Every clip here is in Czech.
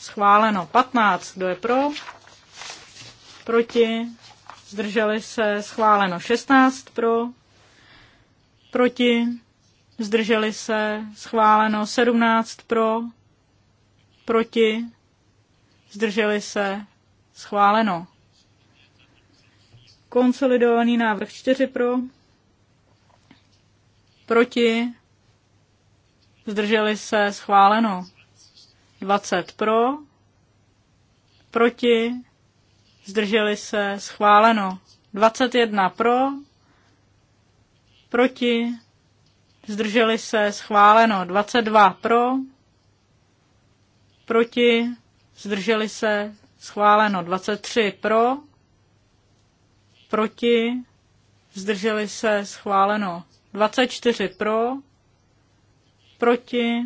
Schváleno 15. Kdo je pro? Proti? Zdrželi se? Schváleno 16. Pro? Proti? Zdrželi se? Schváleno 17. Pro? Proti? Zdrželi se? Schváleno. Konsolidovaný návrh 4 pro. Proti? Zdrželi se? Schváleno. 20 pro, proti, zdrželi se, schváleno. 21 pro, proti, zdrželi se, schváleno. 22 pro, proti, zdrželi se, schváleno. 23 pro, proti, zdrželi se, schváleno. 24 pro, proti,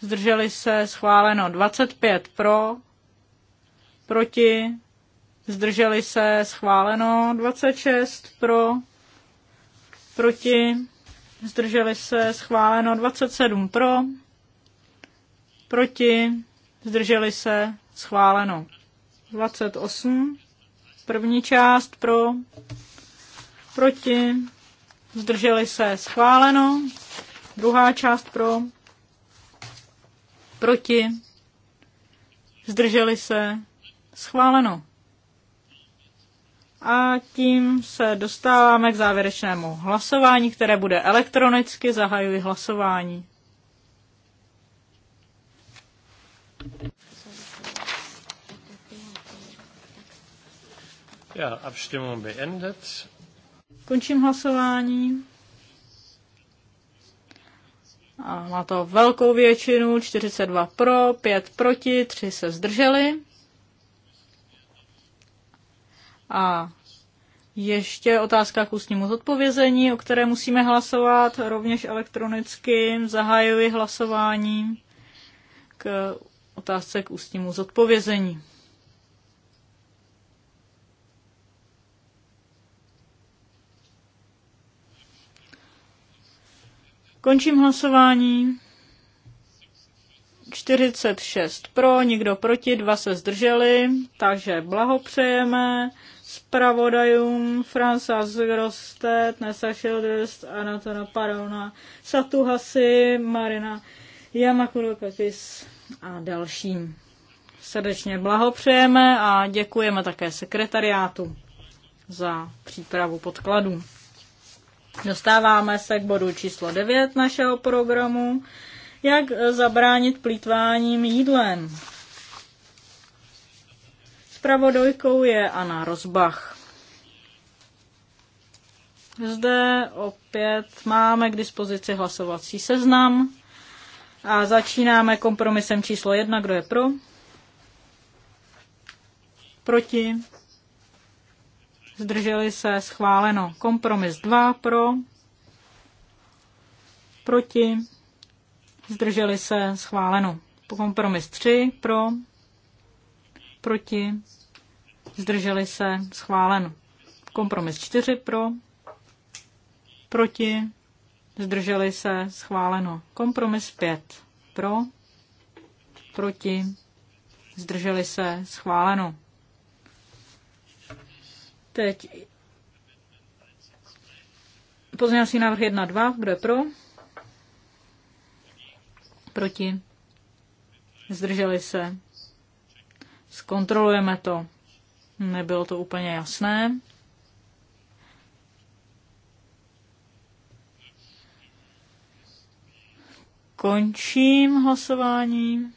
zdrželi se, schváleno 25 pro, proti, zdrželi se, schváleno 26 pro, proti, zdrželi se, schváleno 27 pro, proti, zdrželi se, schváleno 28, první část pro, proti, zdrželi se, schváleno, druhá část pro, Proti? Zdrželi se? Schváleno. A tím se dostáváme k závěrečnému hlasování, které bude elektronicky. Zahajuji hlasování. Já Abstimmung beendet. Končím hlasování. A má to velkou většinu, 42 pro, 5 proti, 3 se zdrželi. A ještě otázka k ústnímu zodpovězení, o které musíme hlasovat rovněž elektronicky. Zahajuji hlasování k otázce k ústnímu zodpovězení. Končím hlasování. 46 pro, nikdo proti, dva se zdrželi, takže blahopřejeme zpravodajům Franca Grostet, Nessa Schildest, Anatona Parona, Satuhasi, Marina Yamakurokakis a dalším. Srdečně blahopřejeme a děkujeme také sekretariátu za přípravu podkladů. Dostáváme se k bodu číslo 9 našeho programu. Jak zabránit plítváním jídlem? Spravodajkou je Anna Rozbach. Zde opět máme k dispozici hlasovací seznam a začínáme kompromisem číslo 1. Kdo je pro? Proti? zdrželi se, schváleno. Kompromis 2 pro, proti, zdrželi se, schváleno. Kompromis 3 pro, proti, zdrželi se, schváleno. Kompromis 4 pro, proti, zdrželi se, schváleno. Kompromis 5 pro, proti, zdrželi se, schváleno. Teď pozměňovací návrh 1, 2, kdo je pro? Proti? Zdrželi se? Zkontrolujeme to. Nebylo to úplně jasné. Končím hlasování.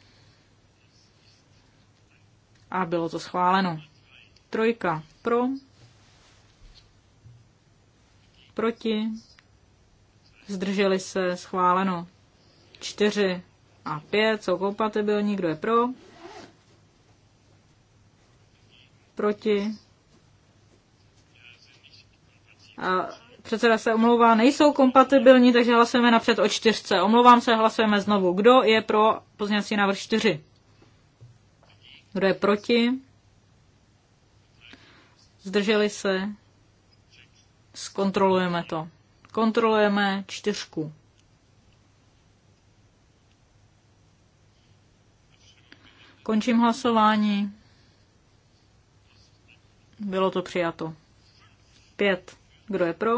A bylo to schváleno. Trojka pro, proti, zdrželi se, schváleno. 4 a 5 jsou kompatibilní, kdo je pro, proti. A předseda se omlouvá, nejsou kompatibilní, takže hlasujeme napřed o čtyřce. Omlouvám se, hlasujeme znovu. Kdo je pro pozněcí návrh 4? Kdo je proti? Zdrželi se? Zkontrolujeme to. Kontrolujeme čtyřku. Končím hlasování. Bylo to přijato. Pět. Kdo je pro?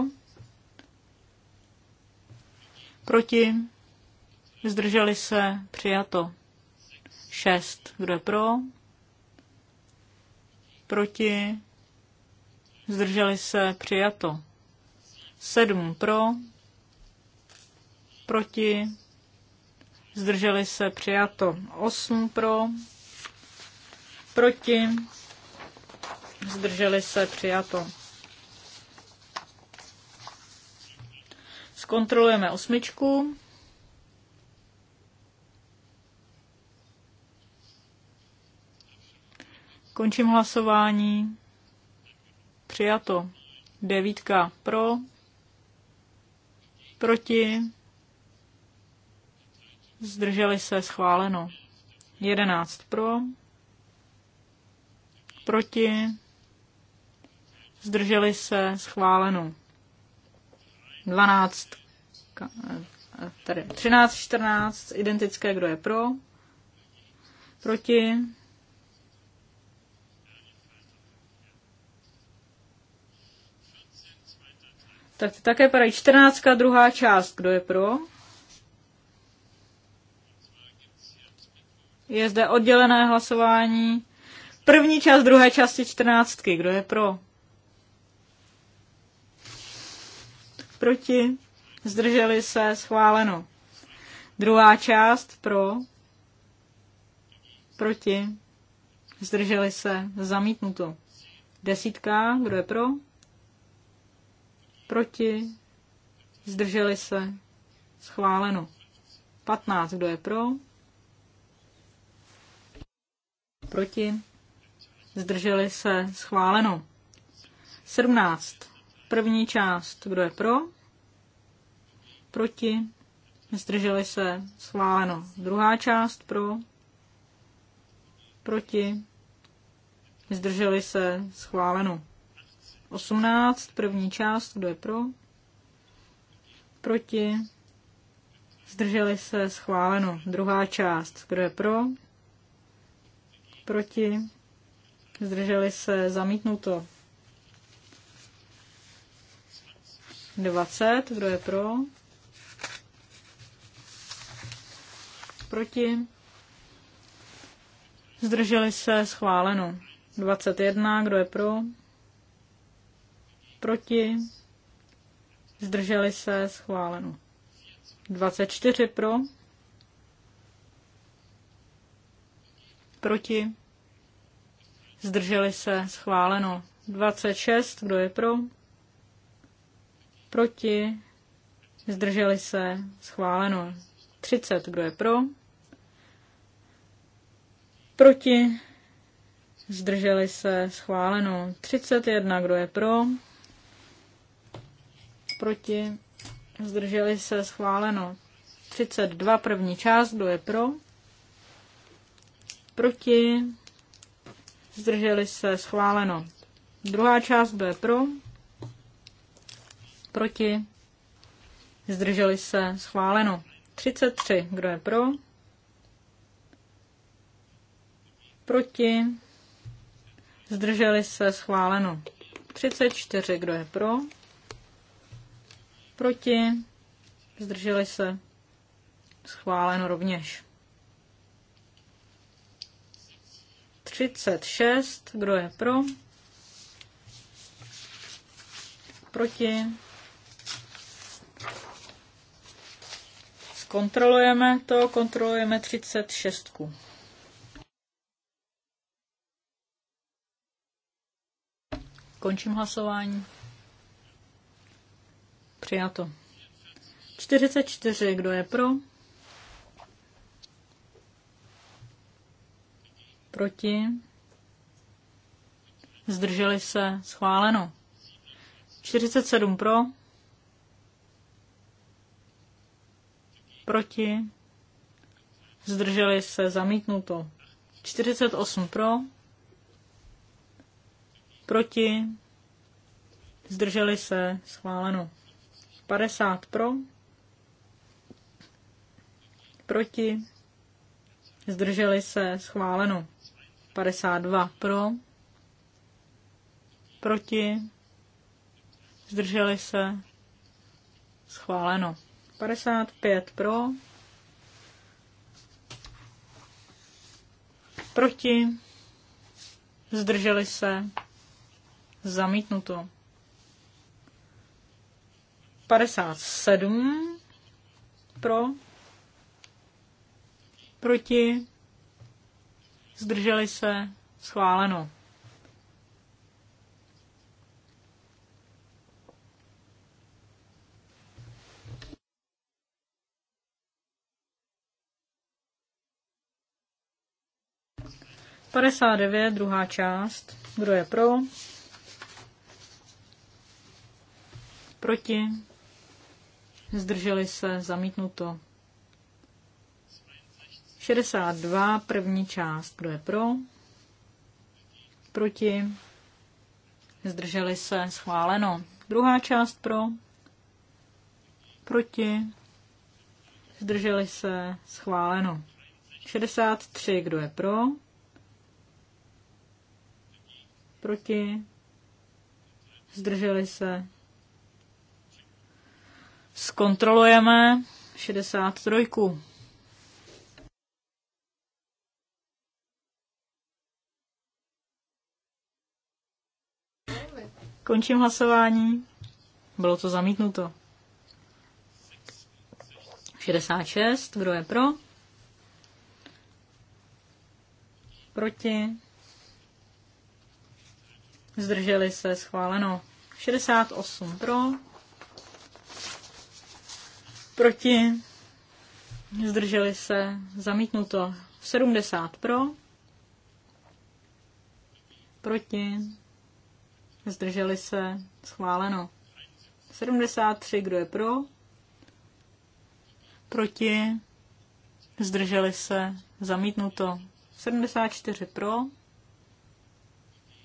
Proti? Zdrželi se? Přijato. Šest. Kdo je pro? Proti? zdrželi se, přijato. 7 pro, proti, zdrželi se, přijato. 8 pro, proti, zdrželi se, přijato. Zkontrolujeme osmičku. Končím hlasování. Přijato. Devítka pro. Proti. Zdrželi se schváleno. Jedenáct pro. Proti. Zdrželi se schváleno. Dvanáct. Tady 13, 14, identické, kdo je pro, proti, Tak ty také padají. 14. druhá část. Kdo je pro? Je zde oddělené hlasování. První část druhé části čtrnáctky. Kdo je pro? Proti? Zdrželi se? Schváleno. Druhá část pro? Proti? Zdrželi se? Zamítnuto. Desítka. Kdo je pro? Proti? Zdrželi se? Schváleno. 15. Kdo je pro? Proti? Zdrželi se? Schváleno. 17. První část. Kdo je pro? Proti? Zdrželi se? Schváleno. Druhá část pro? Proti? Zdrželi se? Schváleno. 18, první část, kdo je pro? Proti? Zdrželi se, schváleno. Druhá část, kdo je pro? Proti? Zdrželi se, zamítnuto. 20, kdo je pro? Proti? Zdrželi se, schváleno. 21, kdo je pro? proti, zdrželi se, schváleno. 24 pro, proti, zdrželi se, schváleno. 26, kdo je pro, proti, zdrželi se, schváleno. 30, kdo je pro, proti, zdrželi se, schváleno. 31, kdo je pro, proti, zdrželi se, schváleno. 32 první část, kdo je pro, proti, zdrželi se, schváleno. Druhá část, kdo je pro, proti, zdrželi se, schváleno. 33, kdo je pro, proti, zdrželi se, schváleno. 34, kdo je pro, Proti? Zdrželi se? Schváleno rovněž. 36. Kdo je pro? Proti? Zkontrolujeme to, kontrolujeme 36. Končím hlasování. Přijato. 44. Kdo je pro? Proti? Zdrželi se? Schváleno. 47 pro? Proti? Zdrželi se? Zamítnuto. 48 pro? Proti? Zdrželi se? Schváleno. 50 pro, proti, zdrželi se, schváleno. 52 pro, proti, zdrželi se, schváleno. 55 pro, proti, zdrželi se, zamítnuto. 57 pro, proti, zdrželi se, schváleno. Padesát devět, druhá část. Kdo je pro? Proti? zdrželi se, zamítnuto. 62, první část, kdo je pro, proti, zdrželi se, schváleno. Druhá část pro, proti, zdrželi se, schváleno. 63, kdo je pro, proti, zdrželi se, Zkontrolujeme 63. Končím hlasování. Bylo to zamítnuto. 66. Kdo je pro? Proti? Zdrželi se schváleno. 68 pro. Proti? Zdrželi se. Zamítnuto. 70 pro. Proti? Zdrželi se. Schváleno. 73, kdo je pro? Proti? Zdrželi se. Zamítnuto. 74 pro.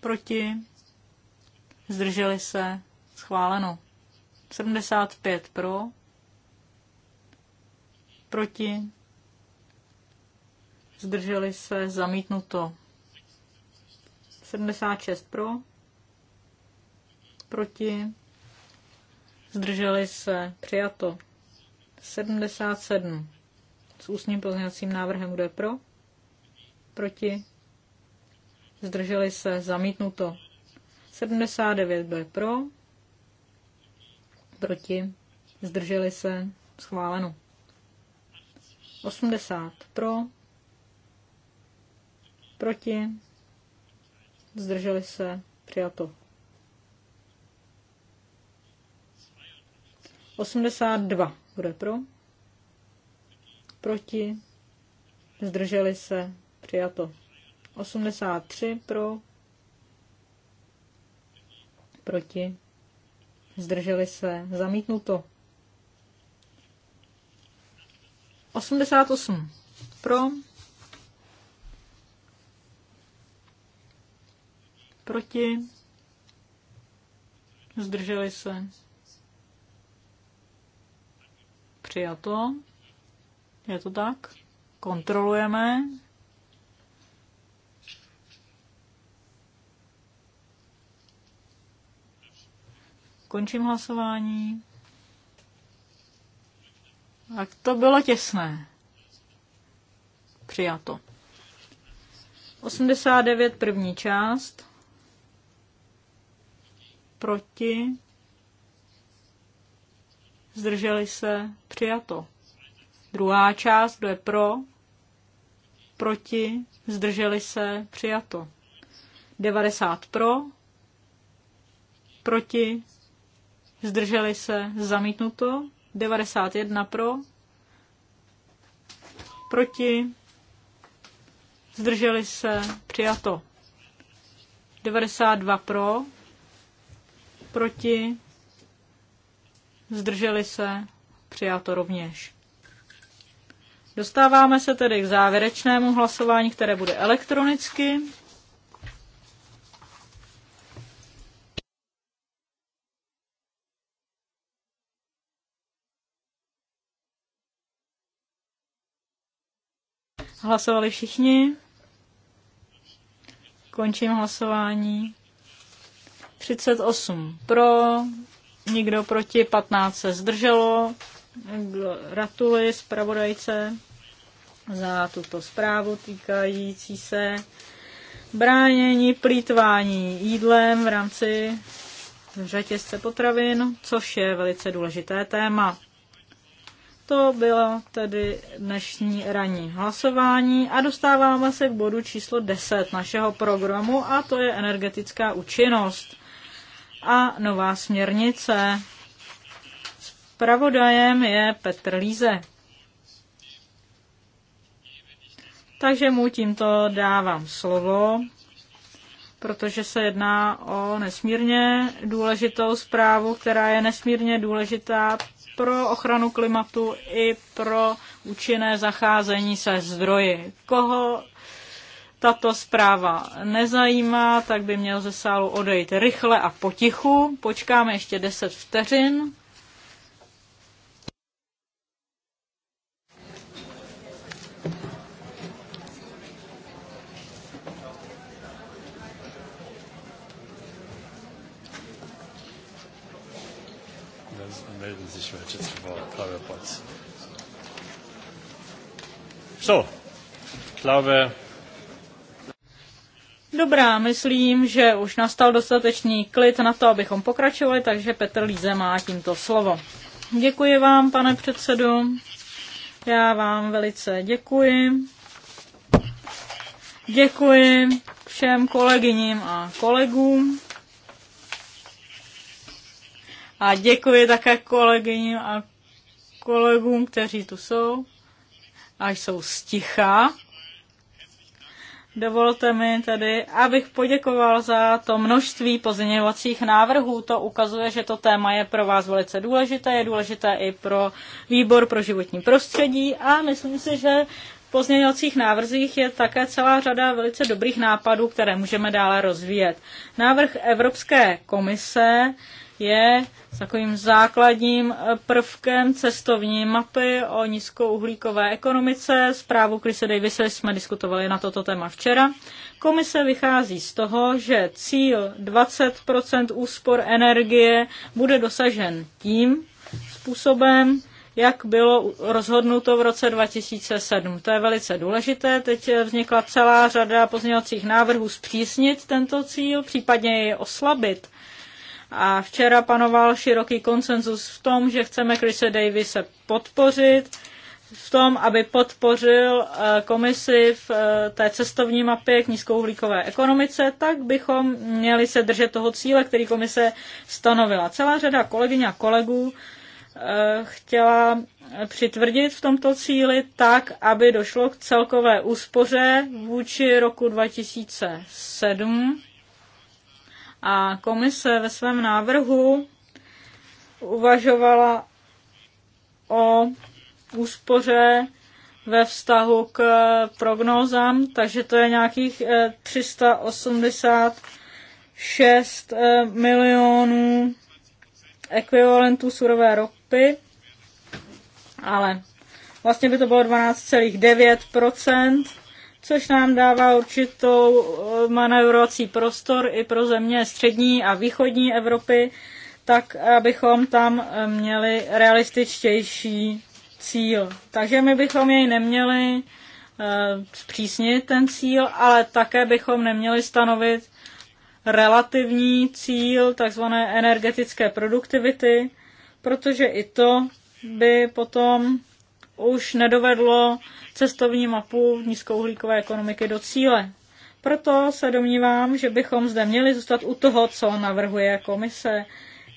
Proti? Zdrželi se. Schváleno. 75 pro. Proti? Zdrželi se zamítnuto. 76 pro. Proti? Zdrželi se přijato. 77 s ústním pozměňovacím návrhem. Kdo je pro? Proti? Zdrželi se zamítnuto. 79 byl pro, proti, zdrželi se, schváleno. 80 pro, proti, zdrželi se, přijato. 82 bude pro, proti, zdrželi se, přijato. 83 pro, proti, zdrželi se, zamítnuto. 88 pro, proti, zdrželi se, přijato, je to tak, kontrolujeme, Končím hlasování. Tak to bylo těsné. Přijato. 89 první část. Proti. Zdrželi se. Přijato. Druhá část, kdo je pro. Proti. Zdrželi se. Přijato. 90 pro. Proti. Zdrželi se. Zamítnuto. 91 pro, proti, zdrželi se, přijato. 92 pro, proti, zdrželi se, přijato rovněž. Dostáváme se tedy k závěrečnému hlasování, které bude elektronicky. Hlasovali všichni. Končím hlasování. 38 pro, nikdo proti, 15 se zdrželo. Gratuluji zpravodajce za tuto zprávu týkající se bránění plítvání jídlem v rámci řetězce potravin, což je velice důležité téma. To bylo tedy dnešní ranní hlasování a dostáváme se k bodu číslo 10 našeho programu a to je energetická účinnost a nová směrnice. Spravodajem je Petr Líze. Takže mu tímto dávám slovo, protože se jedná o nesmírně důležitou zprávu, která je nesmírně důležitá pro ochranu klimatu i pro účinné zacházení se zdroji. Koho tato zpráva nezajímá, tak by měl ze sálu odejít rychle a potichu. Počkáme ještě 10 vteřin. PowerPoints. So, glaube. Dobrá, myslím, že už nastal dostatečný klid na to, abychom pokračovali, takže Petr Líze má tímto slovo. Děkuji vám, pane předsedu. Já vám velice děkuji. Děkuji všem kolegyním a kolegům. A děkuji také kolegyním a kolegům, kteří tu jsou a jsou sticha. Dovolte mi tedy, abych poděkoval za to množství pozměňovacích návrhů. To ukazuje, že to téma je pro vás velice důležité, je důležité i pro výbor pro životní prostředí a myslím si, že v pozměňovacích návrzích je také celá řada velice dobrých nápadů, které můžeme dále rozvíjet. Návrh Evropské komise je s takovým základním eh, prvkem cestovní mapy o nízkouhlíkové ekonomice. Zprávu Krise Davise jsme diskutovali na toto téma včera. Komise vychází z toho, že cíl 20% úspor energie bude dosažen tím způsobem, jak bylo rozhodnuto v roce 2007. To je velice důležité. Teď vznikla celá řada pozměňovacích návrhů zpřísnit tento cíl, případně jej oslabit a včera panoval široký konsenzus v tom, že chceme Chrise Davise podpořit, v tom, aby podpořil eh, komisi v eh, té cestovní mapě k nízkouhlíkové ekonomice, tak bychom měli se držet toho cíle, který komise stanovila. Celá řada kolegyň a kolegů eh, chtěla přitvrdit v tomto cíli tak, aby došlo k celkové úspoře vůči roku 2007 a komise ve svém návrhu uvažovala o úspoře ve vztahu k prognózám, takže to je nějakých 386 eh, eh, milionů ekvivalentů surové ropy, ale vlastně by to bylo 12,9%, což nám dává určitou eh, manevrovací prostor i pro země střední a východní Evropy, tak abychom tam eh, měli realističtější cíl. Takže my bychom jej neměli eh, zpřísnit ten cíl, ale také bychom neměli stanovit relativní cíl takzvané energetické produktivity, protože i to by potom už nedovedlo cestovní mapu nízkouhlíkové ekonomiky do cíle. Proto se domnívám, že bychom zde měli zůstat u toho, co navrhuje komise.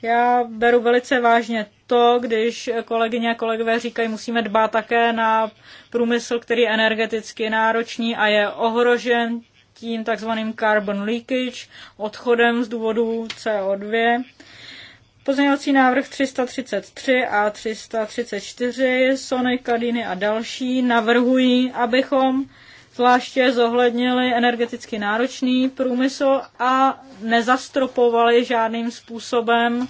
Já beru velice vážně to, když kolegyně a kolegové říkají, musíme dbát také na průmysl, který je energeticky náročný a je ohrožen tím takzvaným carbon leakage, odchodem z důvodu CO2. Pozměňovací návrh 333 a 334 Sony, Kadiny a další navrhují, abychom zvláště zohlednili energeticky náročný průmysl a nezastropovali žádným způsobem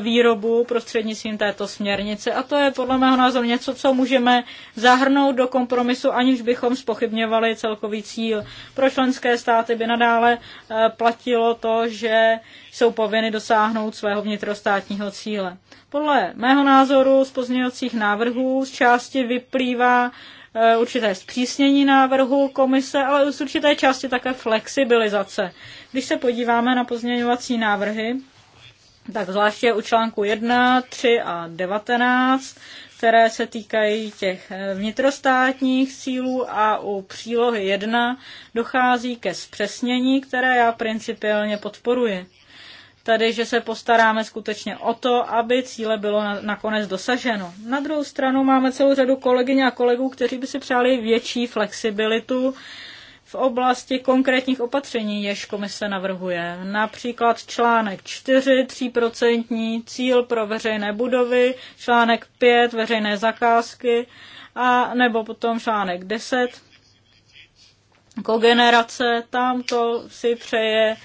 výrobu prostřednictvím této směrnice. A to je podle mého názoru něco, co můžeme zahrnout do kompromisu, aniž bychom spochybňovali celkový cíl. Pro členské státy by nadále eh, platilo to, že jsou povinny dosáhnout svého vnitrostátního cíle. Podle mého názoru z pozměňovacích návrhů z části vyplývá, eh, určité zpřísnění návrhu komise, ale z určité části také flexibilizace. Když se podíváme na pozměňovací návrhy, tak zvláště u článku 1, 3 a 19, které se týkají těch eh, vnitrostátních cílů a u přílohy 1 dochází ke zpřesnění, které já principiálně podporuji. Tedy, že se postaráme skutečně o to, aby cíle bylo nakonec dosaženo. Na druhou stranu máme celou řadu kolegyň a kolegů, kteří by si přáli větší flexibilitu v oblasti konkrétních opatření, jež komise navrhuje. Například článek 4, 3% cíl pro veřejné budovy, článek 5, veřejné zakázky, a nebo potom článek 10, kogenerace, tam to si přeje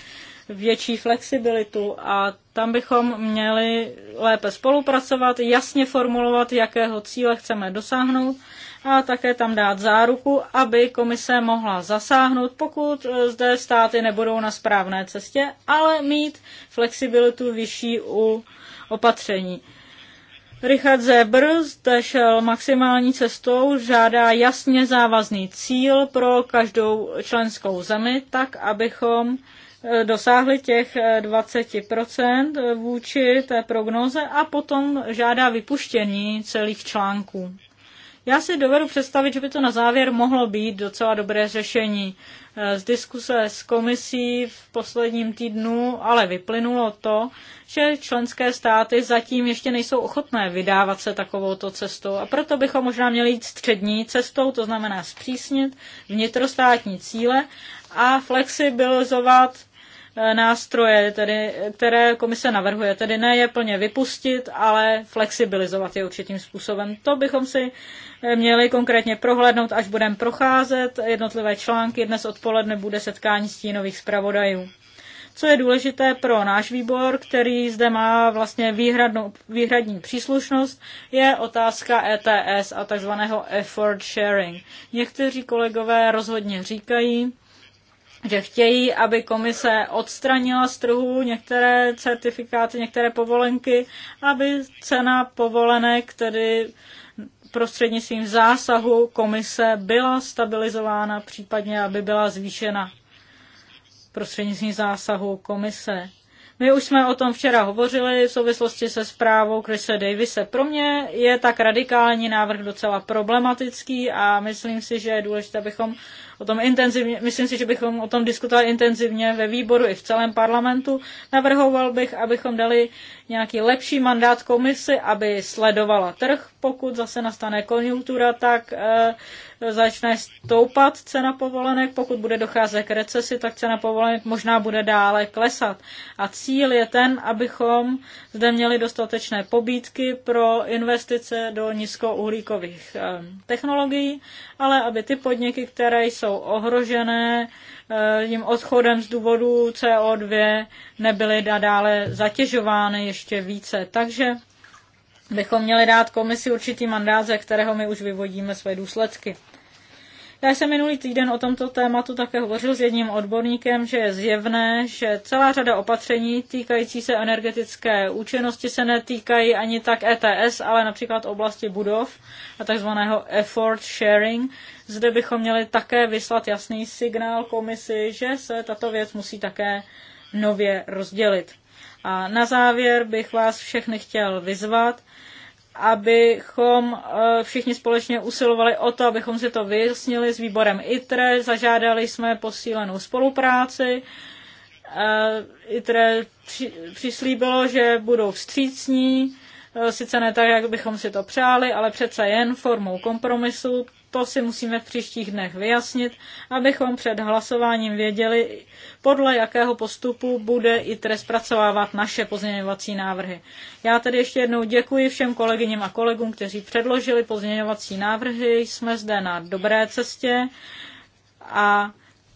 větší flexibilitu a tam bychom měli lépe spolupracovat, jasně formulovat, jakého cíle chceme dosáhnout a také tam dát záruku, aby komise mohla zasáhnout, pokud e, zde státy nebudou na správné cestě, ale mít flexibilitu vyšší u opatření. Richard Zebr zde šel maximální cestou, žádá jasně závazný cíl pro každou členskou zemi, tak abychom e, dosáhli těch 20% e, vůči té prognoze a potom žádá vypuštění celých článků. Já si dovedu představit, že by to na závěr mohlo být docela dobré řešení. Eh, z diskuse s komisí v posledním týdnu ale vyplynulo to, že členské státy zatím ještě nejsou ochotné vydávat se takovouto cestou. A proto bychom možná měli jít střední cestou, to znamená zpřísnit vnitrostátní cíle a flexibilizovat E, nástroje, tedy, které komise navrhuje. Tedy ne je plně vypustit, ale flexibilizovat je určitým způsobem. To bychom si e, měli konkrétně prohlédnout, až budeme procházet jednotlivé články. Dnes odpoledne bude setkání stínových zpravodajů. Co je důležité pro náš výbor, který zde má vlastně výhradnou, výhradní příslušnost, je otázka ETS a takzvaného effort sharing. Někteří kolegové rozhodně říkají, že chtějí, aby komise odstranila z trhu některé certifikáty, některé povolenky, aby cena povolenek tedy prostřednictvím zásahu komise byla stabilizována, případně aby byla zvýšena prostřednictvím zásahu komise. My už jsme o tom včera hovořili v souvislosti se zprávou Chrise Davise. Pro mě je tak radikální návrh docela problematický a myslím si, že je důležité, abychom o tom intenzivně, myslím si, že bychom o tom diskutovali intenzivně ve výboru i v celém parlamentu. Navrhoval bych, abychom dali nějaký lepší mandát komisi, aby sledovala trh. Pokud zase nastane konjunktura, tak e, začne stoupat cena povolenek. Pokud bude docházet k recesi, tak cena povolenek možná bude dále klesat. A cíl je ten, abychom zde měli dostatečné pobídky pro investice do nízkouhlíkových e, technologií, ale aby ty podniky, které jsou jsou ohrožené eh, jim odchodem z důvodu CO2, nebyly nadále zatěžovány ještě více. Takže bychom měli dát komisi určitý mandát, ze kterého my už vyvodíme své důsledky. Já jsem minulý týden o tomto tématu také hovořil s jedním odborníkem, že je zjevné, že celá řada opatření týkající se energetické účinnosti se netýkají ani tak ETS, ale například oblasti budov a takzvaného effort sharing. Zde bychom měli také vyslat jasný signál komisi, že se tato věc musí také nově rozdělit. A na závěr bych vás všechny chtěl vyzvat, abychom eh, všichni společně usilovali o to, abychom si to vyjasnili s výborem ITRE. Zažádali jsme posílenou spolupráci. Eh, ITRE přislíbilo, že budou vstřícní, eh, sice ne tak, jak bychom si to přáli, ale přece jen formou kompromisu, to si musíme v příštích dnech vyjasnit, abychom před hlasováním věděli, podle jakého postupu bude i trest pracovávat naše pozměňovací návrhy. Já tedy ještě jednou děkuji všem kolegyním a kolegům, kteří předložili pozměňovací návrhy. Jsme zde na dobré cestě a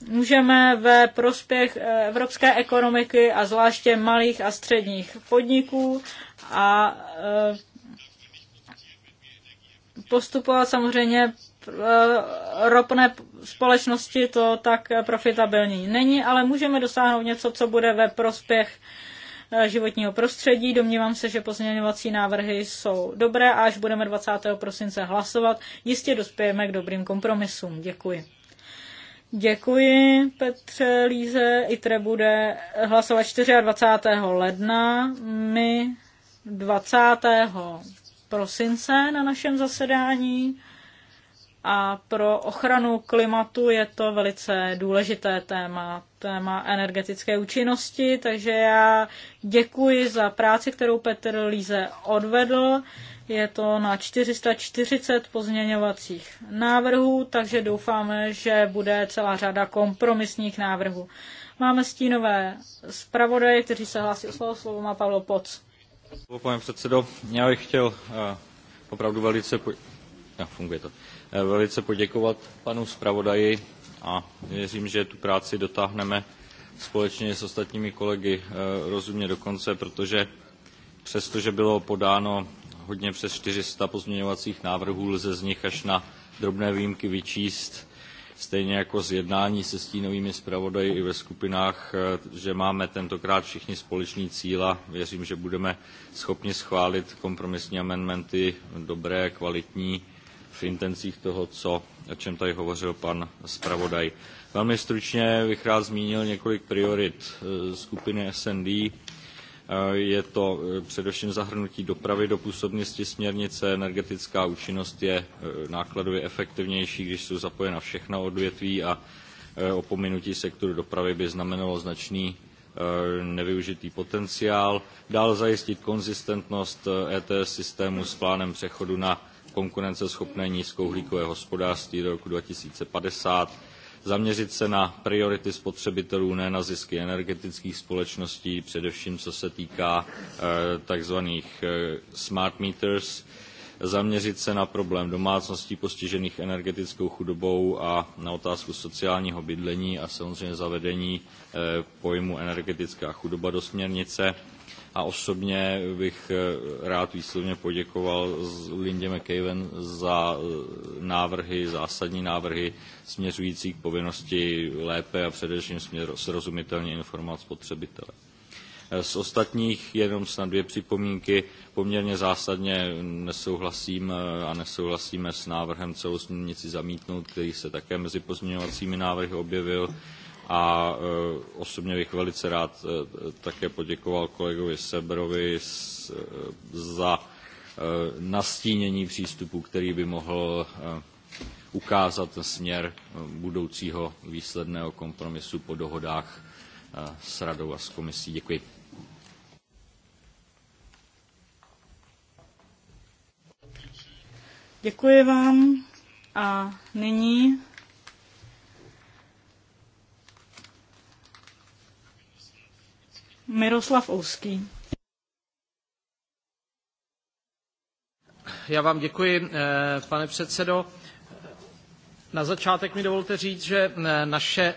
můžeme ve prospěch eh, evropské ekonomiky a zvláště malých a středních podniků a eh, postupovat samozřejmě Eh, ropné společnosti to tak profitabilní není, ale můžeme dosáhnout něco, co bude ve prospěch eh, životního prostředí. Domnívám se, že pozměňovací návrhy jsou dobré a až budeme 20. prosince hlasovat, jistě dospějeme k dobrým kompromisům. Děkuji. Děkuji, Petře Líze. ITRE bude hlasovat 24. ledna, my 20. prosince na našem zasedání a pro ochranu klimatu je to velice důležité téma, téma energetické účinnosti, takže já děkuji za práci, kterou Petr Líze odvedl. Je to na 440 pozměňovacích návrhů, takže doufáme, že bude celá řada kompromisních návrhů. Máme stínové zpravodaje, kteří se hlásí o slovo, slovo má Pavlo Poc. Pane předsedo, já bych chtěl uh, opravdu velice... Po... Já, funguje to. Uh, velice poděkovat panu zpravodaji a věřím, že tu práci dotáhneme společně s ostatními kolegy eh, rozumně do konce, protože přestože bylo podáno hodně přes 400 pozměňovacích návrhů, lze z nich až na drobné výjimky vyčíst, stejně jako z jednání se stínovými zpravodaji i ve skupinách, eh, že máme tentokrát všichni společný cíl a věřím, že budeme schopni schválit kompromisní amendmenty dobré, kvalitní, intencích toho, co, o čem tady hovořil pan zpravodaj. Velmi stručně bych rád zmínil několik priorit eh, skupiny SND. Eh, je to eh, především zahrnutí dopravy do působnosti směrnice. Energetická účinnost je nákladově efektivnější, když jsou zapojena všechna odvětví a opominutí sektoru dopravy by znamenalo značný nevyužitý potenciál. Dál zajistit konzistentnost ETS e systému s plánem přechodu na konkurenceschopné nízkouhlíkové hospodářství do roku 2050, zaměřit se na priority spotřebitelů, ne na zisky energetických společností, především co se týká eh, tzv. Eh, smart meters, zaměřit se na problém domácností postižených energetickou chudobou a na otázku sociálního bydlení a samozřejmě zavedení eh, pojmu energetická chudoba do směrnice a osobně bych eh, rád výslovně poděkoval Lindě McCaven za eh, návrhy, zásadní návrhy směřující k povinnosti lépe a především směr, srozumitelně informovat spotřebitele. Eh, z ostatních jenom snad dvě připomínky. Poměrně zásadně nesouhlasím a nesouhlasíme s návrhem celou směrnici zamítnout, který se také mezi pozměňovacími návrhy objevil a eh, osobně bych velice rád eh, také poděkoval kolegovi Seberovi eh, za nastínění přístupu, který by mohl ukázat směr budoucího výsledného kompromisu po dohodách s radou a s komisí. Děkuji. Děkuji vám a nyní Miroslav Ouský. Já vám děkuji, eh, pane předsedo. Na začátek mi dovolte říct, že eh, naše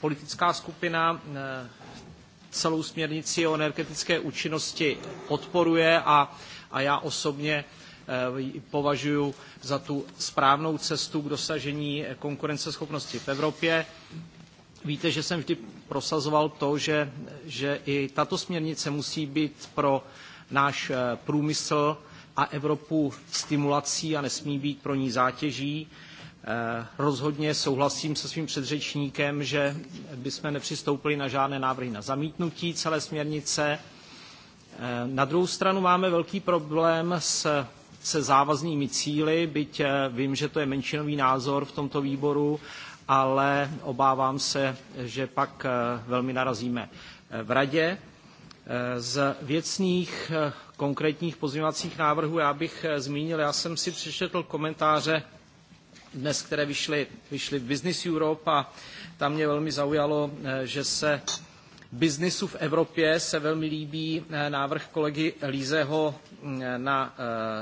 politická skupina eh, celou směrnici o energetické účinnosti podporuje a, a já osobně považuji za tu správnou cestu k dosažení konkurenceschopnosti v Evropě. Víte, že jsem vždy prosazoval to, že, že i tato směrnice musí být pro náš eh, průmysl a Evropu stimulací a nesmí být pro ní zátěží. Eh, rozhodně souhlasím se svým předřečníkem, že bychom nepřistoupili na žádné návrhy na zamítnutí celé směrnice. Eh, na druhou stranu máme velký problém s, se závaznými cíly, byť vím, že to je menšinový názor v tomto výboru, ale obávám se, že pak eh, velmi narazíme eh, v radě. Eh, z věcných konkrétních pozměňovacích návrhů já bych zmínil, já jsem si přečetl komentáře dnes, které vyšly, vyšly v Business Europe a tam mě velmi zaujalo, že se biznisu v Evropě se velmi líbí návrh kolegy Lízeho mm, na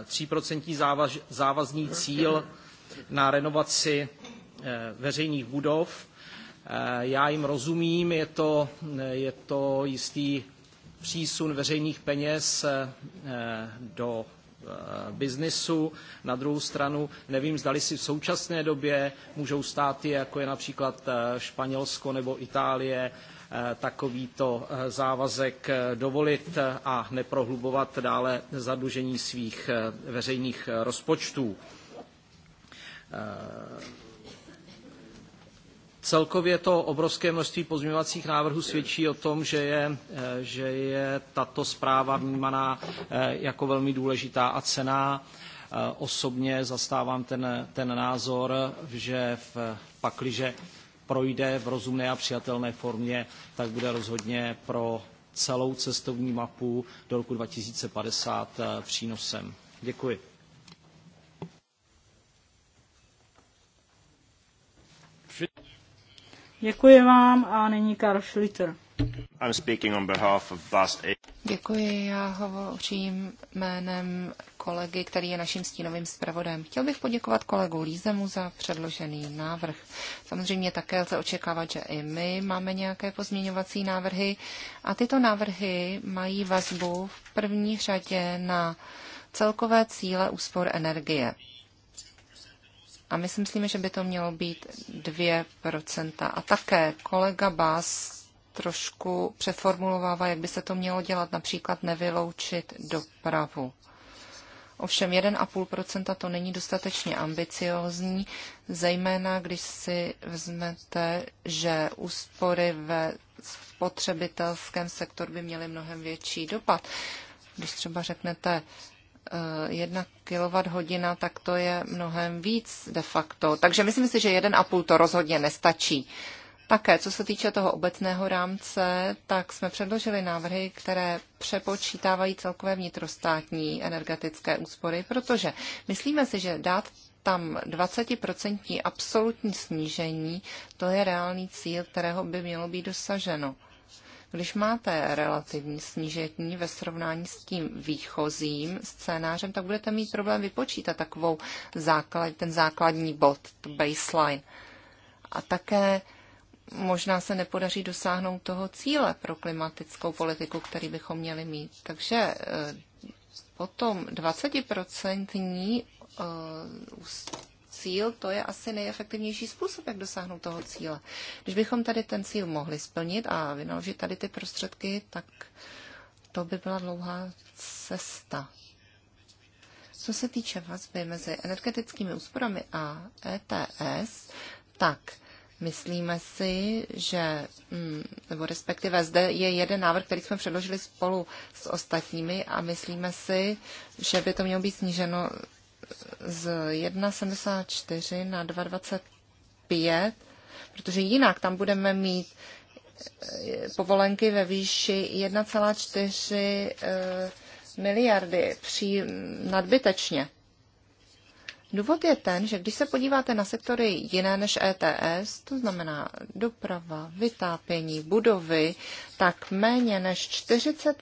3% závaz, závazný cíl na renovaci Eh, veřejných budov. Eh, já jim rozumím, je to, eh, je to jistý přísun veřejných peněz do biznisu. Na druhou stranu nevím, zdali si v současné době můžou státy, jako je například Španělsko nebo Itálie, takovýto závazek dovolit a neprohlubovat dále zadlužení svých veřejných rozpočtů. Celkově to obrovské množství pozměňovacích návrhů svědčí o tom, že je, eh, že je tato zpráva vnímaná eh, jako velmi důležitá a cená. Eh, osobně zastávám ten, ten názor, že v, pakliže projde v rozumné a přijatelné formě, tak bude rozhodně pro celou cestovní mapu do roku 2050 přínosem. Děkuji. Děkuji vám a nyní Karl Schlitter. I'm speaking on behalf of Bas Děkuji, já hovořím jménem kolegy, který je naším stínovým zpravodem. Chtěl bych poděkovat kolegu Lízemu za předložený návrh. Samozřejmě také lze očekávat, že i my máme nějaké pozměňovací návrhy a tyto návrhy mají vazbu v první řadě na celkové cíle úspor energie. A my si myslíme, že by to mělo být 2%. A také kolega Bás trošku přeformulovává, jak by se to mělo dělat, například nevyloučit dopravu. Ovšem 1,5% to není dostatečně ambiciozní, zejména když si vezmete, že úspory ve spotřebitelském sektoru by měly mnohem větší dopad. Když třeba řeknete Eh, jedna hodina, tak to je mnohem víc de facto. Takže myslím si, že jeden a půl to rozhodně nestačí. Také, co se týče toho obecného rámce, tak jsme předložili návrhy, které přepočítávají celkové vnitrostátní energetické úspory, protože myslíme si, že dát tam 20% absolutní snížení, to je reálný cíl, kterého by mělo být dosaženo. Když máte relativní snížení ve srovnání s tím výchozím scénářem, tak budete mít problém vypočítat takovou základ, ten základní bod, baseline. A také možná se nepodaří dosáhnout toho cíle pro klimatickou politiku, který bychom měli mít. Takže eh, potom 20% cíl, to je asi nejefektivnější způsob, jak dosáhnout toho cíle. Když bychom tady ten cíl mohli splnit a vynaložit tady ty prostředky, tak to by byla dlouhá cesta. Co se týče vazby mezi energetickými úsporami a ETS, tak myslíme si, že, mm, nebo respektive zde je jeden návrh, který jsme předložili spolu s ostatními a myslíme si, že by to mělo být sníženo z 1,74 na 2,25, protože jinak tam budeme mít eh, povolenky ve výši 1,4 eh, miliardy při nadbytečně. Důvod je ten, že když se podíváte na sektory jiné než ETS, to znamená doprava, vytápění, budovy, tak méně než 40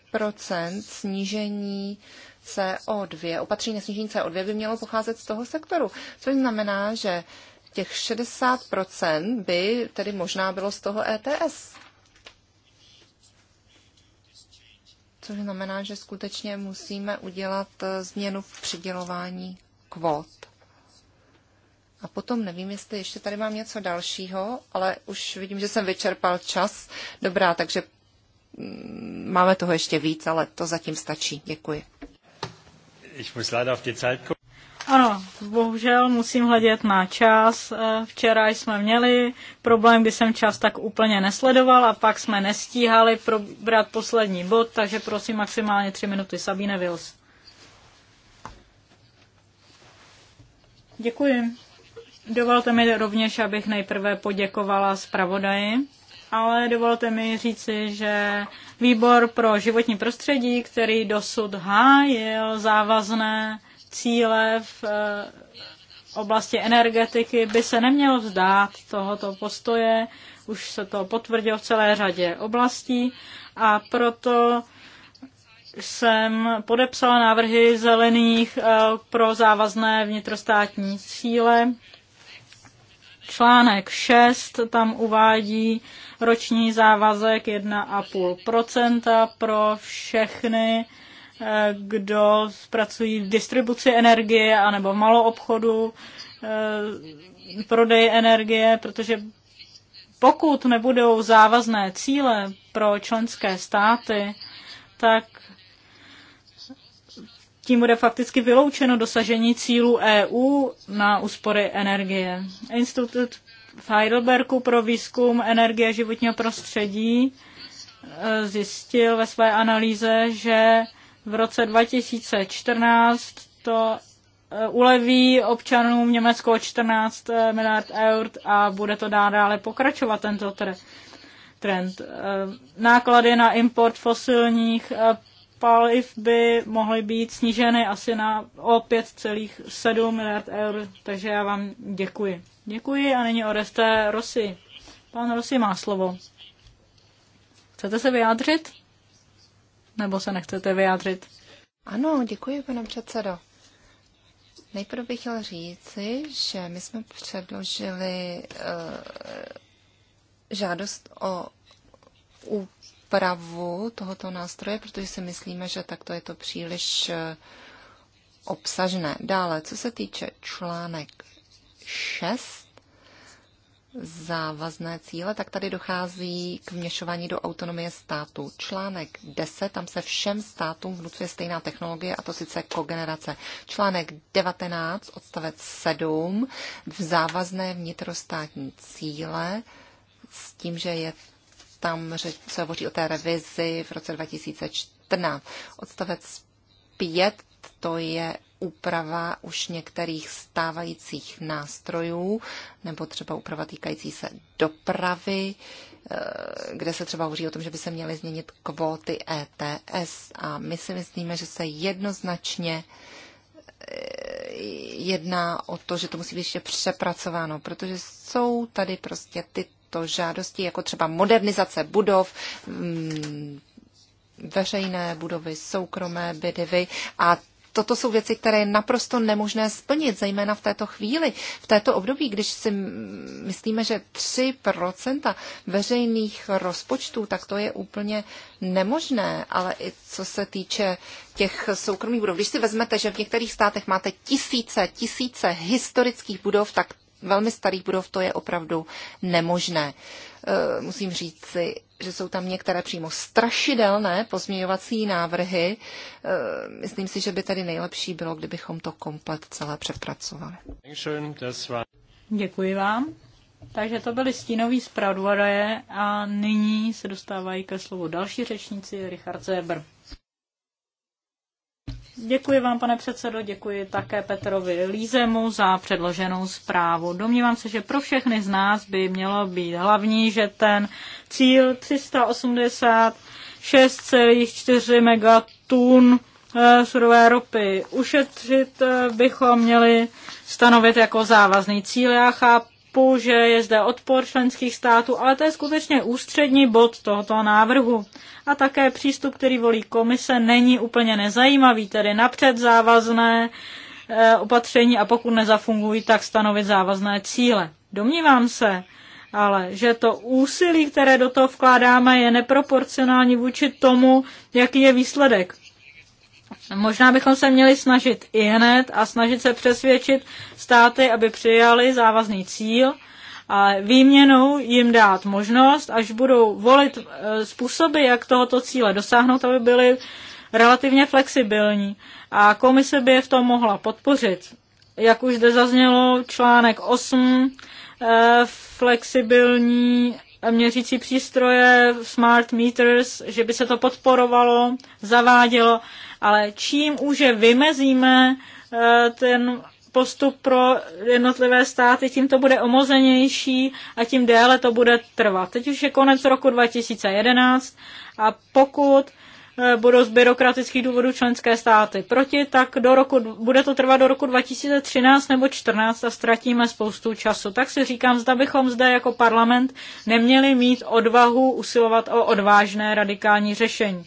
snížení CO2. Opatření na snížení CO2 by mělo pocházet z toho sektoru, což znamená, že těch 60% by tedy možná bylo z toho ETS. Což znamená, že skutečně musíme udělat eh, změnu v přidělování kvót. A potom nevím, jestli ještě tady mám něco dalšího, ale už vidím, že jsem vyčerpal čas. Dobrá, takže mm, máme toho ještě víc, ale to zatím stačí. Děkuji. Ich muss leider auf die Zeit gucken. Ano, bohužel musím hledět na čas. Eh, včera jsme měli problém, kdy jsem čas tak úplně nesledoval a pak jsme nestíhali probrat poslední bod, takže prosím maximálně tři minuty. Sabine Vils. Děkuji. Dovolte mi rovněž, abych nejprve poděkovala zpravodaji ale dovolte mi říci, že výbor pro životní prostředí, který dosud hájil závazné cíle v eh, oblasti energetiky, by se neměl vzdát tohoto postoje. Už se to potvrdilo v celé řadě oblastí a proto jsem podepsala návrhy zelených eh, pro závazné vnitrostátní cíle. Článek 6 tam uvádí roční závazek 1,5 pro všechny, eh, kdo zpracují v distribuci energie anebo v maloobchodu, eh, prodej energie, protože pokud nebudou závazné cíle pro členské státy, tak tím bude fakticky vyloučeno dosažení cílů EU na úspory energie. Institut v Heidelbergu pro výzkum energie a životního prostředí e, zjistil ve své analýze, že v roce 2014 to e, uleví občanům Německo 14 e, miliard eur a bude to dále pokračovat tento trend. Náklady na import fosilních paliv by mohly být sníženy asi na o 5,7 miliard eur, takže já vám děkuji. Děkuji a nyní Oreste Rosy. Pan Rosy má slovo. Chcete se vyjádřit? Nebo se nechcete vyjádřit? Ano, děkuji, pane předsedo. Nejprve bych chtěl říci, že my jsme předložili uh, žádost o úpravu tohoto nástroje, protože si myslíme, že takto je to příliš eh, obsažné. Dále, co se týče článek 6, závazné cíle, tak tady dochází k vměšování do autonomie státu. Článek 10, tam se všem státům vnucuje stejná technologie, a to sice kogenerace. Článek 19, odstavec 7, v závazné vnitrostátní cíle, s tím, že je tam se hovoří o té revizi v roce 2014. Odstavec 5 to je úprava už některých stávajících nástrojů, nebo třeba úprava týkající se dopravy, eh, kde se třeba hovoří o tom, že by se měly změnit kvóty ETS. A my si myslíme, že se jednoznačně eh, jedná o to, že to musí být ještě přepracováno, protože jsou tady prostě ty těchto žádostí, jako třeba modernizace budov, mm, veřejné budovy, soukromé bydivy a Toto jsou věci, které je naprosto nemožné splnit, zejména v této chvíli, v této období, když si myslíme, že 3% veřejných rozpočtů, tak to je úplně nemožné, ale i co se týče těch soukromých budov. Když si vezmete, že v některých státech máte tisíce, tisíce historických budov, tak velmi starých budov to je opravdu nemožné. E, musím říct si, že jsou tam některé přímo strašidelné pozměňovací návrhy. E, myslím si, že by tady nejlepší bylo, kdybychom to komplet celé přepracovali. Děkuji vám. Takže to byly stínoví zpravodaje a nyní se dostávají ke slovu další řečníci Richard Zebr. Děkuji vám, pane předsedo, děkuji také Petrovi Lízemu za předloženou zprávu. Domnívám se, že pro všechny z nás by mělo být hlavní, že ten cíl 386,4 megatun eh, surové ropy ušetřit eh, bychom měli stanovit jako závazný cíl. Já chápu, typu, že je zde odpor členských států, ale to je skutečně ústřední bod tohoto návrhu. A také přístup, který volí komise, není úplně nezajímavý, tedy napřed závazné eh, opatření a pokud nezafungují, tak stanovit závazné cíle. Domnívám se, ale že to úsilí, které do toho vkládáme, je neproporcionální vůči tomu, jaký je výsledek. Možná bychom se měli snažit i hned a snažit se přesvědčit státy, aby přijali závazný cíl a výměnou jim dát možnost, až budou volit eh, způsoby, jak tohoto cíle dosáhnout, aby byly relativně flexibilní. A komise by je v tom mohla podpořit. Jak už zde zaznělo, článek 8, eh, flexibilní měřící přístroje, smart meters, že by se to podporovalo, zavádělo, ale čím už je vymezíme eh, ten postup pro jednotlivé státy, tím to bude omozenější a tím déle to bude trvat. Teď už je konec roku 2011 a pokud E, budou z byrokratických důvodů členské státy proti, tak do roku, bude to trvat do roku 2013 nebo 2014 a ztratíme spoustu času. Tak si říkám, zda bychom zde jako parlament neměli mít odvahu usilovat o odvážné radikální řešení.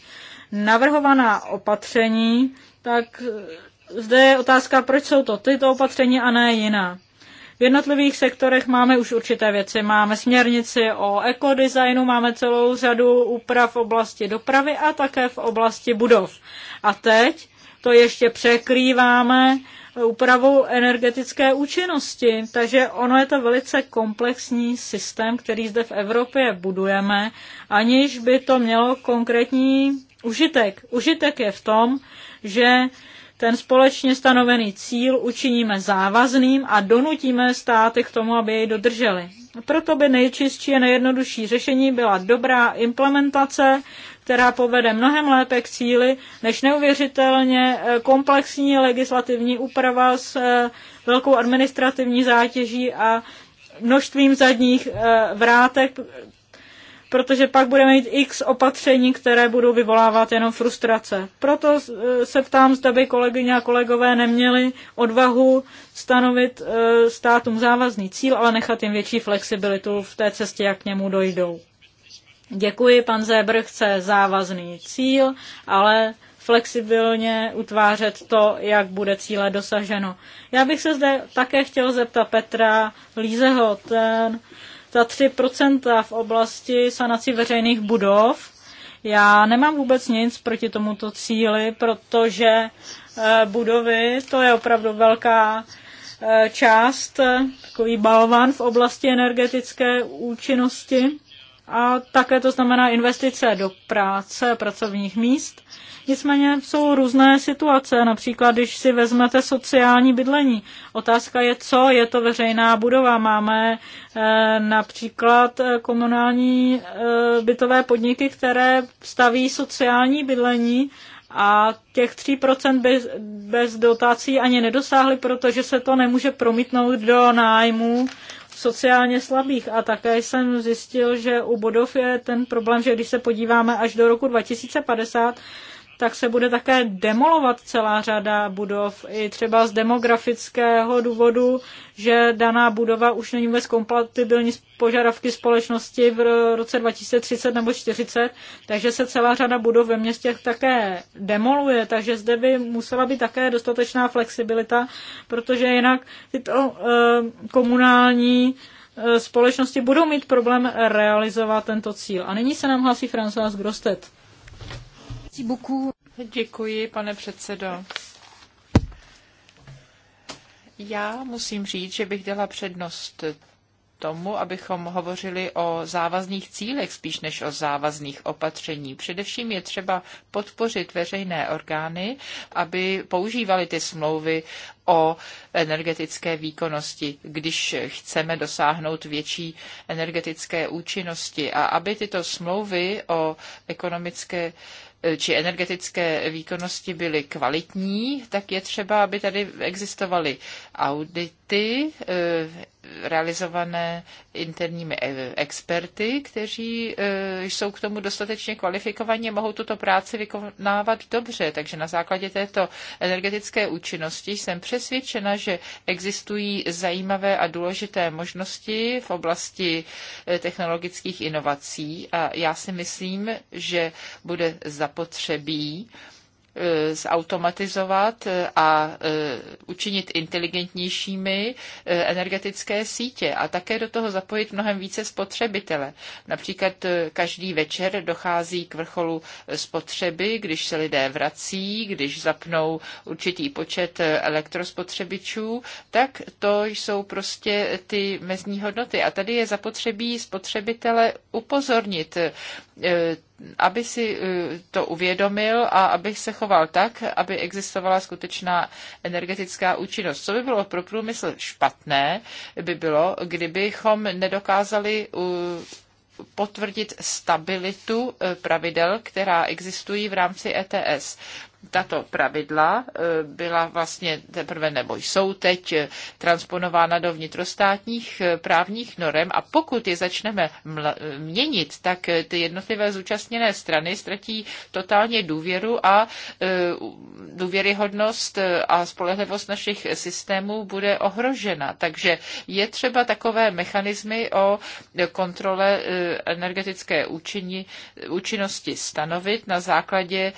Navrhovaná opatření, tak e, zde je otázka, proč jsou to tyto opatření a ne jiná. V jednotlivých sektorech máme už určité věci. Máme směrnici o ekodesignu, máme celou řadu úprav v oblasti dopravy a také v oblasti budov. A teď to ještě překrýváme úpravou energetické účinnosti. Takže ono je to velice komplexní systém, který zde v Evropě budujeme, aniž by to mělo konkrétní užitek. Užitek je v tom, že ten společně stanovený cíl učiníme závazným a donutíme státy k tomu, aby jej dodrželi. Proto by nejčistší a nejjednodušší řešení byla dobrá implementace, která povede mnohem lépe k cíli, než neuvěřitelně eh, komplexní legislativní úprava s eh, velkou administrativní zátěží a množstvím zadních eh, vrátek, protože pak budeme mít x opatření, které budou vyvolávat jenom frustrace. Proto eh, se ptám, zda by kolegyně a kolegové neměli odvahu stanovit eh, státům závazný cíl, ale nechat jim větší flexibilitu v té cestě, jak k němu dojdou. Děkuji, pan Zébr chce závazný cíl, ale flexibilně utvářet to, jak bude cíle dosaženo. Já bych se zde také chtěl zeptat Petra Lízeho, ten za 3% v oblasti sanací veřejných budov. Já nemám vůbec nic proti tomuto cíli, protože eh, budovy, to je opravdu velká eh, část, eh, takový balvan v oblasti energetické účinnosti a také to znamená investice do práce, pracovních míst. Nicméně jsou různé situace, například když si vezmete sociální bydlení. Otázka je, co je to veřejná budova. Máme eh, například eh, komunální eh, bytové podniky, které staví sociální bydlení a těch 3% bez, bez dotací ani nedosáhly, protože se to nemůže promítnout do nájmu sociálně slabých. A také jsem zjistil, že u bodov je ten problém, že když se podíváme až do roku 2050, tak se bude také demolovat celá řada budov. I třeba z demografického důvodu, že daná budova už není vůbec kompatibilní s požadavky společnosti v roce 2030 nebo 40, takže se celá řada budov ve městech také demoluje, takže zde by musela být také dostatečná flexibilita, protože jinak tyto eh, komunální eh, společnosti budou mít problém realizovat tento cíl. A nyní se nám hlásí François Grostet. Děkuji, pane předsedo. Já musím říct, že bych dala přednost tomu, abychom hovořili o závazných cílech spíš než o závazných opatření. Především je třeba podpořit veřejné orgány, aby používali ty smlouvy o energetické výkonnosti, když chceme dosáhnout větší energetické účinnosti a aby tyto smlouvy o ekonomické či energetické výkonnosti byly kvalitní, tak je třeba, aby tady existovaly audity eh, realizované interními eh, experty, kteří eh, jsou k tomu dostatečně kvalifikovaní a mohou tuto práci vykonávat dobře. Takže na základě této energetické účinnosti jsem přesvědčena, že existují zajímavé a důležité možnosti v oblasti technologických inovací a já si myslím, že bude zapotřebí, Eh, zautomatizovat eh, a eh, učinit inteligentnějšími energetické sítě a také do toho zapojit mnohem více spotřebitele. Například každý večer dochází k vrcholu spotřeby, když se lidé vrací, když zapnou určitý počet elektrospotřebičů, tak to jsou prostě ty mezní hodnoty. A tady je zapotřebí spotřebitele upozornit aby si eh, to uvědomil a aby se choval tak, aby existovala skutečná energetická účinnost. Co by bylo pro průmysl špatné, by bylo, kdybychom nedokázali eh, potvrdit stabilitu eh, pravidel, která existují v rámci ETS tato pravidla eh, byla vlastně teprve nebo jsou teď eh, transponována do vnitrostátních eh, právních norem a pokud je začneme měnit, tak ty jednotlivé zúčastněné strany ztratí totálně důvěru a důvěryhodnost a spolehlivost našich systémů bude ohrožena. Takže je třeba takové mechanismy o kontrole energetické účinnosti stanovit na základě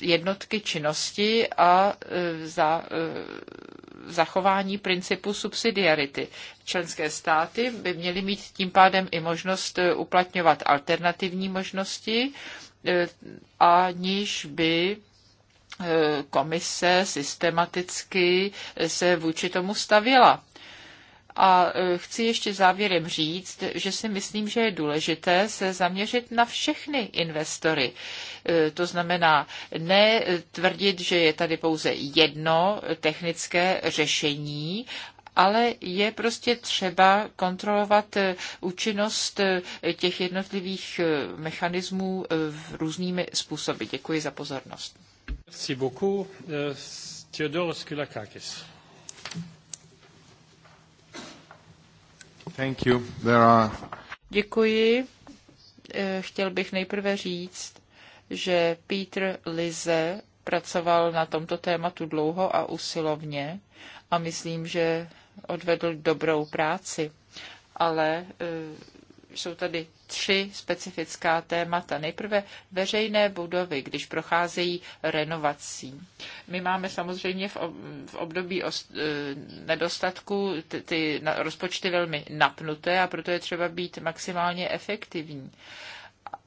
jednotky otázky činnosti a e, za, e, zachování principu subsidiarity. Členské státy by měly mít tím pádem i možnost e, uplatňovat alternativní možnosti, aniž by komise systematicky se vůči tomu stavila. A e, chci ještě závěrem říct, že si myslím, že je důležité se zaměřit na všechny investory. E, to znamená ne tvrdit, že je tady pouze jedno technické řešení, ale je prostě třeba kontrolovat e, účinnost těch jednotlivých mechanismů v různými způsoby. Děkuji za pozornost. Merci beaucoup. Theodoros Kulakakis. Thank you. There are... Děkuji. Eh, chtěl bych nejprve říct, že Peter Lize pracoval na tomto tématu dlouho a usilovně a myslím, že odvedl dobrou práci. Ale eh, jsou tady tři specifická témata. Nejprve veřejné budovy, když procházejí renovací. My máme samozřejmě v období e, nedostatku ty rozpočty velmi napnuté a proto je třeba být maximálně efektivní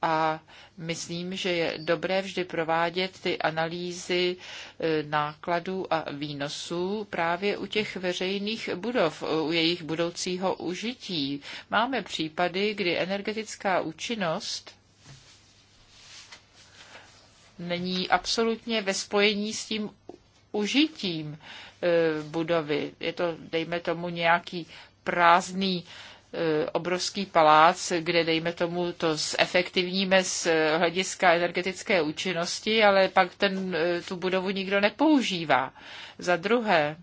a myslím, že je dobré vždy provádět ty analýzy e, nákladů a výnosů právě u těch veřejných budov, u jejich budoucího užití. Máme případy, kdy energetická účinnost není absolutně ve spojení s tím užitím e, budovy. Je to, dejme tomu, nějaký prázdný E, obrovský palác, kde dejme tomu to zefektivníme z e, hlediska energetické účinnosti, ale pak ten, e, tu budovu nikdo nepoužívá. Za druhé,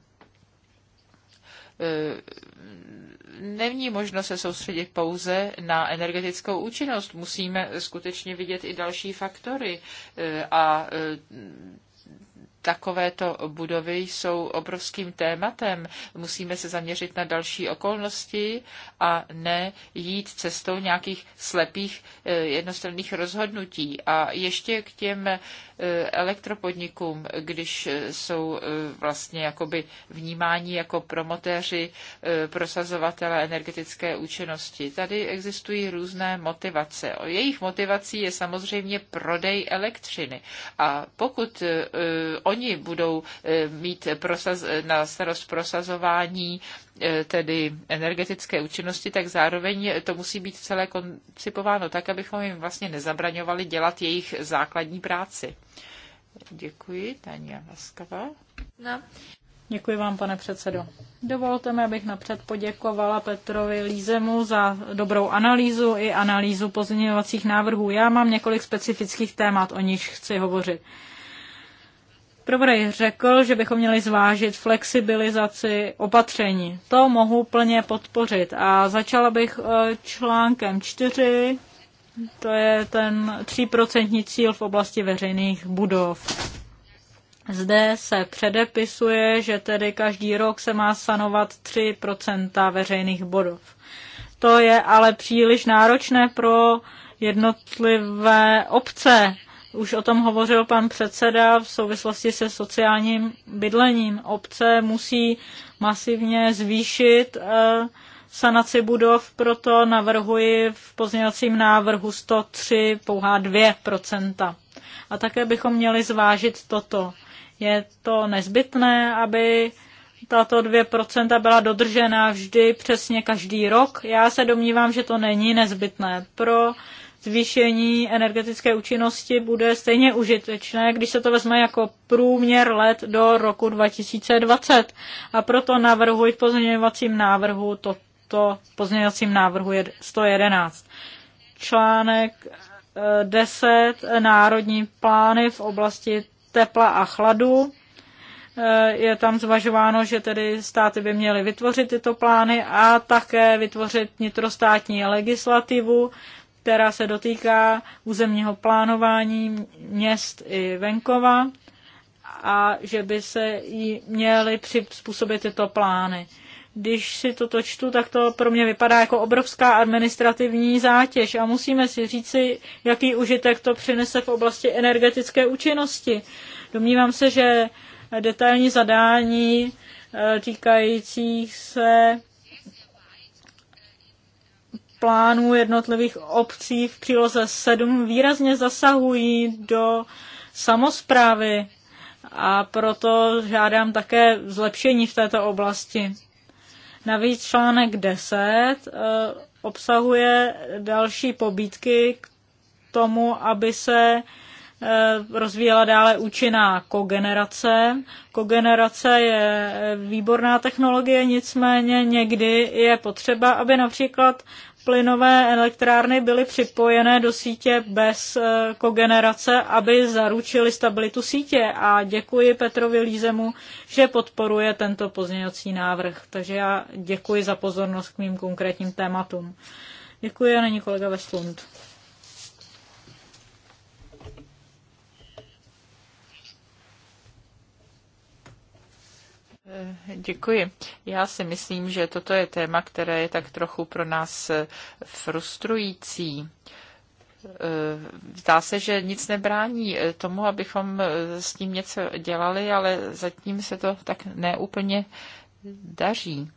není možno se soustředit pouze na energetickou účinnost. Musíme skutečně vidět i další faktory a takovéto budovy jsou obrovským tématem. Musíme se zaměřit na další okolnosti a ne jít cestou nějakých slepých eh, jednostranných rozhodnutí. A ještě k těm elektropodnikům, když jsou eh, vlastně jakoby vnímáni jako promotéři eh, prosazovatele energetické účinnosti. Tady existují různé motivace. O jejich motivací je samozřejmě prodej elektřiny. A pokud eh, oni budou mít prosaz- na starost prosazování tedy energetické účinnosti, tak zároveň to musí být celé koncipováno tak, abychom jim vlastně nezabraňovali dělat jejich základní práci. Děkuji, Tania Vaskava. No. Děkuji vám, pane předsedo. Dovolte mi, abych napřed poděkovala Petrovi Lízemu za dobrou analýzu i analýzu pozměňovacích návrhů. Já mám několik specifických témat, o nich chci hovořit. Prodej řekl, že bychom měli zvážit flexibilizaci opatření. To mohu plně podpořit a začala bych eh, článkem 4 to je ten 3% cíl v oblasti veřejných budov. Zde se předepisuje, že tedy každý rok se má sanovat 3% veřejných budov. To je ale příliš náročné pro jednotlivé obce. Už o tom hovořil pan předseda v souvislosti se sociálním bydlením. Obce musí masivně zvýšit uh, sanaci budov, proto navrhuji v pozměňovacím návrhu 103 pouhá 2%. A také bychom měli zvážit toto. Je to nezbytné, aby tato 2% byla dodržena vždy přesně každý rok. Já se domnívám, že to není nezbytné. Pro zvýšení energetické účinnosti bude stejně užitečné, když se to vezme jako průměr let do roku 2020. A proto navrhuji v pozměňovacím návrhu to to pozměňovacím návrhu 111. Článek 10. Eh, národní plány v oblasti tepla a chladu. Eh, je tam zvažováno, že tedy státy by měly vytvořit tyto plány a také vytvořit nitrostátní legislativu, která se dotýká územního plánování měst i venkova a že by se jí měly přizpůsobit tyto plány když si toto čtu, tak to pro mě vypadá jako obrovská administrativní zátěž a musíme si říci, jaký užitek to přinese v oblasti energetické účinnosti. Domnívám se, že detailní zadání eh, týkající se plánů jednotlivých obcí v příloze 7 výrazně zasahují do samozprávy a proto žádám také zlepšení v této oblasti. Navíc článek 10 eh, obsahuje další pobídky k tomu, aby se eh, rozvíjela dále účinná kogenerace. Kogenerace je eh, výborná technologie, nicméně někdy je potřeba, aby například plynové elektrárny byly připojené do sítě bez eh, kogenerace, aby zaručili stabilitu sítě. A děkuji Petrovi Lízemu, že podporuje tento pozměňovací návrh. Takže já děkuji za pozornost k mým konkrétním tématům. Děkuji není kolega Děkuji. Já si myslím, že toto je téma, které je tak trochu pro nás eh, frustrující. Eh, zdá se, že nic nebrání eh, tomu, abychom s tím něco dělali, ale zatím se to tak neúplně daří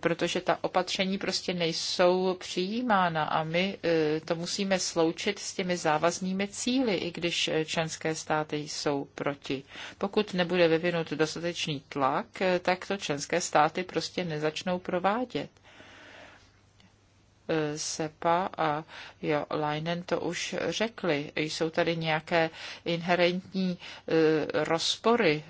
protože ta opatření prostě nejsou přijímána a my e, to musíme sloučit s těmi závaznými cíly, i když e, členské státy jsou proti. Pokud nebude vyvinut dostatečný tlak, e, tak to členské státy prostě nezačnou provádět. SEPA a jo, Leinen to už řekli. Jsou tady nějaké inherentní rozpory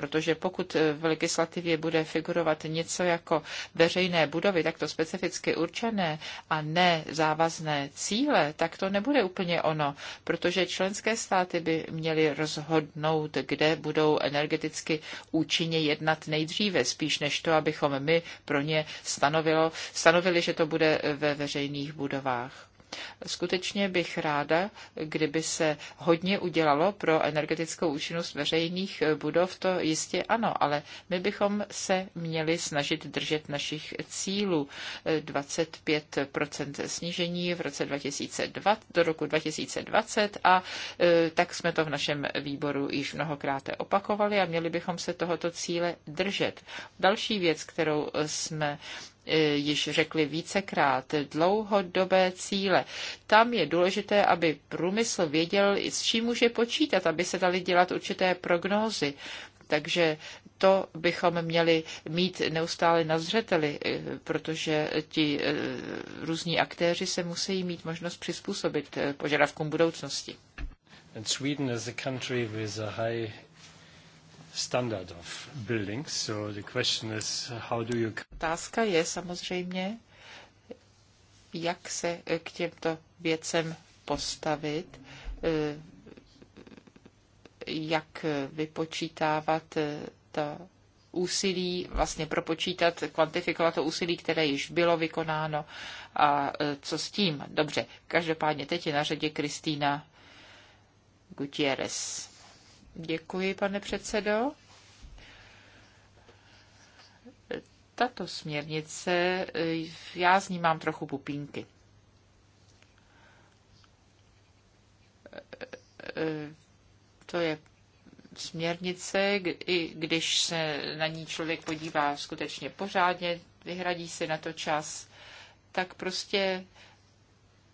protože pokud eh, v legislativě bude figurovat něco jako veřejné budovy, tak to specificky určené a ne závazné cíle, tak to nebude úplně ono, protože členské státy by měly rozhodnout, kde budou energeticky účinně jednat nejdříve, spíš než to, abychom my pro ně stanovilo, stanovili, že to bude eh, ve veřejných budovách. Skutečně bych ráda, kdyby se hodně udělalo pro energetickou účinnost veřejných budov, to jistě ano, ale my bychom se měli snažit držet našich cílů. 25 snížení v roce 2020, do roku 2020 a e, tak jsme to v našem výboru již mnohokrát opakovali a měli bychom se tohoto cíle držet. Další věc, kterou jsme již řekli vícekrát, dlouhodobé cíle. Tam je důležité, aby průmysl věděl, s čím může počítat, aby se dali dělat určité prognózy. Takže to bychom měli mít neustále na zřeteli, eh, protože ti eh, různí aktéři se musí mít možnost přizpůsobit eh, požadavkům budoucnosti. And Sweden is a country with a high standard of buildings. So the question is, how do you... Otázka je samozřejmě, jak se k těmto věcem postavit, eh, jak vypočítávat eh, ta úsilí, vlastně propočítat, kvantifikovat to úsilí, které již bylo vykonáno a eh, co s tím. Dobře, každopádně teď je na řadě Kristýna Gutierrez. Děkuji, pane předsedo. Tato směrnice, já z ní mám trochu pupínky. To je směrnice, i když se na ní člověk podívá skutečně pořádně, vyhradí si na to čas, tak prostě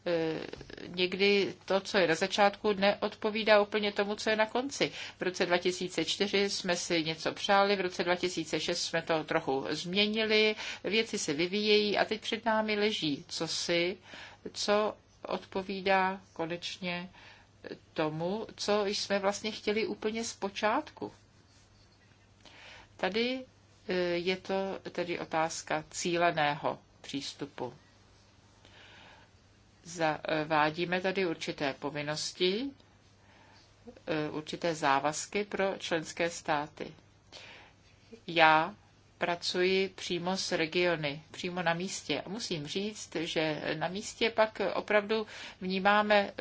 Eh, někdy to, co je na začátku, neodpovídá úplně tomu, co je na konci. V roce 2004 jsme si něco přáli, v roce 2006 jsme to trochu změnili, věci se vyvíjejí a teď před námi leží co si, co odpovídá konečně tomu, co jsme vlastně chtěli úplně z počátku. Tady eh, je to tedy otázka cíleného přístupu zavádíme tady určité povinnosti, e, určité závazky pro členské státy. Já pracuji přímo s regiony, přímo na místě. A musím říct, že na místě pak opravdu vnímáme e,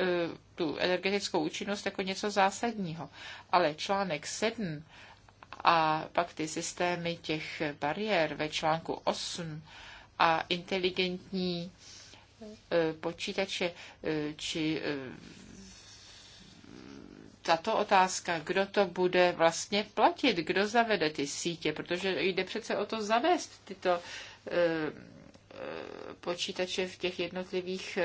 tu energetickou účinnost jako něco zásadního. Ale článek 7 a pak ty systémy těch bariér ve článku 8 a inteligentní E, počítače e, či e, tato otázka, kdo to bude vlastně platit, kdo zavede ty sítě, protože jde přece o to zavést tyto počítače v těch jednotlivých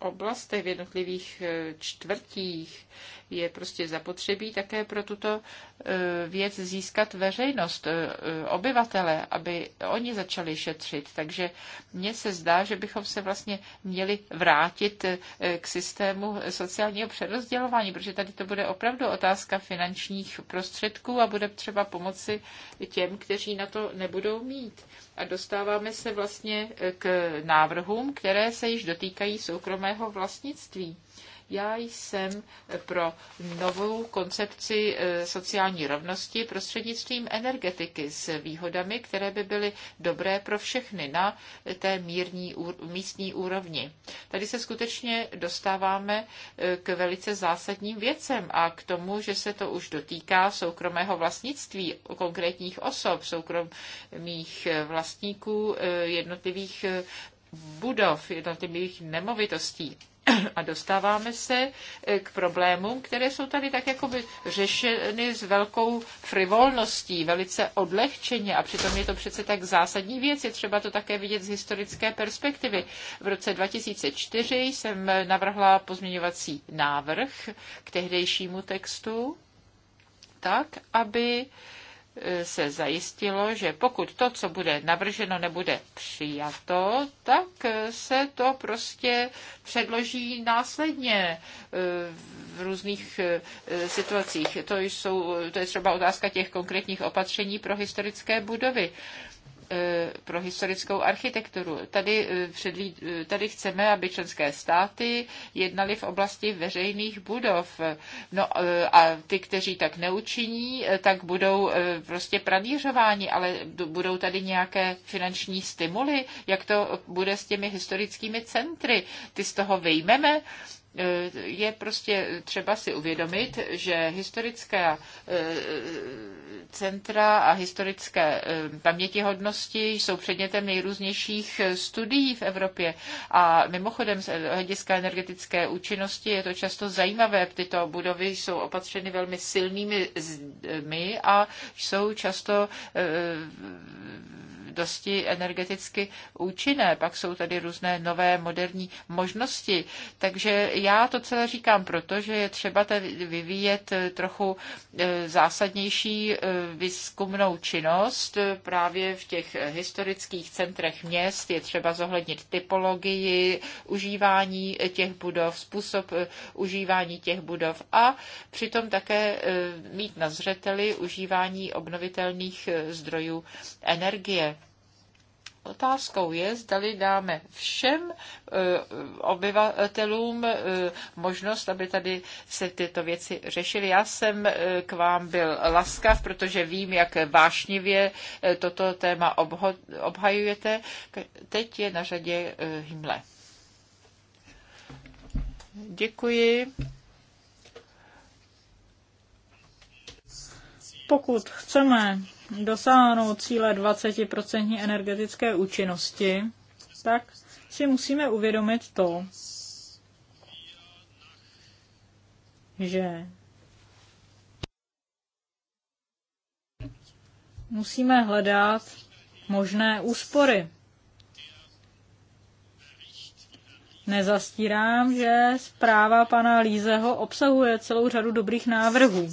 oblastech, v jednotlivých čtvrtích. Je prostě zapotřebí také pro tuto e, věc získat veřejnost, e, obyvatele, aby oni začali šetřit. Takže mně se zdá, že bychom se vlastně měli vrátit e, k systému sociálního přerozdělování, protože tady to bude opravdu otázka finančních prostředků a bude třeba pomoci těm, kteří na to nebudou mít. A dostáváme se vlastně k návrhům, které se již dotýkají soukromého vlastnictví. Já jsem pro novou koncepci eh, sociální rovnosti prostřednictvím energetiky s výhodami, které by byly dobré pro všechny na té mírní, místní úrovni. Tady se skutečně dostáváme eh, k velice zásadním věcem a k tomu, že se to už dotýká soukromého vlastnictví konkrétních osob, soukromých eh, vlastníků jednotlivých budov, jednotlivých nemovitostí. A dostáváme se eh, k problémům, které jsou tady tak jakoby řešeny s velkou frivolností, velice odlehčeně a přitom je to přece tak zásadní věc, je třeba to také vidět z historické perspektivy. V roce 2004 jsem navrhla pozměňovací návrh k tehdejšímu textu tak, aby se zajistilo, že pokud to, co bude navrženo, nebude přijato, tak se to prostě předloží následně e, v různých e, situacích. To, jsou, to je třeba otázka těch konkrétních opatření pro historické budovy. E, pro historickou architekturu. Tady, e, předví, e, tady chceme, aby členské státy jednaly v oblasti veřejných budov. No a ty, kteří tak neučiní, tak budou prostě pranířováni, ale budou tady nějaké finanční stimuly, jak to bude s těmi historickými centry. Ty z toho vyjmeme, Eh, je prostě třeba si uvědomit, že historická eh, centra a historické eh, pamětihodnosti jsou předmětem nejrůznějších studií v Evropě. A mimochodem z hlediska energetické účinnosti je to často zajímavé. Tyto budovy jsou opatřeny velmi silnými zdmi a jsou často dosti energeticky účinné. Pak jsou tady různé nové moderní možnosti. Takže já to celé říkám proto, že je třeba tady vyvíjet trochu eh, zásadnější eh, výzkumnou činnost právě v těch historických centrech měst. Je třeba zohlednit typologii, užívání těch budov, způsob eh, užívání těch budov a přitom také mít na zřeteli užívání obnovitelných zdrojů energie. Otázkou je, zdali dáme všem e, obyvatelům e, možnost, aby tady se tyto věci řešily. Já jsem e, k vám byl laskav, protože vím, jak vášnivě toto téma obhajujete. Teď je na řadě Himle. Děkuji. Pokud chceme dosáhnout cíle 20% energetické účinnosti, tak si musíme uvědomit to, že musíme hledat možné úspory. Nezastírám, že zpráva pana Lízeho obsahuje celou řadu dobrých návrhů.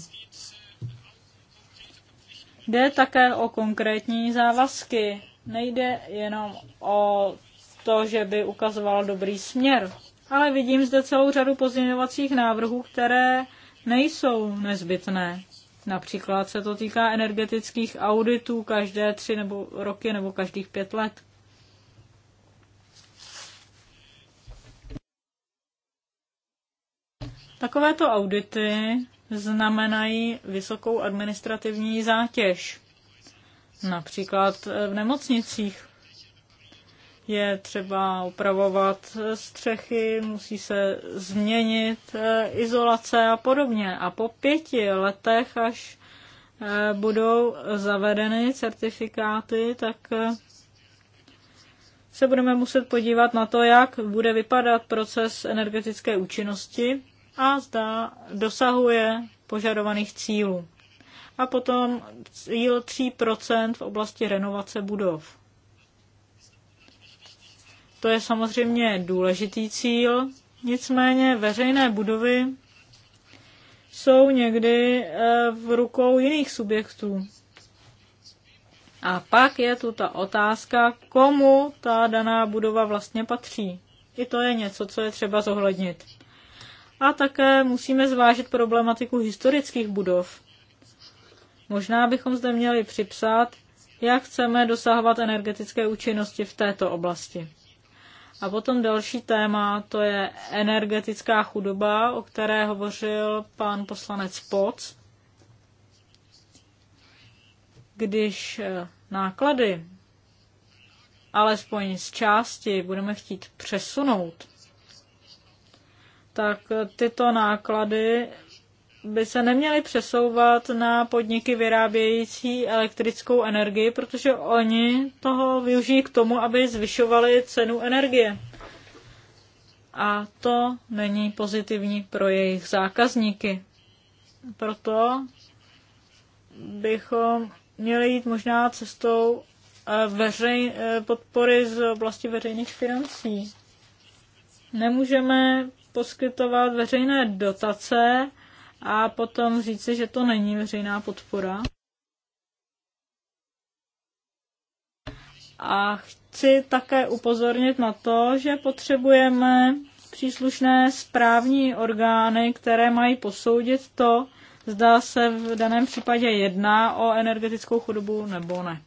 Jde také o konkrétní závazky. Nejde jenom o to, že by ukazoval dobrý směr. Ale vidím zde celou řadu pozměňovacích návrhů, které nejsou nezbytné. Například se to týká energetických auditů každé tři nebo roky nebo každých pět let. Takovéto audity znamenají vysokou administrativní zátěž. Například v nemocnicích je třeba upravovat střechy, musí se změnit eh, izolace a podobně. A po pěti letech, až eh, budou zavedeny certifikáty, tak eh, se budeme muset podívat na to, jak bude vypadat proces energetické účinnosti a zda dosahuje požadovaných cílů. A potom cíl 3% v oblasti renovace budov. To je samozřejmě důležitý cíl, nicméně veřejné budovy jsou někdy e, v rukou jiných subjektů. A pak je tu ta otázka, komu ta daná budova vlastně patří. I to je něco, co je třeba zohlednit. A také musíme zvážit problematiku historických budov. Možná bychom zde měli připsat, jak chceme dosahovat energetické účinnosti v této oblasti. A potom další téma, to je energetická chudoba, o které hovořil pan poslanec Poc. Když eh, náklady alespoň z části budeme chtít přesunout tak tyto náklady by se neměly přesouvat na podniky vyrábějící elektrickou energii, protože oni toho využijí k tomu, aby zvyšovali cenu energie. A to není pozitivní pro jejich zákazníky. Proto bychom měli jít možná cestou eh, veřej, eh, podpory z oblasti veřejných financí. Nemůžeme poskytovat veřejné dotace a potom říci, že to není veřejná podpora. A chci také upozornit na to, že potřebujeme příslušné správní orgány, které mají posoudit to, zda se v daném případě jedná o energetickou chudobu nebo ne.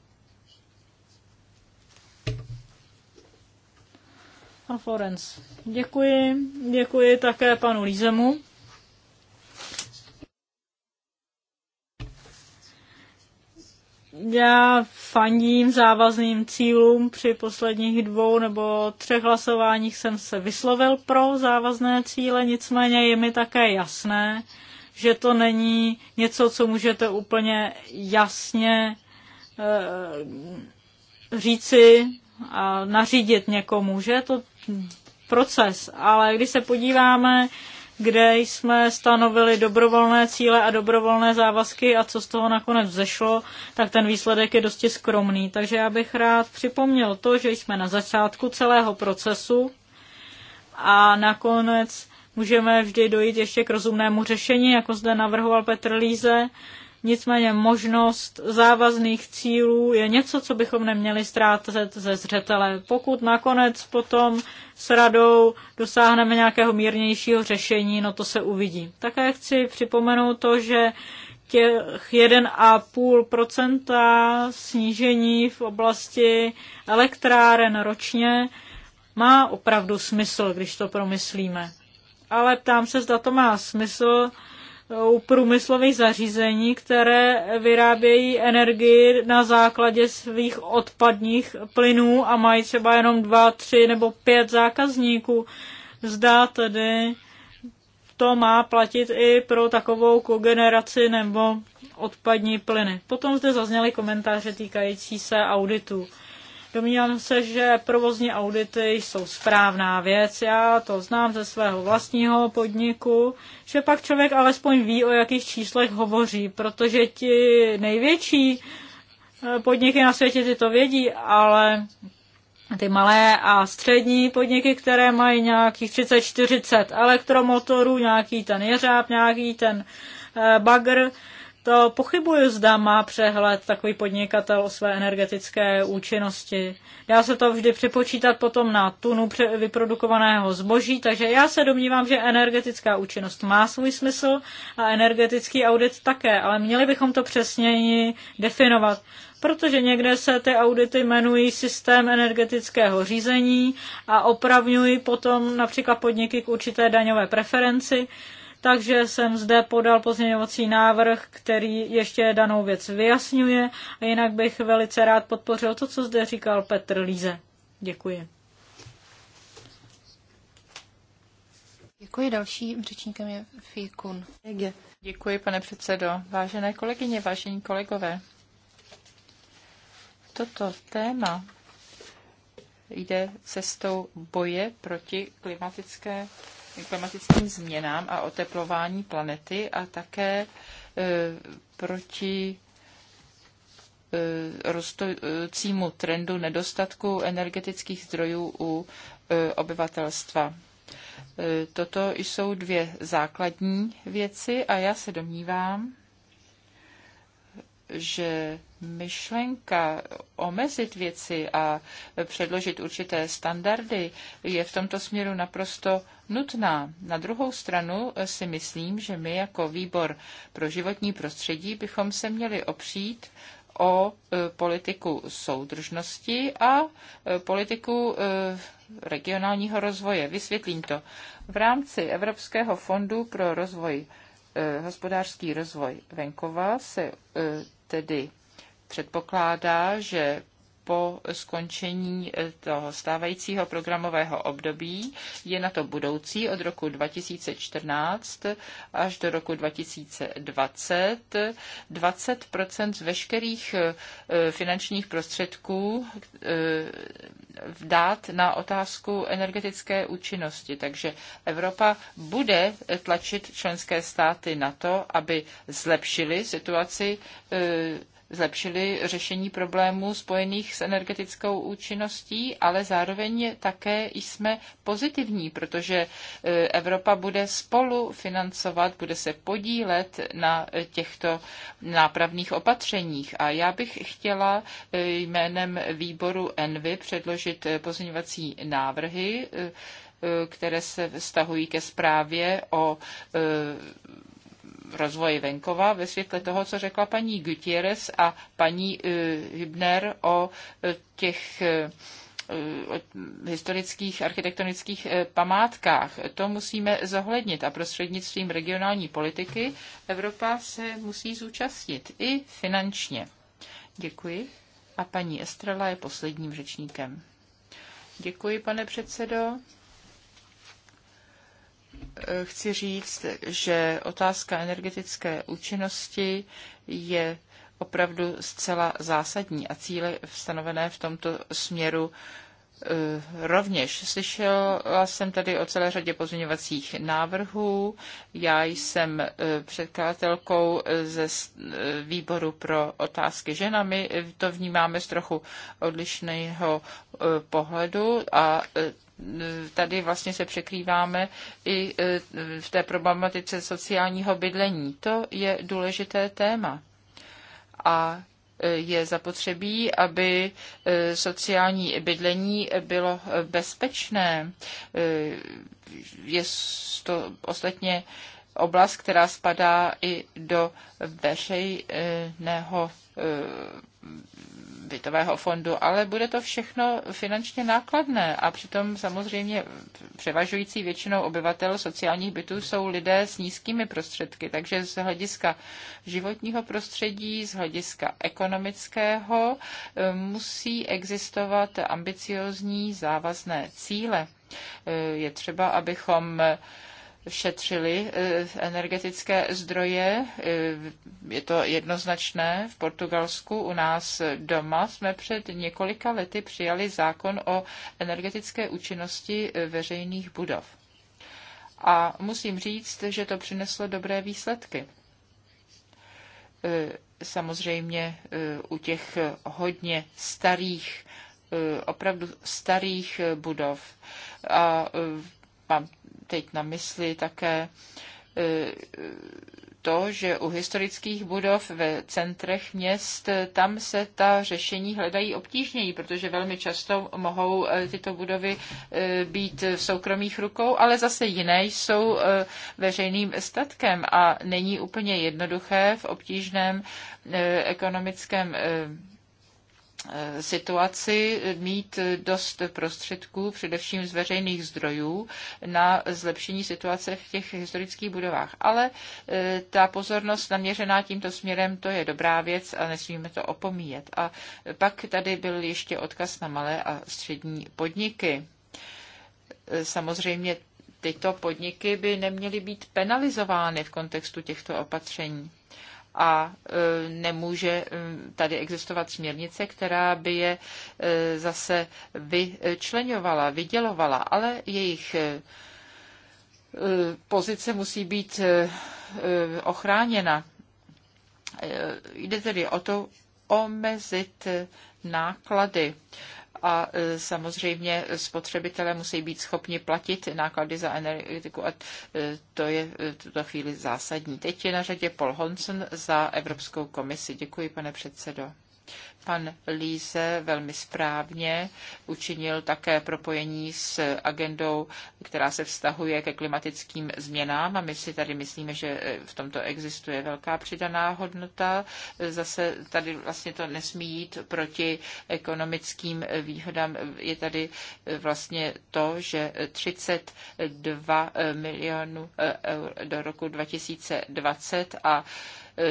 Pan Florence. Děkuji, děkuji také panu Lízemu. Já fandím závazným cílům. Při posledních dvou nebo třech hlasováních jsem se vyslovil pro závazné cíle, nicméně je mi také jasné, že to není něco, co můžete úplně jasně e, říci a nařídit někomu, že je to proces. Ale když se podíváme, kde jsme stanovili dobrovolné cíle a dobrovolné závazky a co z toho nakonec vzešlo, tak ten výsledek je dosti skromný. Takže já bych rád připomněl to, že jsme na začátku celého procesu a nakonec můžeme vždy dojít ještě k rozumnému řešení, jako zde navrhoval Petr Líze, Nicméně možnost závazných cílů je něco, co bychom neměli ztrácet ze zřetele. Pokud nakonec potom s radou dosáhneme nějakého mírnějšího řešení, no to se uvidí. Také chci připomenout to, že těch 1,5% snížení v oblasti elektráren ročně má opravdu smysl, když to promyslíme. Ale ptám se, zda to má smysl u průmyslových zařízení, které vyrábějí energii na základě svých odpadních plynů a mají třeba jenom dva, tři nebo pět zákazníků. Zdá tedy, to má platit i pro takovou kogeneraci nebo odpadní plyny. Potom zde zazněly komentáře týkající se auditu. Domnívám se, že provozní audity jsou správná věc. Já to znám ze svého vlastního podniku, že pak člověk alespoň ví, o jakých číslech hovoří, protože ti největší eh, podniky na světě ty to vědí, ale ty malé a střední podniky, které mají nějakých 30-40 elektromotorů, nějaký ten jeřáb, nějaký ten eh, bagr, to pochybuju, zda má přehled takový podnikatel o své energetické účinnosti. Dá se to vždy přepočítat potom na tunu vyprodukovaného zboží, takže já se domnívám, že energetická účinnost má svůj smysl a energetický audit také, ale měli bychom to přesněji definovat, protože někde se ty audity jmenují systém energetického řízení a opravňují potom například podniky k určité daňové preferenci takže jsem zde podal pozměňovací návrh, který ještě danou věc vyjasňuje a jinak bych velice rád podpořil to, co zde říkal Petr Líze. Děkuji. Děkuji. Dalším řečníkem je Fíkun. Děkuji, pane předsedo. Vážené kolegyně, vážení kolegové, toto téma jde cestou boje proti klimatické klimatickým změnám a oteplování planety a také e, proti e, rostoucímu trendu nedostatku energetických zdrojů u e, obyvatelstva. Toto jsou dvě základní věci a já se domnívám, že myšlenka omezit věci a předložit určité standardy je v tomto směru naprosto nutná. Na druhou stranu si myslím, že my jako výbor pro životní prostředí bychom se měli opřít o e, politiku soudržnosti a e, politiku e, regionálního rozvoje. Vysvětlím to. V rámci Evropského fondu pro rozvoj hospodářský rozvoj venkova se tedy předpokládá, že po skončení eh, toho stávajícího programového období je na to budoucí od roku 2014 až do roku 2020 20 z veškerých eh, finančních prostředků eh, dát na otázku energetické účinnosti. Takže Evropa bude tlačit členské státy na to, aby zlepšili situaci zlepšili řešení problémů spojených s energetickou účinností, ale zároveň také jsme pozitivní, protože e, Evropa bude spolu financovat, bude se podílet na těchto nápravných opatřeních. A já bych chtěla e, jménem výboru ENVY předložit e, pozměňovací návrhy, které se vztahují ke zprávě o rozvoji venkova ve světle toho, co řekla paní Gutierrez a paní eh, Hübner o eh, těch eh, historických architektonických památkách. To musíme zohlednit a prostřednictvím regionální politiky Evropa se musí zúčastnit i finančně. Děkuji. A paní Estrela je posledním řečníkem. Děkuji, pane předsedo. Eh, chci říct, že otázka energetické účinnosti je opravdu zcela zásadní a cíle stanovené v tomto směru eh, Rovněž slyšela jsem tady o celé řadě pozměňovacích návrhů. Já jsem eh, předkladatelkou ze výboru pro otázky ženami. to vnímáme z trochu odlišného pohledu a tady vlastně se překrýváme i e, v té problematice sociálního bydlení. To je důležité téma. A e, je zapotřebí, aby e, sociální bydlení bylo bezpečné. Je to ostatně oblast, která spadá i do veřejného bytového fondu, ale bude to všechno finančně nákladné a přitom samozřejmě převažující většinou obyvatel sociálních bytů jsou lidé s nízkými prostředky, takže z hlediska životního prostředí, z hlediska ekonomického eh, musí existovat ambiciozní závazné cíle. Eh, je třeba, abychom šetřili eh, energetické zdroje. Eh, je to jednoznačné v Portugalsku. U nás doma jsme před několika lety přijali zákon o energetické účinnosti eh, veřejných budov. A musím říct, že to přineslo dobré výsledky. Samozřejmě u těch hodně starých opravdu starých budov. A Mám teď na mysli také e, to, že u historických budov ve centrech měst, e, tam se ta řešení hledají obtížněji, protože velmi často mohou e, tyto budovy být v soukromých rukou, ale zase jiné jsou veřejným statkem a není úplně jednoduché v obtížném ekonomickém Eh, situaci mít dost prostředků, především z veřejných zdrojů, na zlepšení situace v těch historických budovách. Ale eh, ta pozornost naměřená tímto směrem, to je dobrá věc a nesmíme to opomíjet. A pak tady byl ještě odkaz na malé a střední podniky. Eh, samozřejmě tyto podniky by neměly být penalizovány v kontextu těchto opatření a e, nemůže e, tady existovat směrnice, která by je e, zase vyčlenovala, vydělovala, ale jejich pozice musí být ochráněna. Jde tedy o to omezit náklady a e, samozřejmě spotřebitelé musí být schopni platit náklady za energetiku a e, to je v e, tuto chvíli zásadní. Teď je na řadě Paul Honson za Evropskou komisi. Děkuji, pane předsedo. Pan Líze velmi správně učinil také propojení s agendou, která se vztahuje ke klimatickým změnám a my si tady myslíme, že e, v tomto existuje velká přidaná hodnota. E, zase tady vlastně to nesmí jít proti ekonomickým e, výhodám. Je tady vlastně to, že 32 milionů do roku 2020 a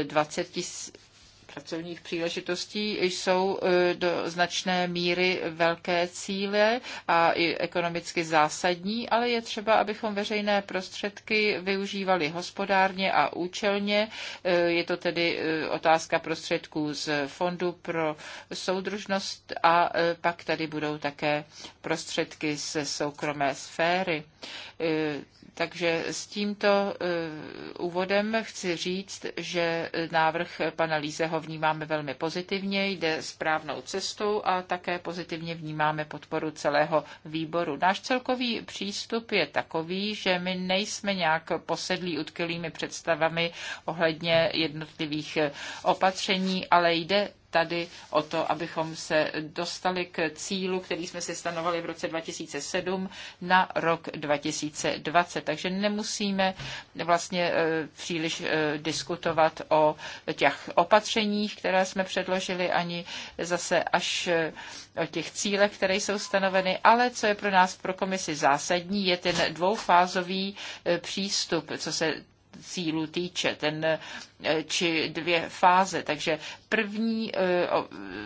20 tisíc pracovních příležitostí jsou e, do značné míry velké cíle a i ekonomicky zásadní, ale je třeba, abychom veřejné prostředky využívali hospodárně a účelně. E, je to tedy e, otázka prostředků z Fondu pro soudržnost a pak tady budou také prostředky ze soukromé sféry takže s tímto e, úvodem chci říct, že návrh pana Lízeho vnímáme velmi pozitivně, jde správnou cestou a také pozitivně vnímáme podporu celého výboru. Náš celkový přístup je takový, že my nejsme nějak posedlí utkylými představami ohledně jednotlivých e, opatření, ale jde tady o to, abychom se dostali k cílu, který jsme si stanovali v roce 2007 na rok 2020. Takže nemusíme vlastně e, příliš e, diskutovat o těch opatřeních, které jsme předložili, ani zase až e, o těch cílech, které jsou stanoveny, ale co je pro nás pro komisi zásadní, je ten dvoufázový přístup, co se sílu týče, ten, eh, či dvě fáze. Takže první eh,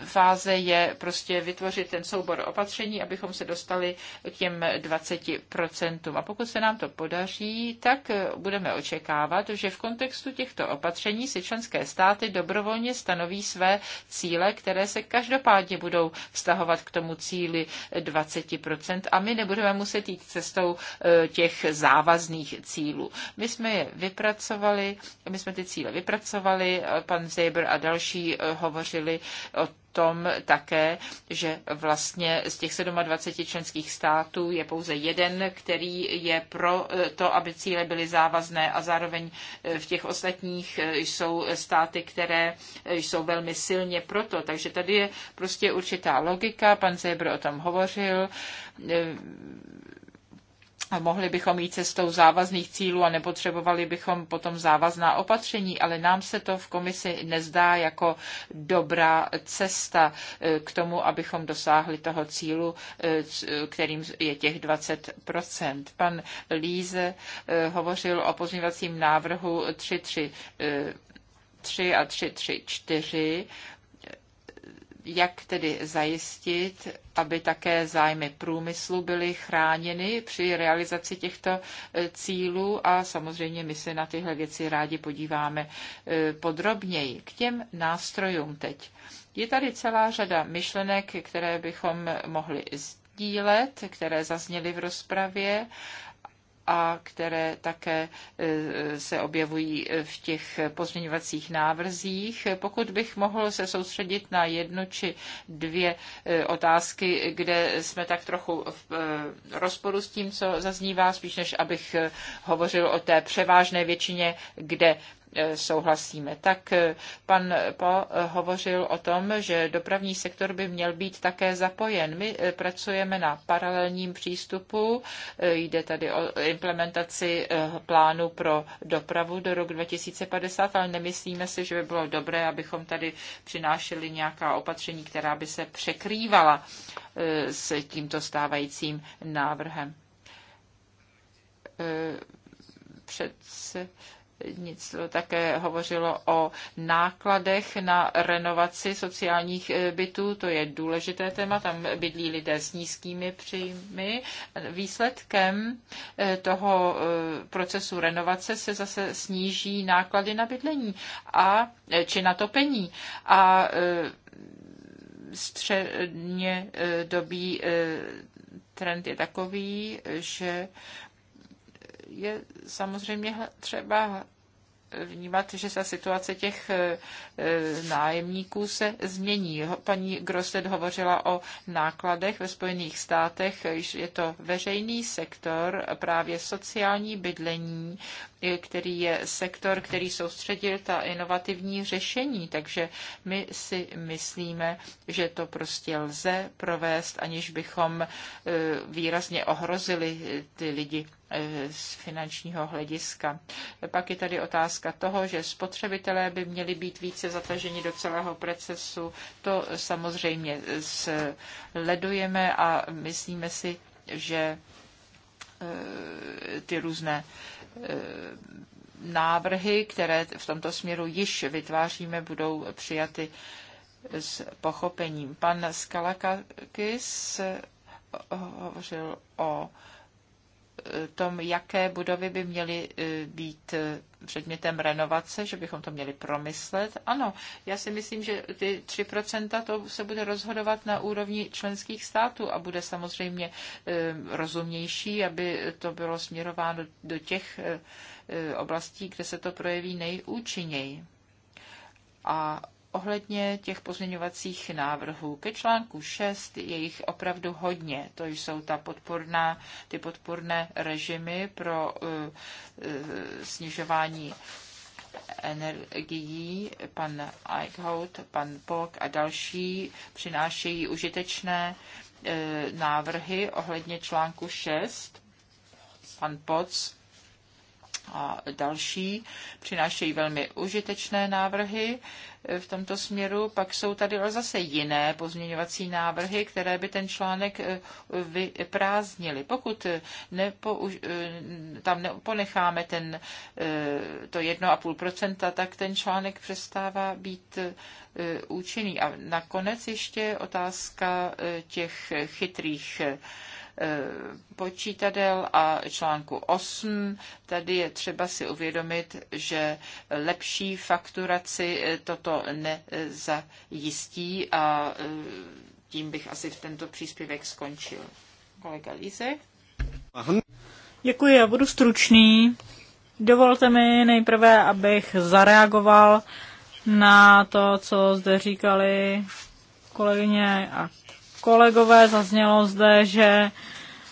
fáze je prostě vytvořit ten soubor opatření, abychom se dostali k těm 20%. A pokud se nám to podaří, tak eh, budeme očekávat, že v kontextu těchto opatření si členské státy dobrovolně stanoví své cíle, které se každopádně budou vztahovat k tomu cíli 20% a my nebudeme muset jít cestou těch závazných cílů. My jsme je vypracovali vypracovali, my jsme ty cíle vypracovali, pan Zeber a další eh, hovořili o tom také, že vlastně z těch 27 členských států je pouze jeden, který je pro eh, to, aby cíle byly závazné a zároveň eh, v těch ostatních jsou státy, které jsou velmi silně proto. Takže tady je prostě určitá logika, pan Zebr o tom hovořil mohli bychom jít cestou závazných cílů a nepotřebovali bychom potom závazná opatření, ale nám se to v komisi nezdá jako dobrá cesta eh, k tomu, abychom dosáhli toho cílu, eh, kterým je těch 20 Pan Líze eh, hovořil o pozměňovacím návrhu 3.3. 3 a 3, 4 jak tedy zajistit, aby také zájmy průmyslu byly chráněny při realizaci těchto e, cílů a samozřejmě my se na tyhle věci rádi podíváme e, podrobněji. K těm nástrojům teď. Je tady celá řada myšlenek, které bychom mohli sdílet, které zazněly v rozpravě a které také eh, se objevují eh, v těch pozměňovacích návrzích. Pokud bych mohl se soustředit na jednu či dvě eh, otázky, kde jsme tak trochu v rozporu s tím, co zaznívá, spíš než abych hovořil o té převážné většině, kde E, souhlasíme. Tak e, pan Po e, hovořil o tom, že dopravní sektor by měl být také zapojen. My pracujeme na paralelním přístupu. Jde tady o implementaci plánu pro dopravu do roku 2050, ale nemyslíme si, že by bylo dobré, abychom tady přinášeli nějaká opatření, která by se překrývala s tímto stávajícím návrhem. Před Něco také hovořilo o nákladech na renovaci sociálních e, bytů. To je důležité téma. Tam bydlí lidé s nízkými příjmy. Výsledkem e, toho e, procesu renovace se zase sníží náklady na bydlení a, či na topení. A středně dobí trend je takový, že je samozřejmě třeba vnímat, že ta situace těch e, e, nájemníků se změní. Paní Grosset hovořila o nákladech ve Spojených státech. Je to veřejný sektor, právě sociální bydlení, e, který je sektor, který soustředil ta inovativní řešení. Takže my si myslíme, že to prostě lze provést, aniž bychom výrazně ohrozili ty lidi Eh, z finančního hlediska. Pak je tady otázka toho, že spotřebitelé by měli být více zataženi do celého procesu. To samozřejmě sledujeme a myslíme si, že eh, ty různé eh, návrhy, které v tomto směru již vytváříme, budou přijaty s pochopením. Pan Skalakakis hovořil o tom, jaké budovy by měly e, být e, předmětem renovace, že bychom to měli promyslet. Ano, já si myslím, že ty 3% to se bude rozhodovat na úrovni členských států a bude samozřejmě e, rozumnější, aby to bylo směrováno do těch oblastí, kde se to projeví nejúčinněji. A ohledně těch pozměňovacích návrhů. Ke článku 6 je jich opravdu hodně. To jsou ta podporná, ty podporné režimy pro uh, snižování energií. Pan Eichhout, pan Pok a další přinášejí užitečné eh, návrhy ohledně článku 6. Pan Poc a další přinášejí velmi užitečné návrhy e, v tomto směru. Pak jsou tady zase jiné pozměňovací návrhy, které by ten článek e, vyprázdnili. Pokud e, nepouž- tam ponecháme ten, to 1,5%, tak ten článek přestává být účinný. A nakonec ještě otázka těch chytrých Eh, počítadel a článku 8. Tady je třeba si uvědomit, že lepší fakturaci eh, toto nezajistí a eh, tím bych asi v tento příspěvek skončil. Kolega Lízek. Děkuji, já budu stručný. Dovolte mi nejprve, abych zareagoval na to, co zde říkali kolegyně a kolegové, zaznělo zde, že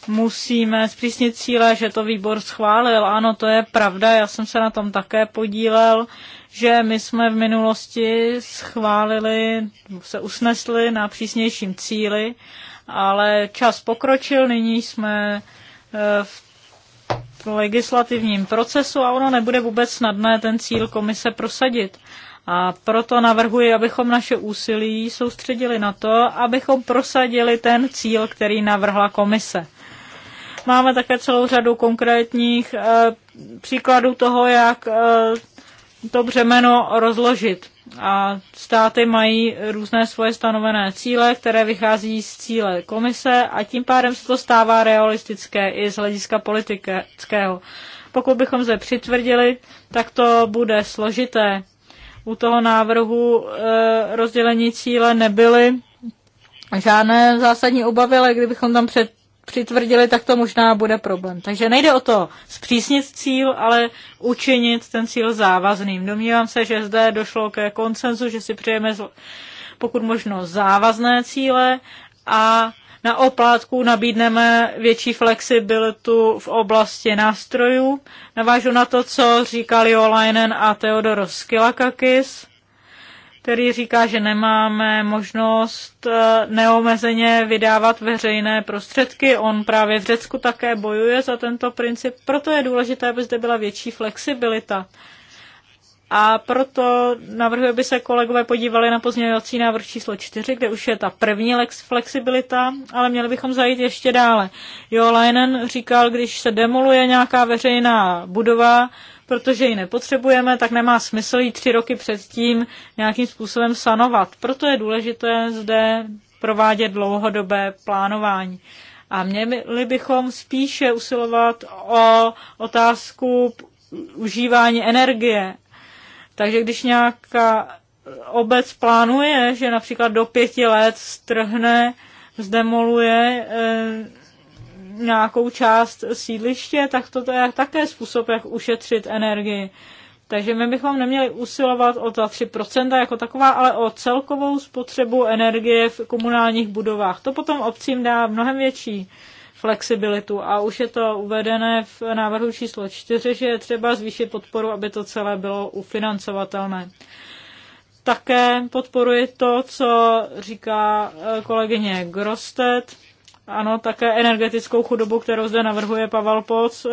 musíme zpřísnit cíle, že to výbor schválil. Ano, to je pravda, já jsem se na tom také podílel, že my jsme v minulosti schválili, se usnesli na přísnějším cíli, ale čas pokročil, nyní jsme eh, v legislativním procesu a ono nebude vůbec snadné ten cíl komise prosadit. A proto navrhuji, abychom naše úsilí soustředili na to, abychom prosadili ten cíl, který navrhla komise. Máme také celou řadu konkrétních e, příkladů toho, jak e, to břemeno rozložit. A státy mají různé svoje stanovené cíle, které vychází z cíle komise a tím pádem se to stává realistické i z hlediska politického. Pokud bychom se přitvrdili, tak to bude složité u toho návrhu e, rozdělení cíle nebyly žádné zásadní obavy, ale kdybychom tam před přitvrdili, tak to možná bude problém. Takže nejde o to zpřísnit cíl, ale učinit ten cíl závazným. Domnívám se, že zde došlo ke konsenzu, že si přejeme pokud možno závazné cíle a na oplátku nabídneme větší flexibilitu v oblasti nástrojů. Navážu na to, co říkali Jolainen a Theodoros Skilakakis který říká, že nemáme možnost eh, neomezeně vydávat veřejné prostředky. On právě v Řecku také bojuje za tento princip, proto je důležité, aby zde byla větší flexibilita. A proto navrhuji, aby se kolegové podívali na pozměňovací návrh číslo 4, kde už je ta první lex flexibilita, ale měli bychom zajít ještě dále. Jo, Leinen říkal, když se demoluje nějaká veřejná budova, protože ji nepotřebujeme, tak nemá smysl ji tři roky předtím nějakým způsobem sanovat. Proto je důležité zde provádět dlouhodobé plánování. A měli bychom spíše usilovat o otázku užívání energie takže když nějaká obec plánuje, že například do pěti let strhne, zdemoluje eh, nějakou část sídliště, tak to je také způsob, jak ušetřit energii. Takže my bychom neměli usilovat o ta 3% jako taková, ale o celkovou spotřebu energie v komunálních budovách. To potom obcím dá mnohem větší flexibilitu. A už je to uvedené v návrhu číslo 4, že je třeba zvýšit podporu, aby to celé bylo ufinancovatelné. Také podporuji to, co říká eh, kolegyně Grostet. Ano, také energetickou chudobu, kterou zde navrhuje Pavel Poc, eh,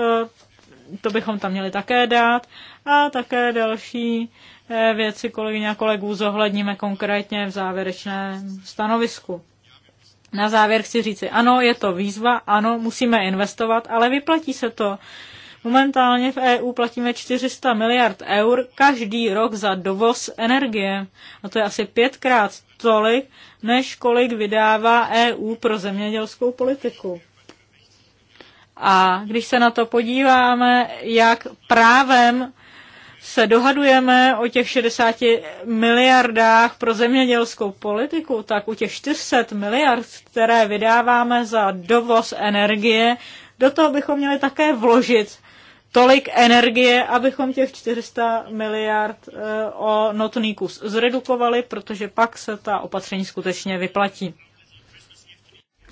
to bychom tam měli také dát. A také další eh, věci kolegyně a kolegů zohledníme konkrétně v závěrečném stanovisku. Na závěr chci říci, ano, je to výzva, ano, musíme investovat, ale vyplatí se to. Momentálně v EU platíme 400 miliard eur každý rok za dovoz energie. A to je asi pětkrát tolik, než kolik vydává EU pro zemědělskou politiku. A když se na to podíváme, jak právem se dohadujeme o těch 60 miliardách pro zemědělskou politiku, tak u těch 400 miliard, které vydáváme za dovoz energie, do toho bychom měli také vložit tolik energie, abychom těch 400 miliard eh, o notný kus zredukovali, protože pak se ta opatření skutečně vyplatí.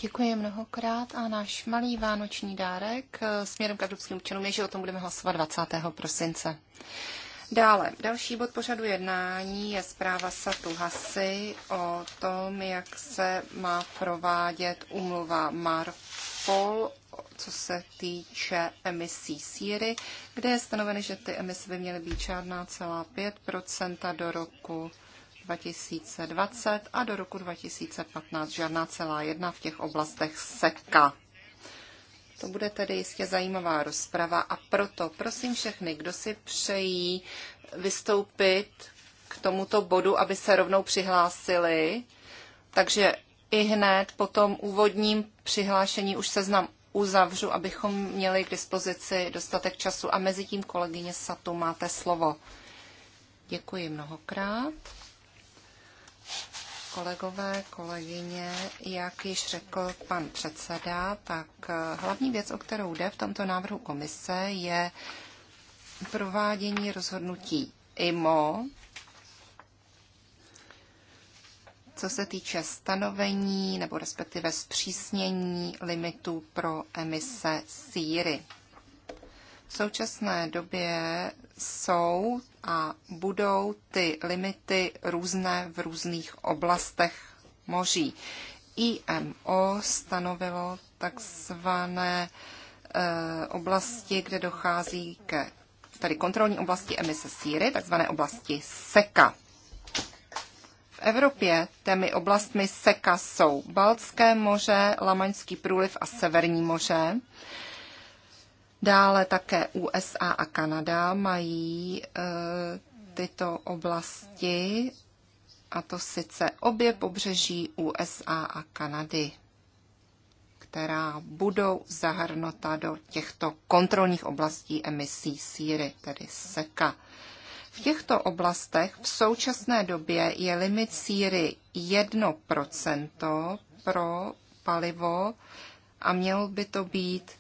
Děkuji mnohokrát a náš malý vánoční dárek eh, směrem k evropským občanům je, že o tom budeme hlasovat 20. prosince. Dále, další bod pořadu jednání je zpráva Satu Hasy o tom, jak se má provádět umluva Marpol, co se týče emisí síry, kde je stanoveno, že ty emise by měly být žádná celá 5% do roku 2020 a do roku 2015 žádná celá jedna v těch oblastech seka. To bude tedy jistě zajímavá rozprava a proto prosím všechny, kdo si přejí vystoupit k tomuto bodu, aby se rovnou přihlásili. Takže i hned po tom úvodním přihlášení už seznam uzavřu, abychom měli k dispozici dostatek času. A mezi tím, kolegyně Satu, máte slovo. Děkuji mnohokrát kolegové, kolegyně, jak již řekl pan předseda, tak eh, hlavní věc, o kterou jde v tomto návrhu komise, je provádění rozhodnutí IMO, co se týče stanovení nebo respektive zpřísnění limitů pro emise síry. V současné době jsou a budou ty limity různé v různých oblastech moří. IMO stanovilo takzvané eh, oblasti, kde dochází ke tady kontrolní oblasti emise síry, takzvané oblasti SECA. V Evropě těmi oblastmi SECA jsou Baltské moře, Lamaňský průliv a Severní moře. Dále také USA a Kanada mají eh, tyto oblasti, a to sice obě pobřeží USA a Kanady, která budou zahrnuta do těchto kontrolních oblastí emisí síry, tedy SEKA. V těchto oblastech v současné době je limit síry 1% pro palivo a mělo by to být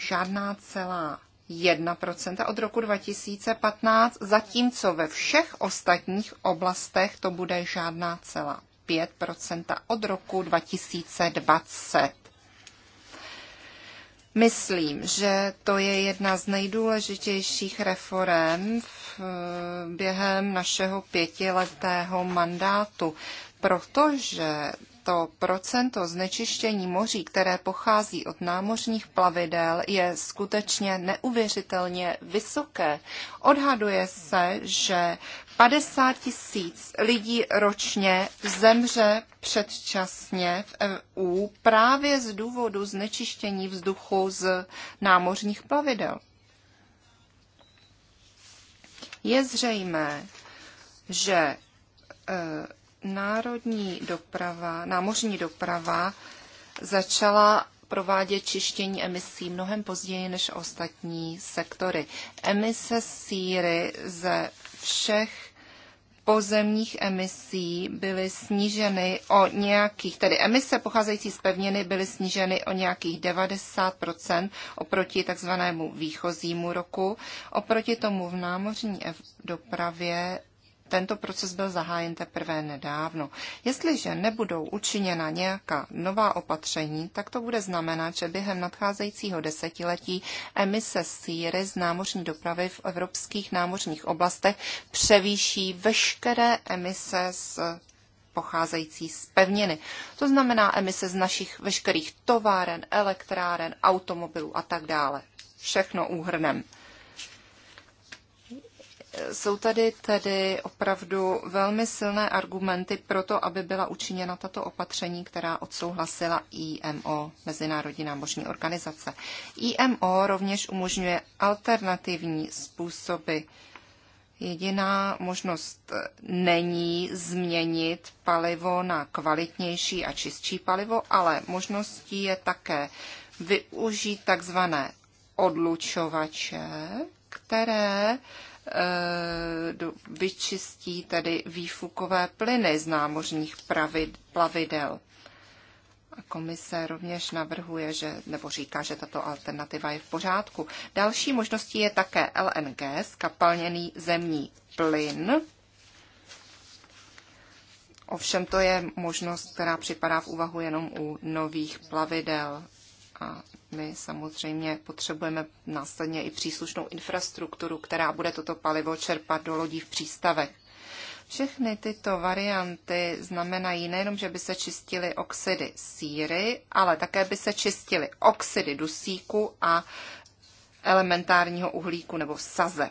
žádná celá 1% od roku 2015, zatímco ve všech ostatních oblastech to bude žádná celá 5% od roku 2020. Myslím, že to je jedna z nejdůležitějších reform v, eh, během našeho pětiletého mandátu, protože to procento znečištění moří, které pochází od námořních plavidel, je skutečně neuvěřitelně vysoké. Odhaduje se, že 50 tisíc lidí ročně zemře předčasně v EU právě z důvodu znečištění vzduchu z námořních plavidel. Je zřejmé, že e, národní doprava, námořní doprava začala provádět čištění emisí mnohem později než ostatní sektory. Emise síry ze všech pozemních emisí byly sníženy o nějakých, tedy emise pocházející z pevniny byly sníženy o nějakých 90% oproti takzvanému výchozímu roku. Oproti tomu v námořní dopravě tento proces byl zahájen teprve nedávno. Jestliže nebudou učiněna nějaká nová opatření, tak to bude znamenat, že během nadcházejícího desetiletí emise síry z námořní dopravy v evropských námořních oblastech převýší veškeré emise z pocházející z pevniny. To znamená emise z našich veškerých továren, elektráren, automobilů a tak dále. Všechno úhrnem jsou tady tedy opravdu velmi silné argumenty pro to, aby byla učiněna tato opatření, která odsouhlasila IMO, Mezinárodní námořní organizace. IMO rovněž umožňuje alternativní způsoby. Jediná možnost není změnit palivo na kvalitnější a čistší palivo, ale možností je také využít takzvané odlučovače, které Eh, vyčistí tedy výfukové plyny z námořních pravid, plavidel. A komise rovněž navrhuje, že, nebo říká, že tato alternativa je v pořádku. Další možností je také LNG, skapalněný zemní plyn. Ovšem to je možnost, která připadá v úvahu jenom u nových plavidel a my samozřejmě potřebujeme následně i příslušnou infrastrukturu, která bude toto palivo čerpat do lodí v přístavech. Všechny tyto varianty znamenají nejenom, že by se čistily oxidy síry, ale také by se čistily oxidy dusíku a elementárního uhlíku nebo saze.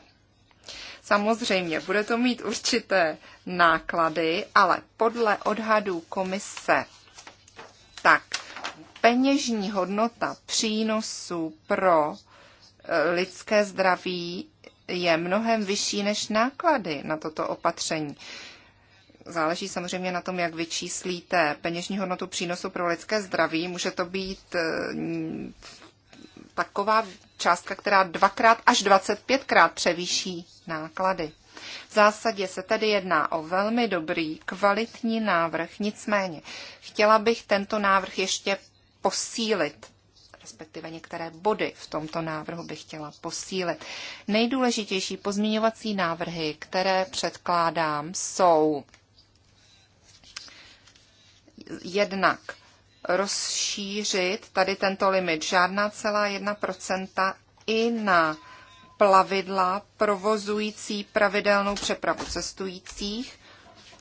Samozřejmě bude to mít určité náklady, ale podle odhadů komise tak peněžní hodnota přínosu pro e, lidské zdraví je mnohem vyšší než náklady na toto opatření. Záleží samozřejmě na tom, jak vyčíslíte peněžní hodnotu přínosu pro lidské zdraví. Může to být e, taková částka, která dvakrát až 25krát převýší náklady. V zásadě se tedy jedná o velmi dobrý, kvalitní návrh, nicméně chtěla bych tento návrh ještě posílit respektive některé body v tomto návrhu bych chtěla posílit. Nejdůležitější pozměňovací návrhy, které předkládám, jsou jednak rozšířit tady tento limit žádná celá jedna procenta i na plavidla provozující pravidelnou přepravu cestujících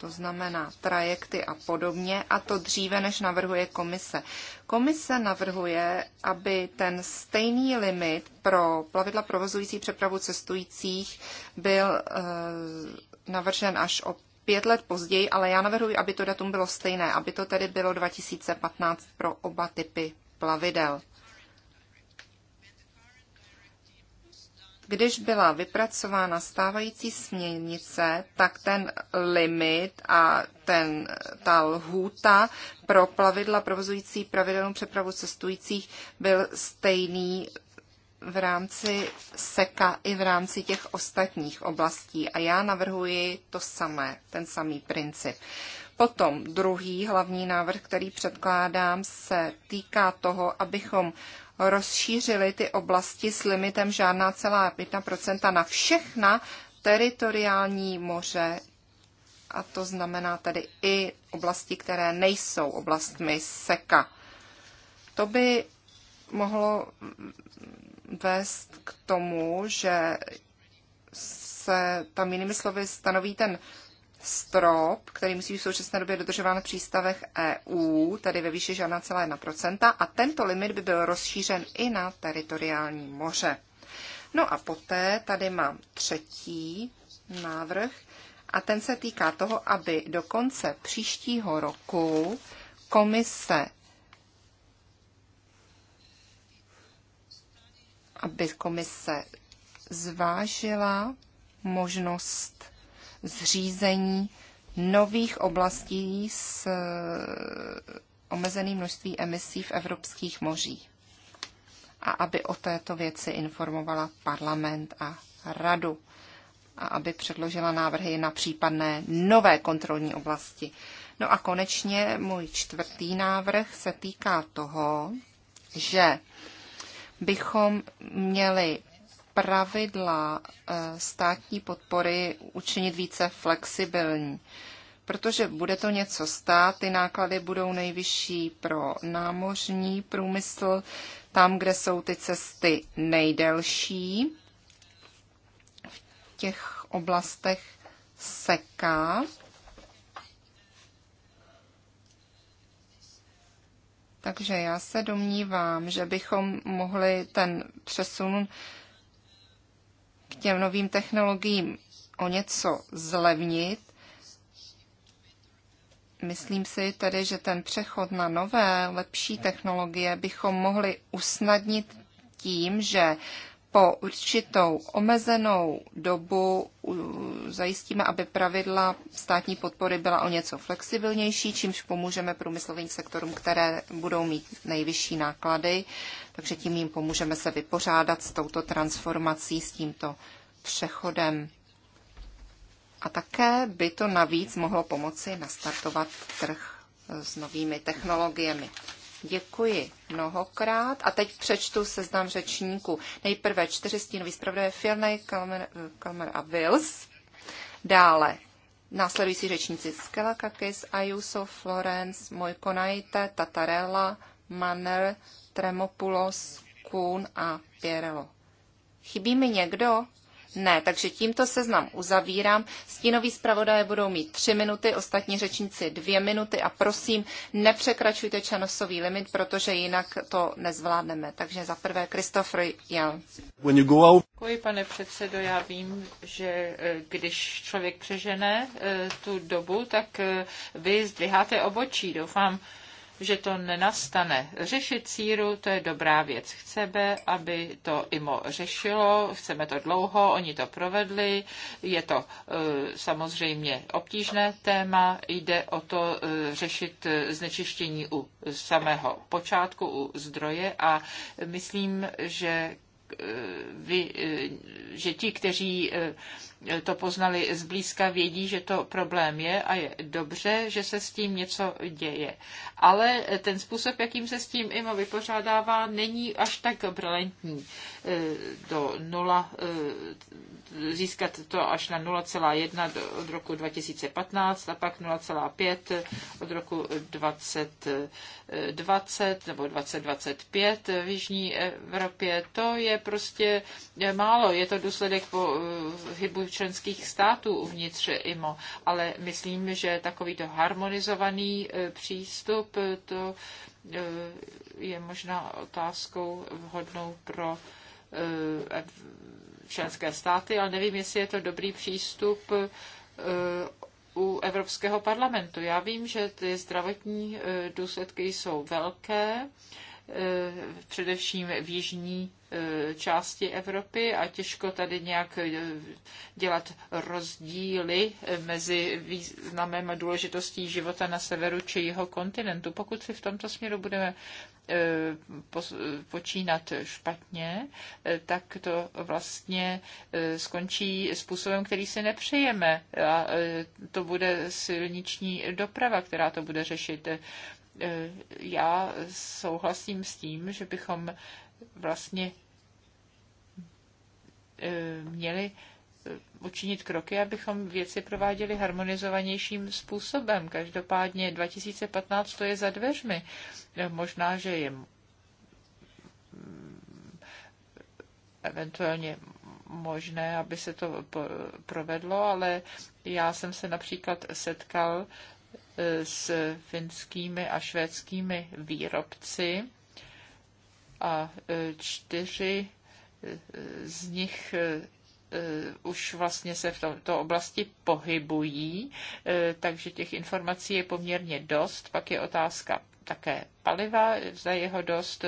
to znamená trajekty a podobně, a to dříve, než navrhuje komise. Komise navrhuje, aby ten stejný limit pro plavidla provozující přepravu cestujících byl e, navržen až o pět let později, ale já navrhuji, aby to datum bylo stejné, aby to tedy bylo 2015 pro oba typy plavidel. když byla vypracována stávající směrnice, tak ten limit a ten, ta lhůta pro plavidla provozující pravidelnou přepravu cestujících byl stejný v rámci SEKA i v rámci těch ostatních oblastí. A já navrhuji to samé, ten samý princip. Potom druhý hlavní návrh, který předkládám, se týká toho, abychom rozšířili ty oblasti s limitem žádná celá 1% na všechna teritoriální moře, a to znamená tedy i oblasti, které nejsou oblastmi seka. To by mohlo vést k tomu, že se tam jinými slovy stanoví ten strop, který musí v současné době dodržován v přístavech EU, tedy ve výši žádná celá procenta, a tento limit by byl rozšířen i na teritoriální moře. No a poté tady mám třetí návrh, a ten se týká toho, aby do konce příštího roku komise aby komise zvážila možnost zřízení nových oblastí s eh, omezeným množství emisí v evropských mořích a aby o této věci informovala parlament a radu a aby předložila návrhy na případné nové kontrolní oblasti. No a konečně můj čtvrtý návrh se týká toho, že bychom měli pravidla eh, státní podpory učinit více flexibilní, protože bude to něco stát, ty náklady budou nejvyšší pro námořní průmysl, tam, kde jsou ty cesty nejdelší, v těch oblastech seká. Takže já se domnívám, že bychom mohli ten přesun těm novým technologiím o něco zlevnit. Myslím si tedy, že ten přechod na nové, lepší technologie bychom mohli usnadnit tím, že po určitou omezenou dobu zajistíme, aby pravidla státní podpory byla o něco flexibilnější, čímž pomůžeme průmyslovým sektorům, které budou mít nejvyšší náklady, takže tím jim pomůžeme se vypořádat s touto transformací, s tímto přechodem. A také by to navíc mohlo pomoci nastartovat trh s novými technologiemi. Děkuji mnohokrát. A teď přečtu seznam řečníků. Nejprve čtyři stínový zpravodaje Firnej, Kalmer, eh, Kalmer a Wills. Dále následující řečníci Skelakakis, Ayuso, Florence, Mojkonajte, Tatarella, Manner, Tremopulos, Kuhn a Pierelo. Chybí mi někdo? Ne, takže tímto seznam uzavírám. Stínoví zpravodaje budou mít tři minuty, ostatní řečníci dvě minuty a prosím, nepřekračujte časový limit, protože jinak to nezvládneme. Takže za prvé Kristofr Jel. Děkuji, pane předsedo. Já vím, že eh, když člověk přežene eh, tu dobu, tak eh, vy zdviháte obočí. Doufám, že to nenastane. Řešit síru, to je dobrá věc. Chceme, aby to IMO řešilo, chceme to dlouho, oni to provedli, je to eh, samozřejmě obtížné téma, jde o to eh, řešit eh, znečištění u samého počátku, u zdroje a myslím, že vy, že ti, kteří to poznali zblízka, vědí, že to problém je a je dobře, že se s tím něco děje. Ale ten způsob, jakým se s tím IMO vypořádává, není až tak brilantní. E, do nula, e, získat to až na 0,1 od roku 2015 a pak 0,5 od roku 2020 nebo 2025 v Jižní Evropě. To je prostě málo. Je to důsledek po e, hybu členských států uvnitř IMO, ale myslím, že takovýto harmonizovaný e, přístup e, to e, je možná otázkou vhodnou pro členské státy, ale nevím, jestli je to dobrý přístup u Evropského parlamentu. Já vím, že ty zdravotní důsledky jsou velké, Eh, především v jižní eh, části Evropy a těžko tady nějak eh, dělat rozdíly mezi významem a důležitostí života na severu či jeho kontinentu. Pokud si v tomto směru budeme počínat špatně, tak to vlastně skončí způsobem, který si nepřejeme. A to bude silniční doprava, která to bude řešit. E, já souhlasím s tím, že bychom vlastně e, měli e, učinit kroky, abychom věci prováděli harmonizovanějším způsobem. Každopádně 2015 to je za dveřmi. Možná, že je eventuálně možné, aby se to provedlo, ale já jsem se například setkal s finskými a švédskými výrobci a e, čtyři e, z nich e, už vlastně se v této oblasti pohybují, takže těch informací je poměrně dost. Pak je otázka také paliva, za jeho dost.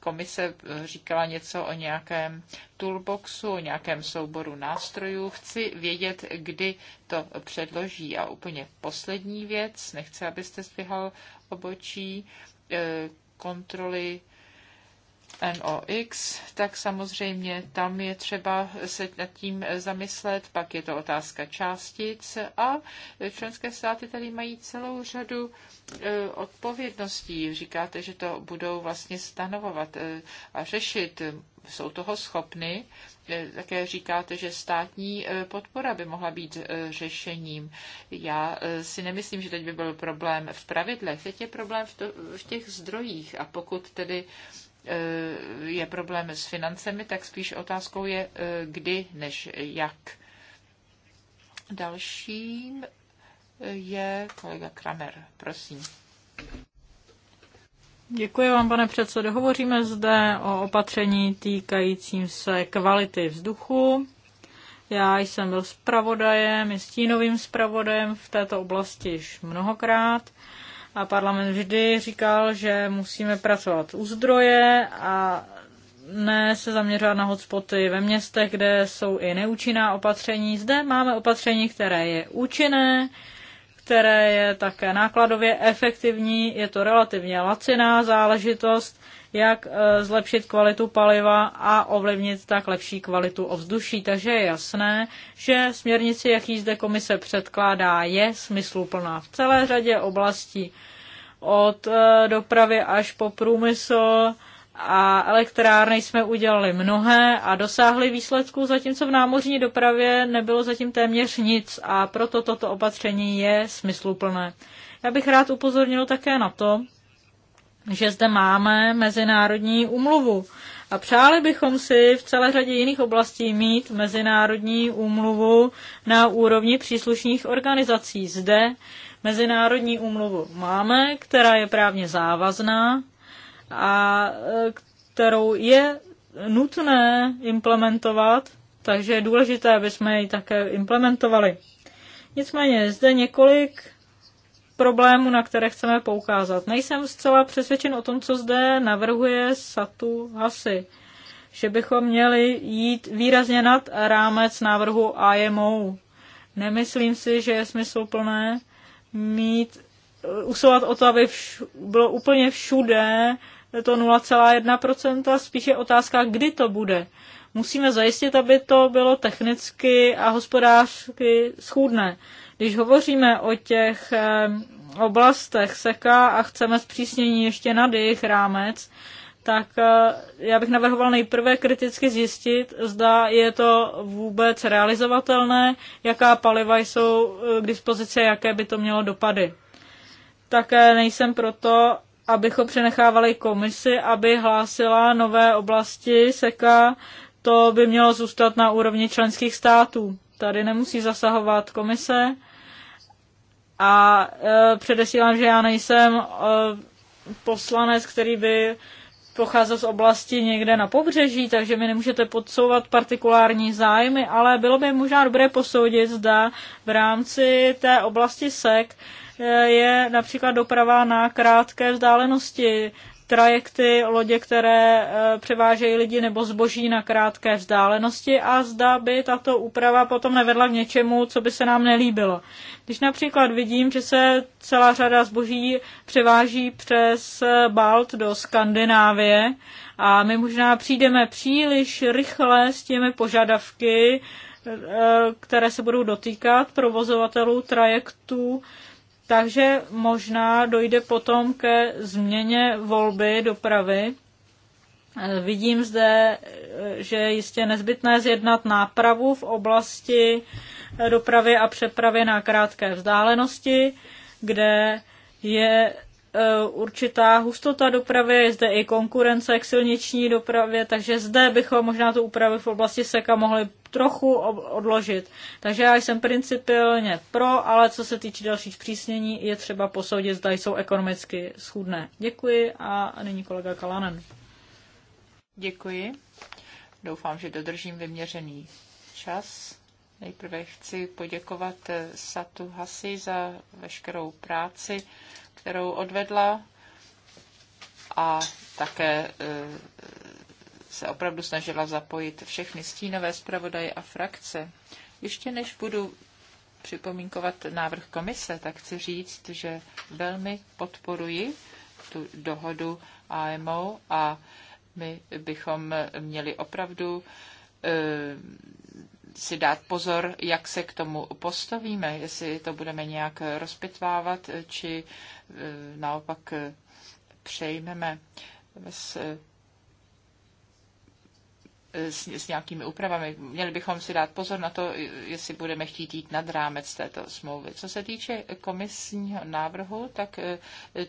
Komise říkala něco o nějakém toolboxu, o nějakém souboru nástrojů. Chci vědět, kdy to předloží. A úplně poslední věc, nechci, abyste zvyhal obočí, eh, kontroly NOx, tak samozřejmě tam je třeba se nad tím zamyslet, pak je to otázka částic a členské státy tady mají celou řadu e, odpovědností. Říkáte, že to budou vlastně stanovovat e, a řešit. Jsou toho schopny. E, také říkáte, že státní podpora by mohla být řešením. Já si nemyslím, že teď by byl problém v pravidlech. Teď je problém v těch zdrojích. A pokud tedy je problém s financemi, tak spíš otázkou je eh, kdy než jak. Dalším eh, je kolega Kramer. Prosím. Děkuji vám, pane předsedo. Hovoříme zde o opatření týkajícím se kvality vzduchu. Já jsem byl zpravodajem, stínovým zpravodajem v této oblasti již mnohokrát a parlament vždy říkal, že musíme pracovat u zdroje a ne se zaměřovat na hotspoty ve městech, kde jsou i neúčinná opatření. Zde máme opatření, které je účinné, které je také nákladově efektivní, je to relativně laciná záležitost, jak eh, zlepšit kvalitu paliva a ovlivnit tak lepší kvalitu ovzduší. Takže je jasné, že směrnici, jaký zde komise předkládá, je smysluplná v celé řadě oblastí od eh, dopravy až po průmysl, a elektrárny jsme udělali mnohé a dosáhli výsledků, zatímco v námořní dopravě nebylo zatím téměř nic a proto toto opatření je smysluplné. Já bych rád upozornil také na to, že zde máme mezinárodní umluvu a přáli bychom si v celé řadě jiných oblastí mít mezinárodní úmluvu na úrovni příslušných organizací. Zde mezinárodní úmluvu máme, která je právně závazná, a e, kterou je nutné implementovat, takže je důležité, aby jsme ji také implementovali. Nicméně je zde několik problémů, na které chceme poukázat. Nejsem zcela přesvědčen o tom, co zde navrhuje Satu Hasi, že bychom měli jít výrazně nad rámec návrhu IMO. Nemyslím si, že je smysluplné mít e, usilovat o to, aby vš- bylo úplně všude to 0,1%, spíše otázka, kdy to bude. Musíme zajistit, aby to bylo technicky a hospodářsky schůdné. Když hovoříme o těch eh, oblastech seka a chceme zpřísnění ještě nad jejich rámec, tak eh, já bych navrhoval nejprve kriticky zjistit, zda je to vůbec realizovatelné, jaká paliva jsou eh, k dispozici, jaké by to mělo dopady. Také nejsem proto, abychom přenechávali komisi, aby hlásila nové oblasti SEKA, to by mělo zůstat na úrovni členských států. Tady nemusí zasahovat komise. A e, předesílám, že já nejsem e, poslanec, který by pocházel z oblasti někde na pobřeží, takže mi nemůžete podsouvat partikulární zájmy, ale bylo by možná dobré posoudit, zda v rámci té oblasti SEK je například doprava na krátké vzdálenosti, trajekty, lodě, které e, převážejí lidi nebo zboží na krátké vzdálenosti a zda by tato úprava potom nevedla k něčemu, co by se nám nelíbilo. Když například vidím, že se celá řada zboží převáží přes Balt do Skandinávie a my možná přijdeme příliš rychle s těmi požadavky, e, e, které se budou dotýkat provozovatelů trajektů, takže možná dojde potom ke změně volby dopravy. Vidím zde, že je jistě nezbytné zjednat nápravu v oblasti dopravy a přepravy na krátké vzdálenosti, kde je E, určitá hustota dopravy, je zde i konkurence k silniční dopravě, takže zde bychom možná tu úpravu v oblasti seka mohli trochu odložit. Takže já jsem principiálně pro, ale co se týče dalších přísnění, je třeba posoudit, zda jsou ekonomicky schůdné. Děkuji a nyní kolega Kalanen. Děkuji. Doufám, že dodržím vyměřený čas. Nejprve chci poděkovat Satu Hasi za veškerou práci kterou odvedla a také e, se opravdu snažila zapojit všechny stínové zpravodaje a frakce. Ještě než budu připomínkovat návrh komise, tak chci říct, že velmi podporuji tu dohodu AMO a my bychom měli opravdu e, si dát pozor, jak se k tomu postavíme, jestli to budeme nějak rozpitvávat, či e, naopak e, přejmeme s, e, s, s nějakými úpravami. Měli bychom si dát pozor na to, jestli budeme chtít jít nad rámec této smlouvy. Co se týče komisního návrhu, tak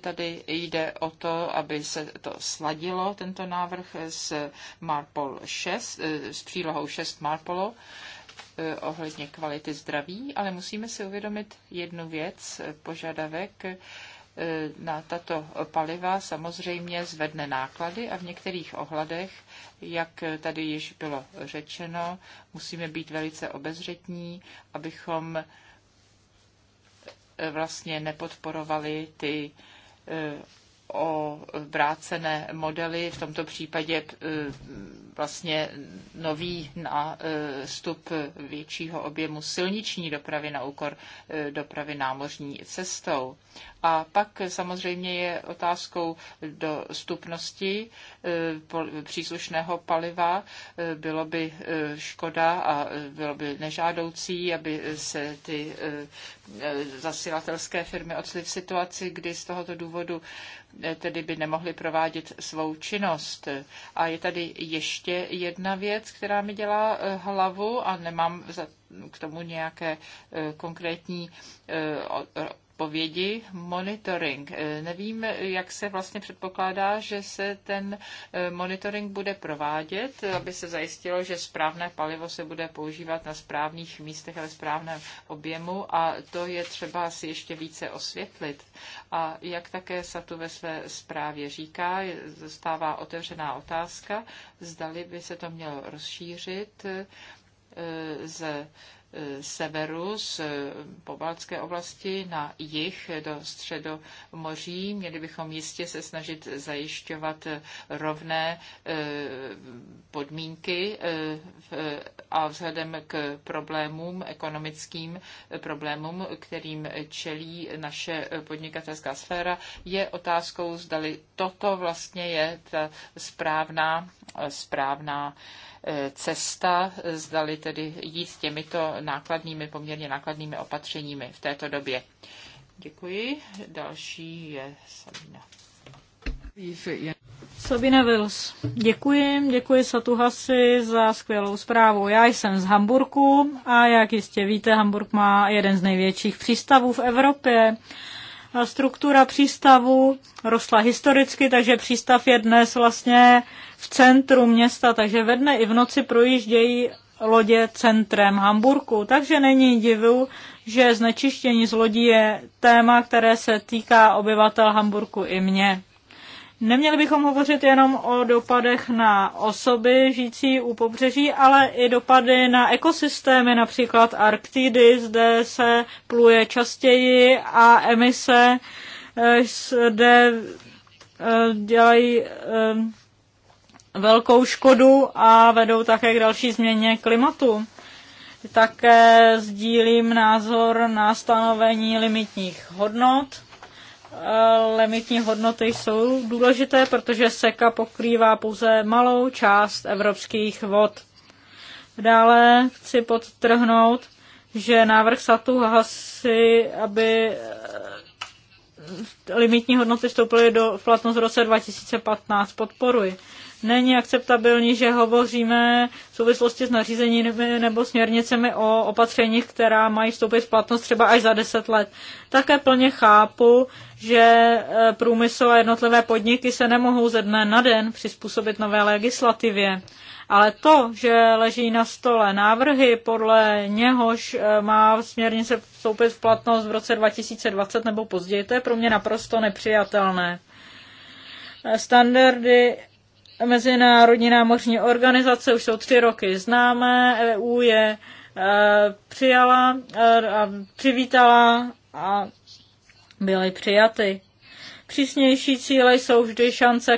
tady jde o to, aby se to sladilo, tento návrh s Marpol 6, s přílohou 6 Marpolu Eh, ohledně kvality zdraví, ale musíme si uvědomit jednu věc, eh, požadavek eh, na tato paliva samozřejmě zvedne náklady a v některých ohledech, jak tady již bylo řečeno, musíme být velice obezřetní, abychom vlastně nepodporovali ty o vrácené modely, v tomto případě e, vlastně nový nástup e, většího objemu silniční dopravy na úkor e, dopravy námořní cestou. A pak samozřejmě je otázkou dostupnosti příslušného paliva. Bylo by škoda a bylo by nežádoucí, aby se ty zasilatelské firmy ocly v situaci, kdy z tohoto důvodu Eh, tedy by nemohli provádět svou činnost. A je tady ještě jedna věc, která mi dělá eh, hlavu a nemám k tomu nějaké eh, konkrétní odpovědi monitoring. Eh, nevím, jak se vlastně předpokládá, že se ten eh, monitoring bude provádět, aby se zajistilo, že správné palivo se bude používat na správných místech a ve správném objemu a to je třeba si ještě více osvětlit. A jak také Satu ve své zprávě říká, zůstává otevřená otázka, zdali by se to mělo rozšířit eh, ze severu z eh, pobaltské oblasti na jih do středomoří. Měli bychom jistě se snažit zajišťovat eh, rovné eh, podmínky a vzhledem k problémům, ekonomickým problémům, kterým čelí naše podnikatelská sféra, je otázkou, zdali toto vlastně je ta správná, správná cesta, zdali tedy jít těmito nákladnými, poměrně nákladnými opatřeními v této době. Děkuji. Další je Sabina. Sabina Wills. Děkuji, děkuji Satuhasi za skvělou zprávu. Já jsem z Hamburku a jak jistě víte, Hamburg má jeden z největších přístavů v Evropě. Struktura přístavu rostla historicky, takže přístav je dnes vlastně v centru města, takže ve dne i v noci projíždějí lodě centrem Hamburku. Takže není divu, že znečištění z lodí je téma, které se týká obyvatel Hamburku i mě. Neměli bychom hovořit jenom o dopadech na osoby žijící u pobřeží, ale i dopady na ekosystémy, například Arktidy, zde se pluje častěji a emise zde eh, eh, dělají eh, velkou škodu a vedou také k další změně klimatu. Také sdílím názor na stanovení limitních hodnot. Limitní hodnoty jsou důležité, protože seka pokrývá pouze malou část evropských vod. Dále chci podtrhnout, že návrh Satu Hasi, aby eh, limitní hodnoty vstoupily do platnost v roce 2015, podporuji. Není akceptabilní, že hovoříme v souvislosti s nařízeními nebo směrnicemi o opatřeních, která mají vstoupit v platnost třeba až za 10 let. Také plně chápu, že e, průmysl a jednotlivé podniky se nemohou ze dne na den přizpůsobit nové legislativě. Ale to, že leží na stole návrhy, podle něhož e, má směrnice vstoupit v platnost v roce 2020 nebo později, to je pro mě naprosto nepřijatelné. E, standardy Mezinárodní námořní organizace už jsou tři roky známé, EU je e, přijala e, a přivítala a byly přijaty. Přísnější cíle jsou vždy šance,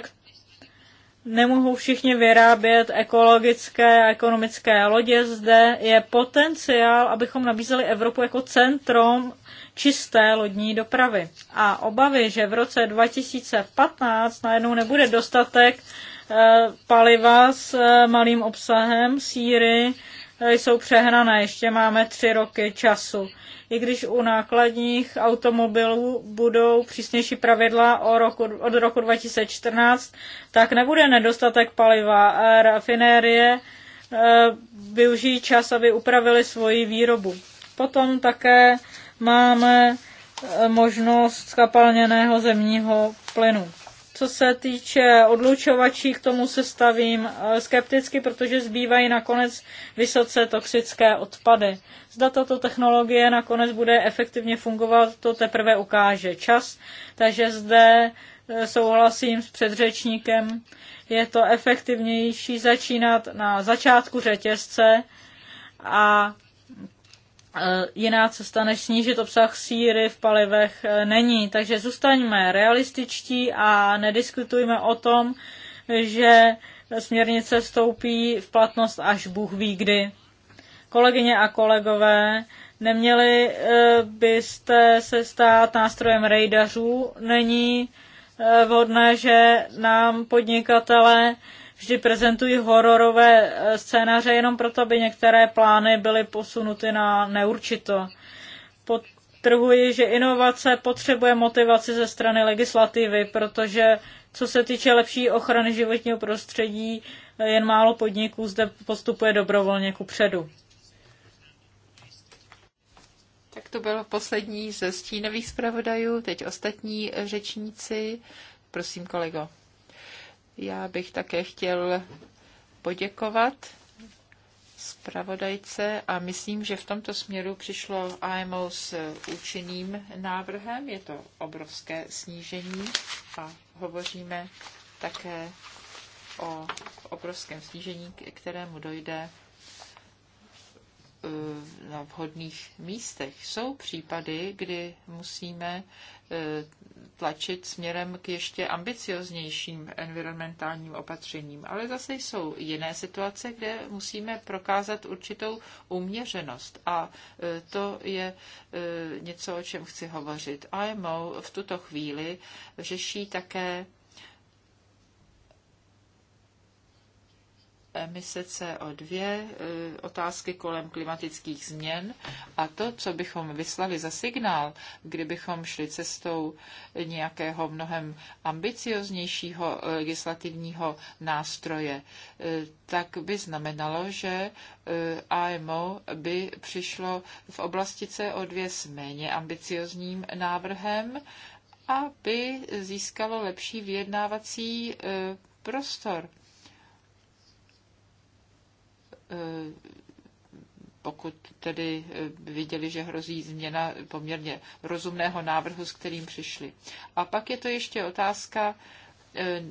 nemohou všichni vyrábět ekologické a ekonomické lodě. Zde je potenciál, abychom nabízeli Evropu jako centrum čisté lodní dopravy. A obavy, že v roce 2015 najednou nebude dostatek Eh, paliva s eh, malým obsahem síry eh, jsou přehnané, ještě máme tři roky času. I když u nákladních automobilů budou přísnější pravidla o roku, od roku 2014, tak nebude nedostatek paliva. Rafinérie využijí čas, aby upravili svoji výrobu. Potom také máme možnost skapalněného zemního plynu. Co se týče odlučovačí, k tomu se stavím eh, skepticky, protože zbývají nakonec vysoce toxické odpady. Zda tato technologie nakonec bude efektivně fungovat, to teprve ukáže čas, takže zde eh, souhlasím s předřečníkem. Je to efektivnější začínat na začátku řetězce a Eh, jiná cesta než snížit obsah síry v palivech eh, není. Takže zůstaňme realističtí a nediskutujme o tom, že směrnice vstoupí v platnost až Bůh ví kdy. Kolegyně a kolegové, neměli eh, byste se stát nástrojem rejdařů. Není vhodné, že nám podnikatele vždy prezentují hororové eh, scénáře jenom proto, aby některé plány byly posunuty na neurčito. Potrhuji, že inovace potřebuje motivaci ze strany legislativy, protože co se týče lepší ochrany životního prostředí, eh, jen málo podniků zde postupuje dobrovolně ku předu. Tak to bylo poslední ze stínových zpravodajů, teď ostatní řečníci. Prosím, kolego. Já bych také chtěl poděkovat zpravodajce a myslím, že v tomto směru přišlo IMO s účinným návrhem. Je to obrovské snížení a hovoříme také o obrovském snížení, kterému dojde eh, na vhodných místech. Jsou případy, kdy musíme tlačit směrem k ještě ambicioznějším environmentálním opatřením. Ale zase jsou jiné situace, kde musíme prokázat určitou uměřenost. A e, to je e, něco, o čem chci hovořit. IMO v tuto chvíli řeší také emise CO2, e, otázky kolem klimatických změn a to, co bychom vyslali za signál, kdybychom šli cestou nějakého mnohem ambicioznějšího legislativního nástroje, e, tak by znamenalo, že IMO e, by přišlo v oblasti CO2 s méně ambiciozním návrhem, aby získalo lepší vyjednávací prostor Eh, pokud tedy eh, viděli, že hrozí změna poměrně rozumného návrhu, s kterým přišli. A pak je to ještě otázka eh,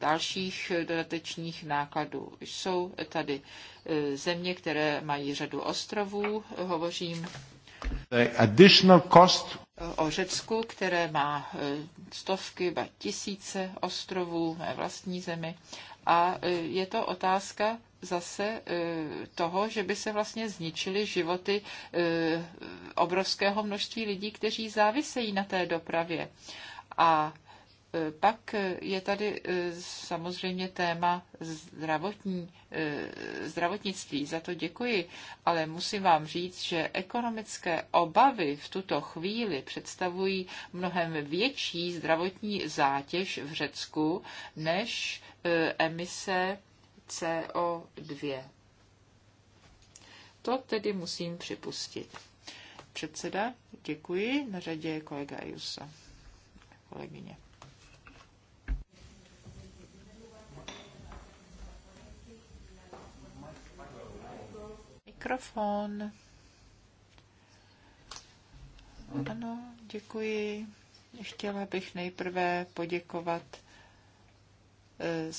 dalších dodatečních nákladů. Jsou tady země, které mají řadu ostrovů, hovořím additional cost o Řecku, které má stovky, ba tisíce ostrovů, ve vlastní zemi. A je to otázka, zase e, toho, že by se vlastně zničily životy e, obrovského množství lidí, kteří závisejí na té dopravě. A e, pak je tady samozřejmě téma zdravotní, zdravotnictví. Za to děkuji, ale musím vám říct, že ekonomické obavy v tuto chvíli představují mnohem větší zdravotní zátěž v Řecku než emise CO2. To tedy musím připustit. Předseda, děkuji. Na řadě je kolega Jusa. Kolegyně. Mikrofon. Ano, děkuji. Chtěla bych nejprve poděkovat eh,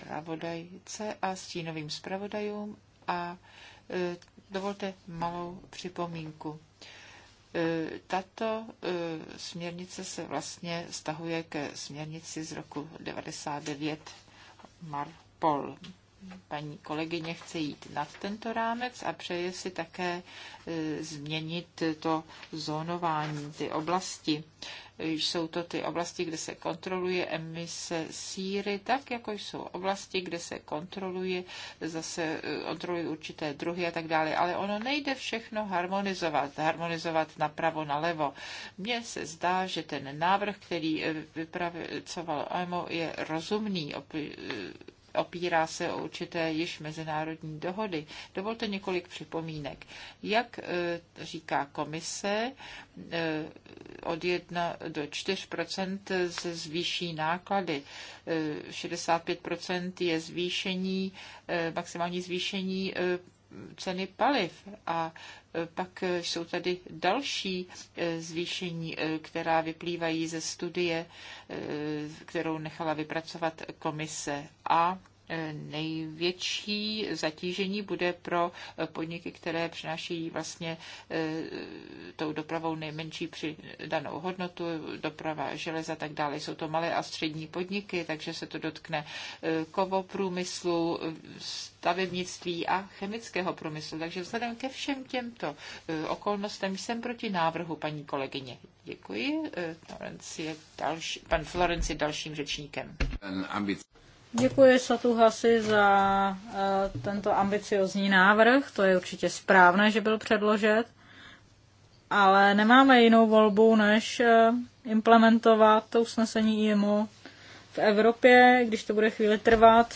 zpravodajce a stínovým zpravodajům a e, dovolte malou připomínku. E, tato e, směrnice se vlastně stahuje ke směrnici z roku 99 Marpol. Paní kolegyně chce jít nad tento rámec a přeje si také změnit to zónování, ty oblasti. Jsou to ty oblasti, kde se kontroluje emise síry, tak jako jsou oblasti, kde se kontroluje zase eh, kontroluje určité druhy a tak dále. Ale ono nejde všechno harmonizovat, harmonizovat napravo, nalevo. Mně se zdá, že ten návrh, který eh, vypracoval AMO, je rozumný eh, opírá se o určité již mezinárodní dohody. Dovolte několik připomínek. Jak e, říká komise, e, od 1 do 4 se zvýší náklady. 65 e, je zvýšení, maximální zvýšení ceny paliv. A e, pak e, jsou tady další e, zvýšení, která vyplývají ze studie, kterou nechala vypracovat komise. A největší zatížení bude pro podniky, které přinášejí vlastně eh, tou dopravou nejmenší přidanou hodnotu, doprava železa a tak dále. Jsou to malé a střední podniky, takže se to dotkne eh, kovoprůmyslu, stavebnictví a chemického průmyslu. Takže vzhledem ke všem těmto eh, okolnostem jsem proti návrhu paní kolegyně. Děkuji. Florence je další, pan Florenci je dalším řečníkem. Děkuji Satuhasi za eh, tento ambiciozní návrh. To je určitě správné, že byl předložen, ale nemáme jinou volbu, než eh, implementovat to usnesení IMO v Evropě, když to bude chvíli trvat.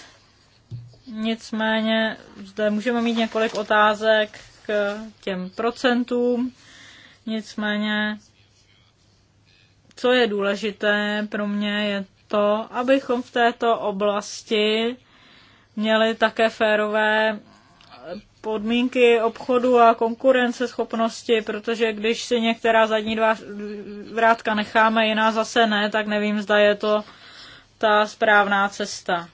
Nicméně zde můžeme mít několik otázek k těm procentům. Nicméně, co je důležité pro mě, je to, abychom v této oblasti měli také férové podmínky obchodu a konkurenceschopnosti, protože když si některá zadní dva vrátka necháme, jiná zase ne, tak nevím, zda je to ta správná cesta.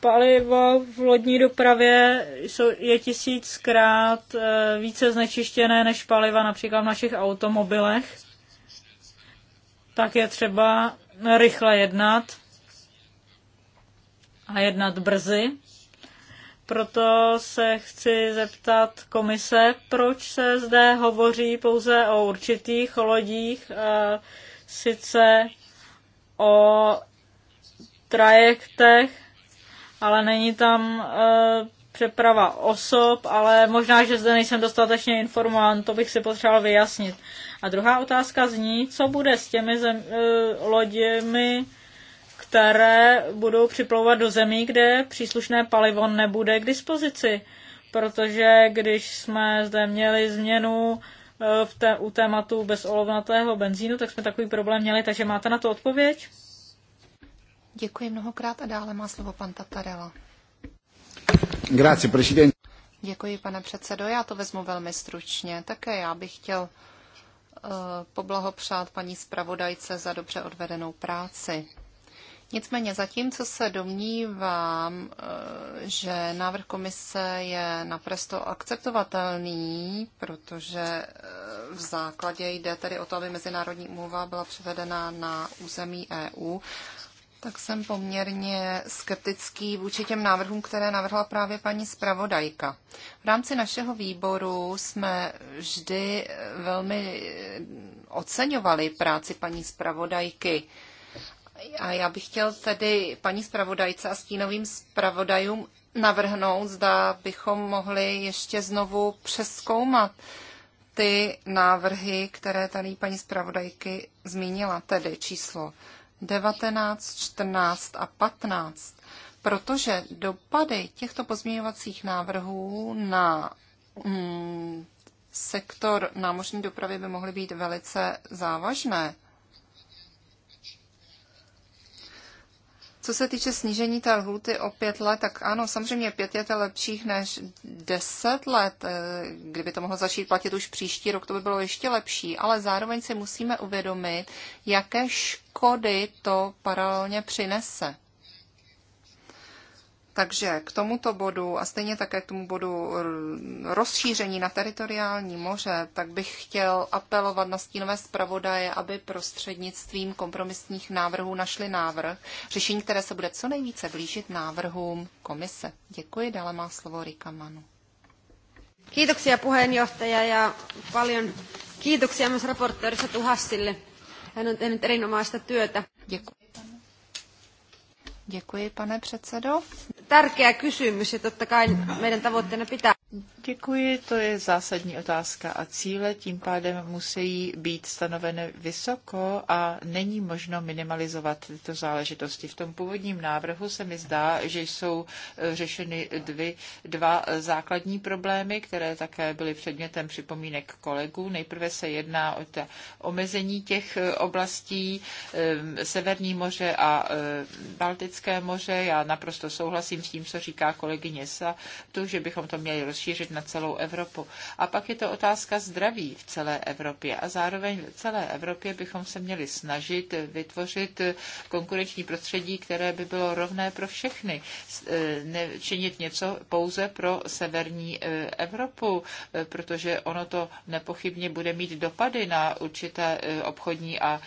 Palivo v lodní dopravě je tisíckrát eh, více znečištěné než paliva například v našich automobilech. Tak je třeba rychle jednat a jednat brzy. Proto se chci zeptat komise, proč se zde hovoří pouze o určitých lodích, sice o trajektech, ale není tam eh, přeprava osob, ale možná, že zde nejsem dostatečně informován, to bych si potřeboval vyjasnit. A druhá otázka zní, co bude s těmi zem, e, loděmi, které budou připlouvat do zemí, kde příslušné palivo nebude k dispozici. Protože když jsme zde měli změnu e, v te, u tématu bezolovnatého benzínu, tak jsme takový problém měli, takže máte na to odpověď? Děkuji mnohokrát a dále má slovo pan Tatarela. Děkuji, pane předsedo. Já to vezmu velmi stručně. Také já bych chtěl uh, poblahopřát paní zpravodajce za dobře odvedenou práci. Nicméně zatímco se domnívám, eh, že návrh komise je naprosto akceptovatelný, protože eh, v základě jde tedy o to, aby mezinárodní úmluva byla převedena na území EU tak jsem poměrně skeptický vůči těm návrhům, které navrhla právě paní zpravodajka. V rámci našeho výboru jsme vždy velmi oceňovali práci paní zpravodajky. A já bych chtěl tedy paní zpravodajce a stínovým zpravodajům navrhnout, zda bychom mohli ještě znovu přeskoumat ty návrhy, které tady paní zpravodajky zmínila, tedy číslo 19, 14 a 15, protože dopady těchto pozměňovacích návrhů na mm, sektor námořní dopravy by mohly být velice závažné. Co se týče snížení té lhuty o pět let, tak ano, samozřejmě pět let to lepších než deset let. Eh, Kdyby to mohlo začít platit už příští rok, to by bylo ještě lepší, ale zároveň si musíme uvědomit, jaké škody to paralelně přinese. Takže k tomuto bodu a stejně také k tomu bodu rozšíření na teritoriální moře, tak bych chtěl apelovat na stínové zpravodaje, aby prostřednictvím kompromisních návrhů našli návrh, řešení, které se bude co nejvíce blížit návrhům komise. Děkuji, dále má slovo Rika Manu. Kiitoksia puheenjohtaja ja paljon kiitoksia myös raportööri Satu Hassille. Hän on tehnyt erinomaista työtä. Děkuji, Děkuji, pane předsedo tärkeä kysymys ja totta kai meidän tavoitteena pitää Děkuji, to je zásadní otázka a cíle tím pádem musí být stanoveny vysoko a není možno minimalizovat tyto záležitosti. V tom původním návrhu se mi zdá, že jsou e, řešeny dvě, dva základní problémy, které také byly předmětem připomínek kolegů. Nejprve se jedná o ta omezení těch e, oblastí e, Severní moře a Baltické moře. Já naprosto souhlasím s tím, co říká kolegyně Sa, tu, že bychom to měli roz rozšířit na celou Evropu. A pak je to otázka zdraví v celé Evropě. A zároveň v celé Evropě bychom se měli snažit vytvořit konkurenční prostředí, které by bylo rovné pro všechny. E, nečinit něco pouze pro severní e, Evropu, e, protože ono to nepochybně bude mít dopady na určité obchodní a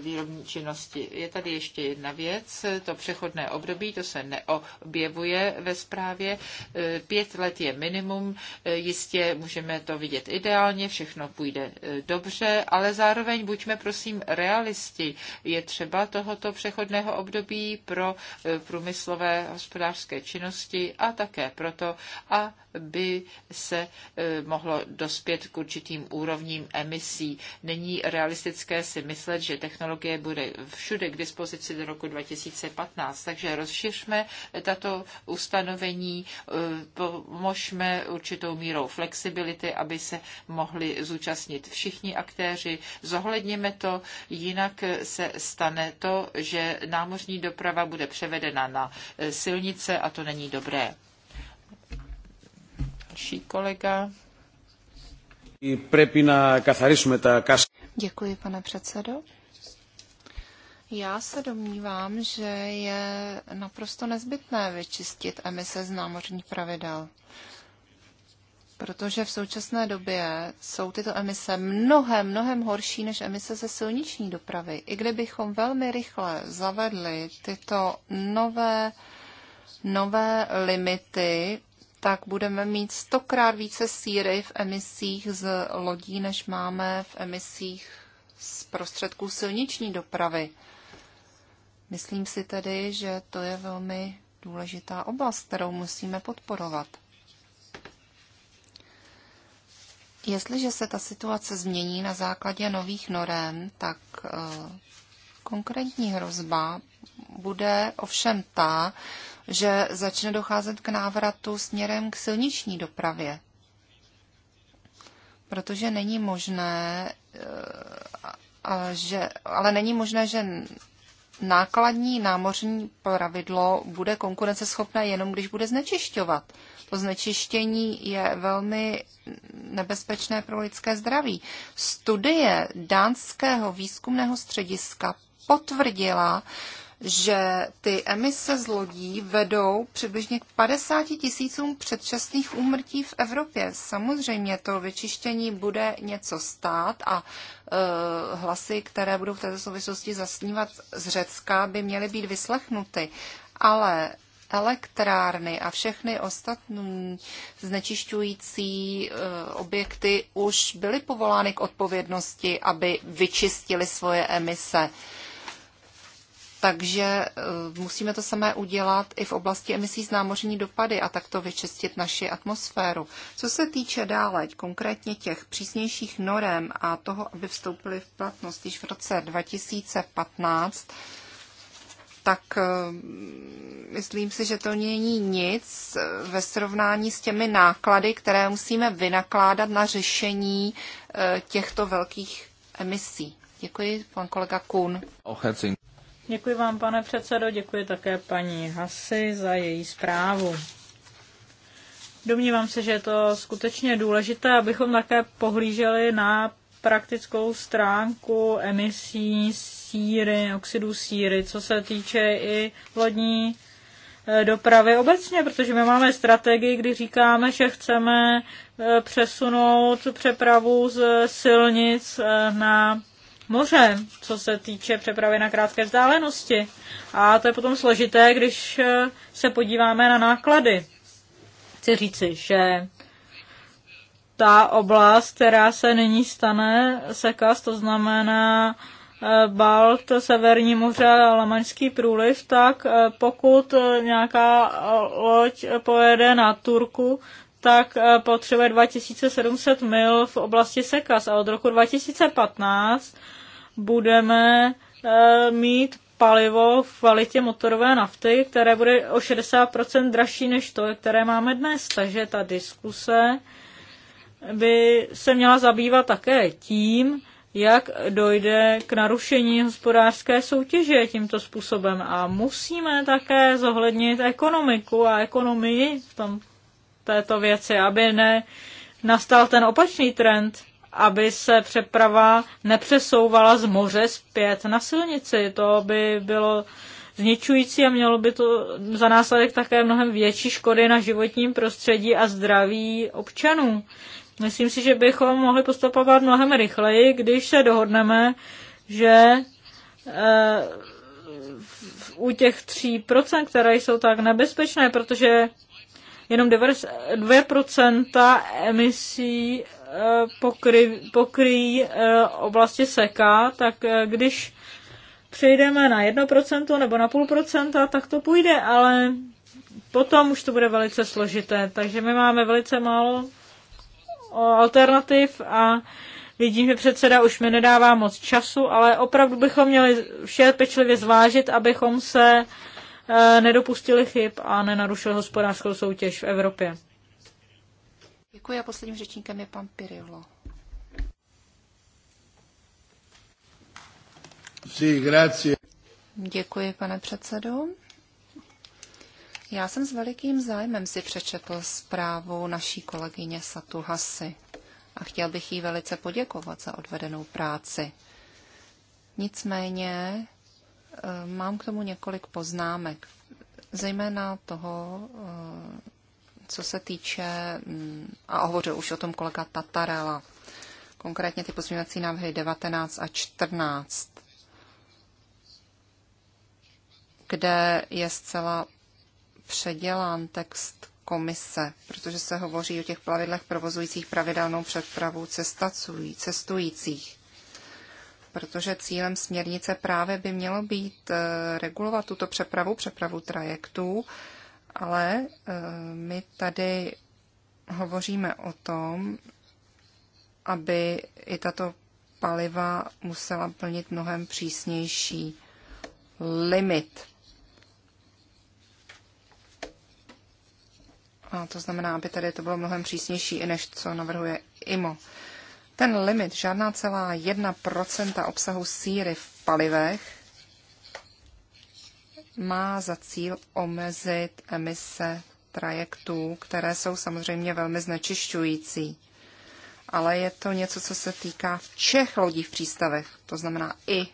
výrobní činnosti. Je tady ještě jedna věc, to přechodné období, to se neobjevuje ve zprávě. Pět let je minimum občanům. E, jistě můžeme to vidět ideálně, všechno půjde e, dobře, ale zároveň buďme prosím realisti. Je třeba tohoto přechodného období pro e, průmyslové hospodářské činnosti a také proto, aby se mohlo dospět k určitým úrovním emisí. Není realistické si myslet, že technologie bude všude k dispozici do roku 2015, takže rozšiřme tato ustanovení, pomožme určitou mírou flexibility, aby se mohli zúčastnit všichni aktéři. Zohledněme to, jinak se stane to, že námořní doprava bude převedena na e, silnice a to není dobré. Další kolega. Děkuji, pane předsedo. Já se domnívám, že je naprosto nezbytné vyčistit emise z námořních pravidel protože v současné době jsou tyto emise mnohem, mnohem horší než emise ze silniční dopravy. I kdybychom velmi rychle zavedli tyto nové, nové limity, tak budeme mít stokrát více síry v emisích z lodí, než máme v emisích z prostředků silniční dopravy. Myslím si tedy, že to je velmi důležitá oblast, kterou musíme podporovat. Jestliže se ta situace změní na základě nových norem, tak eh, konkrétní hrozba bude ovšem ta, že začne docházet k návratu směrem k silniční dopravě. Protože není možné, eh, že, ale není možné, že nákladní námořní pravidlo bude konkurenceschopné jenom, když bude znečišťovat. To znečištění je velmi nebezpečné pro lidské zdraví. Studie dánského výzkumného střediska potvrdila, že ty emise z lodí vedou přibližně k 50 tisícům předčasných úmrtí v Evropě. Samozřejmě to vyčištění bude něco stát a e, hlasy, které budou v této souvislosti zasnívat z Řecka, by měly být vyslechnuty. Ale elektrárny a všechny ostatní znečišťující eh, objekty už byly povolány k odpovědnosti, aby vyčistili svoje emise. Takže eh, musíme to samé udělat i v oblasti emisí z námořní dopady a takto vyčistit naši atmosféru. Co se týče dále konkrétně těch přísnějších norem a toho, aby vstoupily v platnost již v roce 2015, tak eh, myslím si, že to není nic eh, ve srovnání s těmi náklady, které musíme vynakládat na řešení eh, těchto velkých emisí. Děkuji, pan kolega Kuhn. Děkuji vám, pane předsedo, děkuji také paní Hasi za její zprávu. Domnívám se, že je to skutečně důležité, abychom také pohlíželi na praktickou stránku emisí síry, oxidu síry, co se týče i lodní e, dopravy obecně, protože my máme strategii, kdy říkáme, že chceme e, přesunout přepravu z silnic e, na moře, co se týče přepravy na krátké vzdálenosti. A to je potom složité, když se podíváme na náklady. Chci říci, že ta oblast, která se nyní stane sekas, to znamená eh, Balt, Severní moře a Lamaňský průliv, tak eh, pokud eh, nějaká loď pojede na Turku, tak potřebuje 2700 mil v oblasti sekas a od roku 2015 budeme mít palivo v kvalitě motorové nafty, které bude o 60% dražší než to, které máme dnes. Takže ta diskuse by se měla zabývat také tím, jak dojde k narušení hospodářské soutěže tímto způsobem. A musíme také zohlednit ekonomiku a ekonomii v tom, této věci, aby ne nastal ten opačný trend, aby se přeprava nepřesouvala z moře zpět na silnici. To by bylo zničující a mělo by to za následek také mnohem větší škody na životním prostředí a zdraví občanů. Myslím si, že bychom mohli postupovat mnohem rychleji, když se dohodneme, že eh, u těch 3%, které jsou tak nebezpečné, protože jenom 2% emisí eh, pokry, pokryjí eh, oblasti seka, tak když přejdeme na 1% nebo na půl procenta, tak to půjde, ale potom už to bude velice složité. Takže my máme velice málo alternativ a vidím, že předseda už mi nedává moc času, ale opravdu bychom měli vše pečlivě zvážit, abychom se e, nedopustili chyb a nenarušili hospodářskou soutěž v Evropě. Děkuji a posledním řečníkem je pan Pirillo. Děkuji, pane předsedo. Já jsem s velikým zájmem si přečetl zprávu naší kolegyně Satu Hasy a chtěl bych jí velice poděkovat za odvedenou práci. Nicméně eh, mám k tomu několik poznámek, zejména toho, eh, co se týče, mm, a hovořil už o tom kolega Tatarela, konkrétně ty pozměňovací návrhy 19 a 14, kde je zcela předělán text komise, protože se hovoří o těch plavidlech provozujících pravidelnou přepravu cestujících. Protože cílem směrnice právě by mělo být eh, regulovat tuto přepravu, přepravu trajektů, ale eh, my tady hovoříme o tom, aby i tato paliva musela plnit mnohem přísnější limit A to znamená, aby tady to bylo mnohem přísnější, i než co navrhuje IMO. Ten limit, žádná celá 1% obsahu síry v palivech, má za cíl omezit emise trajektů, které jsou samozřejmě velmi znečišťující. Ale je to něco, co se týká všech lodí v přístavech, to znamená i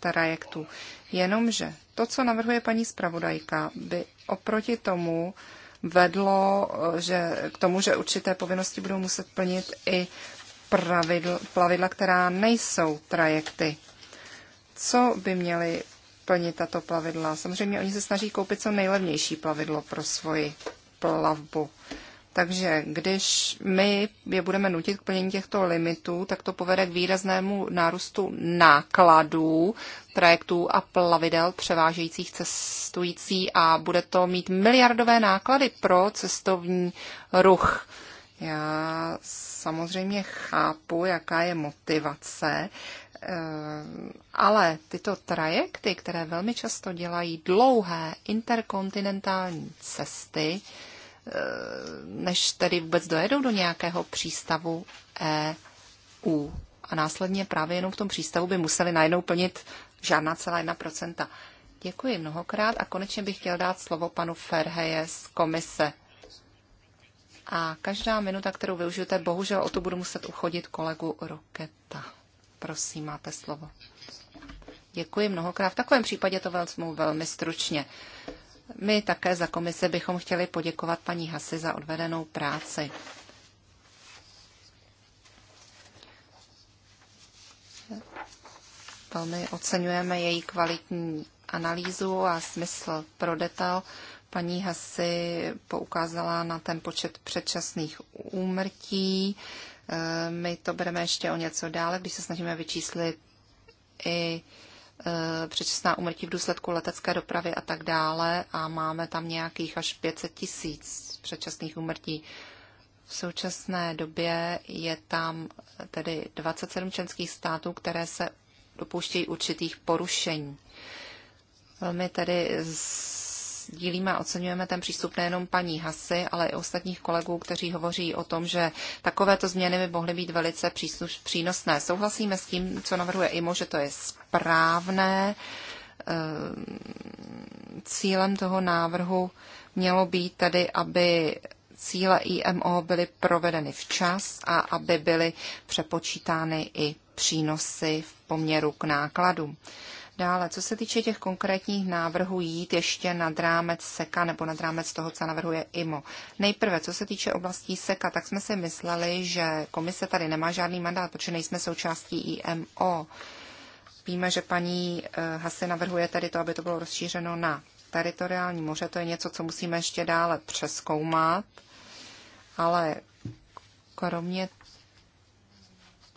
trajektů. Jenomže to, co navrhuje paní zpravodajka, by oproti tomu vedlo že k tomu, že určité povinnosti budou muset plnit i pravidl, plavidla, která nejsou trajekty. Co by měly plnit tato plavidla? Samozřejmě oni se snaží koupit co nejlevnější plavidlo pro svoji plavbu. Takže když my je budeme nutit k plnění těchto limitů, tak to povede k výraznému nárůstu nákladů trajektů a plavidel převážejících cestující a bude to mít miliardové náklady pro cestovní ruch. Já samozřejmě chápu, jaká je motivace, eh, ale tyto trajekty, které velmi často dělají dlouhé interkontinentální cesty, než tedy vůbec dojedou do nějakého přístavu EU. A následně právě jenom v tom přístavu by museli najednou plnit žádná celá jedna procenta. Děkuji mnohokrát a konečně bych chtěl dát slovo panu Ferheje z komise. A každá minuta, kterou využijete, bohužel o to budu muset uchodit kolegu Roketa. Prosím, máte slovo. Děkuji mnohokrát. V takovém případě to vezmu velmi stručně. My také za komise bychom chtěli poděkovat paní Hasi za odvedenou práci. Velmi oceňujeme její kvalitní analýzu a smysl pro detail. Paní Hasi poukázala na ten počet předčasných úmrtí. Eh, my to bereme ještě o něco dále, když se snažíme vyčíslit i Eh, předčasná umrtí v důsledku letecké dopravy a tak dále a máme tam nějakých až 500 tisíc předčasných umrtí. V současné době je tam tedy 27 členských států, které se dopouštějí určitých porušení. Velmi tedy sdílíme a oceňujeme ten přístup nejenom paní Hasy, ale i ostatních kolegů, kteří hovoří o tom, že takovéto změny by mohly být velice přísluš, přínosné. Souhlasíme s tím, co navrhuje IMO, že to je správné. Ehm, cílem toho návrhu mělo být tedy, aby cíle IMO byly provedeny včas a aby byly přepočítány i přínosy v poměru k nákladům. Dále, co se týče těch konkrétních návrhů, jít ještě nad rámec SEKA nebo nad rámec toho, co navrhuje IMO. Nejprve, co se týče oblastí SEKA, tak jsme si mysleli, že komise tady nemá žádný mandát, protože nejsme součástí IMO. Víme, že paní eh, Hase navrhuje tady to, aby to bylo rozšířeno na teritoriální moře. To je něco, co musíme ještě dále přeskoumat, ale kromě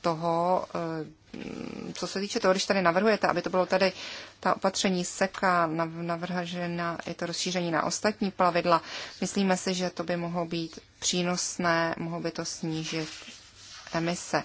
toho eh, Mm, co se týče toho, když tady navrhujete, aby to bylo tady ta opatření seka navržena i to rozšíření na ostatní plavidla, myslíme si, že to by mohlo být přínosné, mohlo by to snížit emise.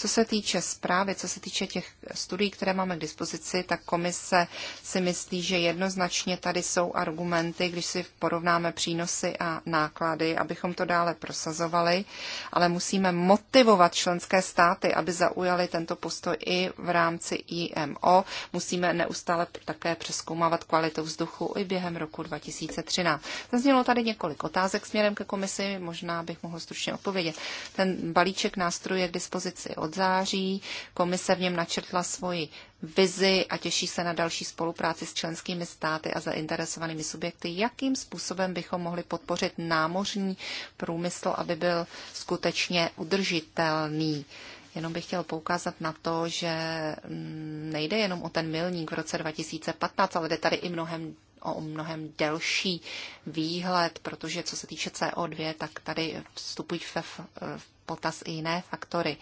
Co se týče zprávy, co se týče těch studií, které máme k dispozici, tak komise si myslí, že jednoznačně tady jsou argumenty, když si porovnáme přínosy a náklady, abychom to dále prosazovali, ale musíme motivovat členské státy, aby zaujali tento postoj i v rámci IMO. Musíme neustále také přeskoumávat kvalitu vzduchu i během roku 2013. Zaznělo tady několik otázek směrem ke komisi, možná bych mohl stručně odpovědět. Ten balíček nástrojů je k dispozici od od září. Komise v něm načrtla svoji vizi a těší se na další spolupráci s členskými státy a zainteresovanými subjekty, jakým způsobem bychom mohli podpořit námořní průmysl, aby byl skutečně udržitelný. Jenom bych chtěl poukázat na to, že mm, nejde jenom o ten milník v roce 2015, ale jde tady i mnohem o mnohem delší výhled, protože co se týče CO2, tak tady vstupují v, potaz i jiné faktory. Uh,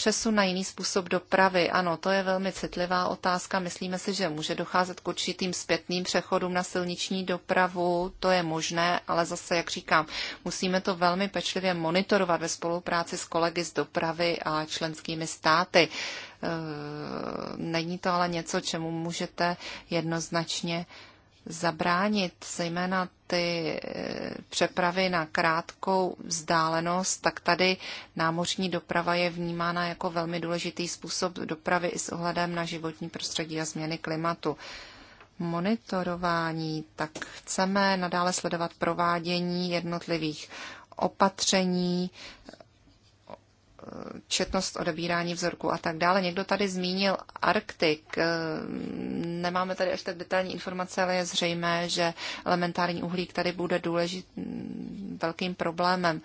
přesun na jiný způsob dopravy. Ano, to je velmi citlivá otázka. Myslíme si, že může docházet k určitým zpětným přechodům na silniční dopravu. To je možné, ale zase, jak říkám, musíme to velmi pečlivě monitorovat ve spolupráci s kolegy z dopravy a členskými státy. E, není to ale něco, čemu můžete jednoznačně zabránit zejména ty e, přepravy na krátkou vzdálenost, tak tady námořní doprava je vnímána jako velmi důležitý způsob dopravy i s ohledem na životní prostředí a změny klimatu. Monitorování, tak chceme nadále sledovat provádění jednotlivých opatření četnost odebírání vzorků a tak dále. Někdo tady zmínil Arktik. Nemáme tady až tak detailní informace, ale je zřejmé, že elementární uhlík tady bude důležitým velkým problémem.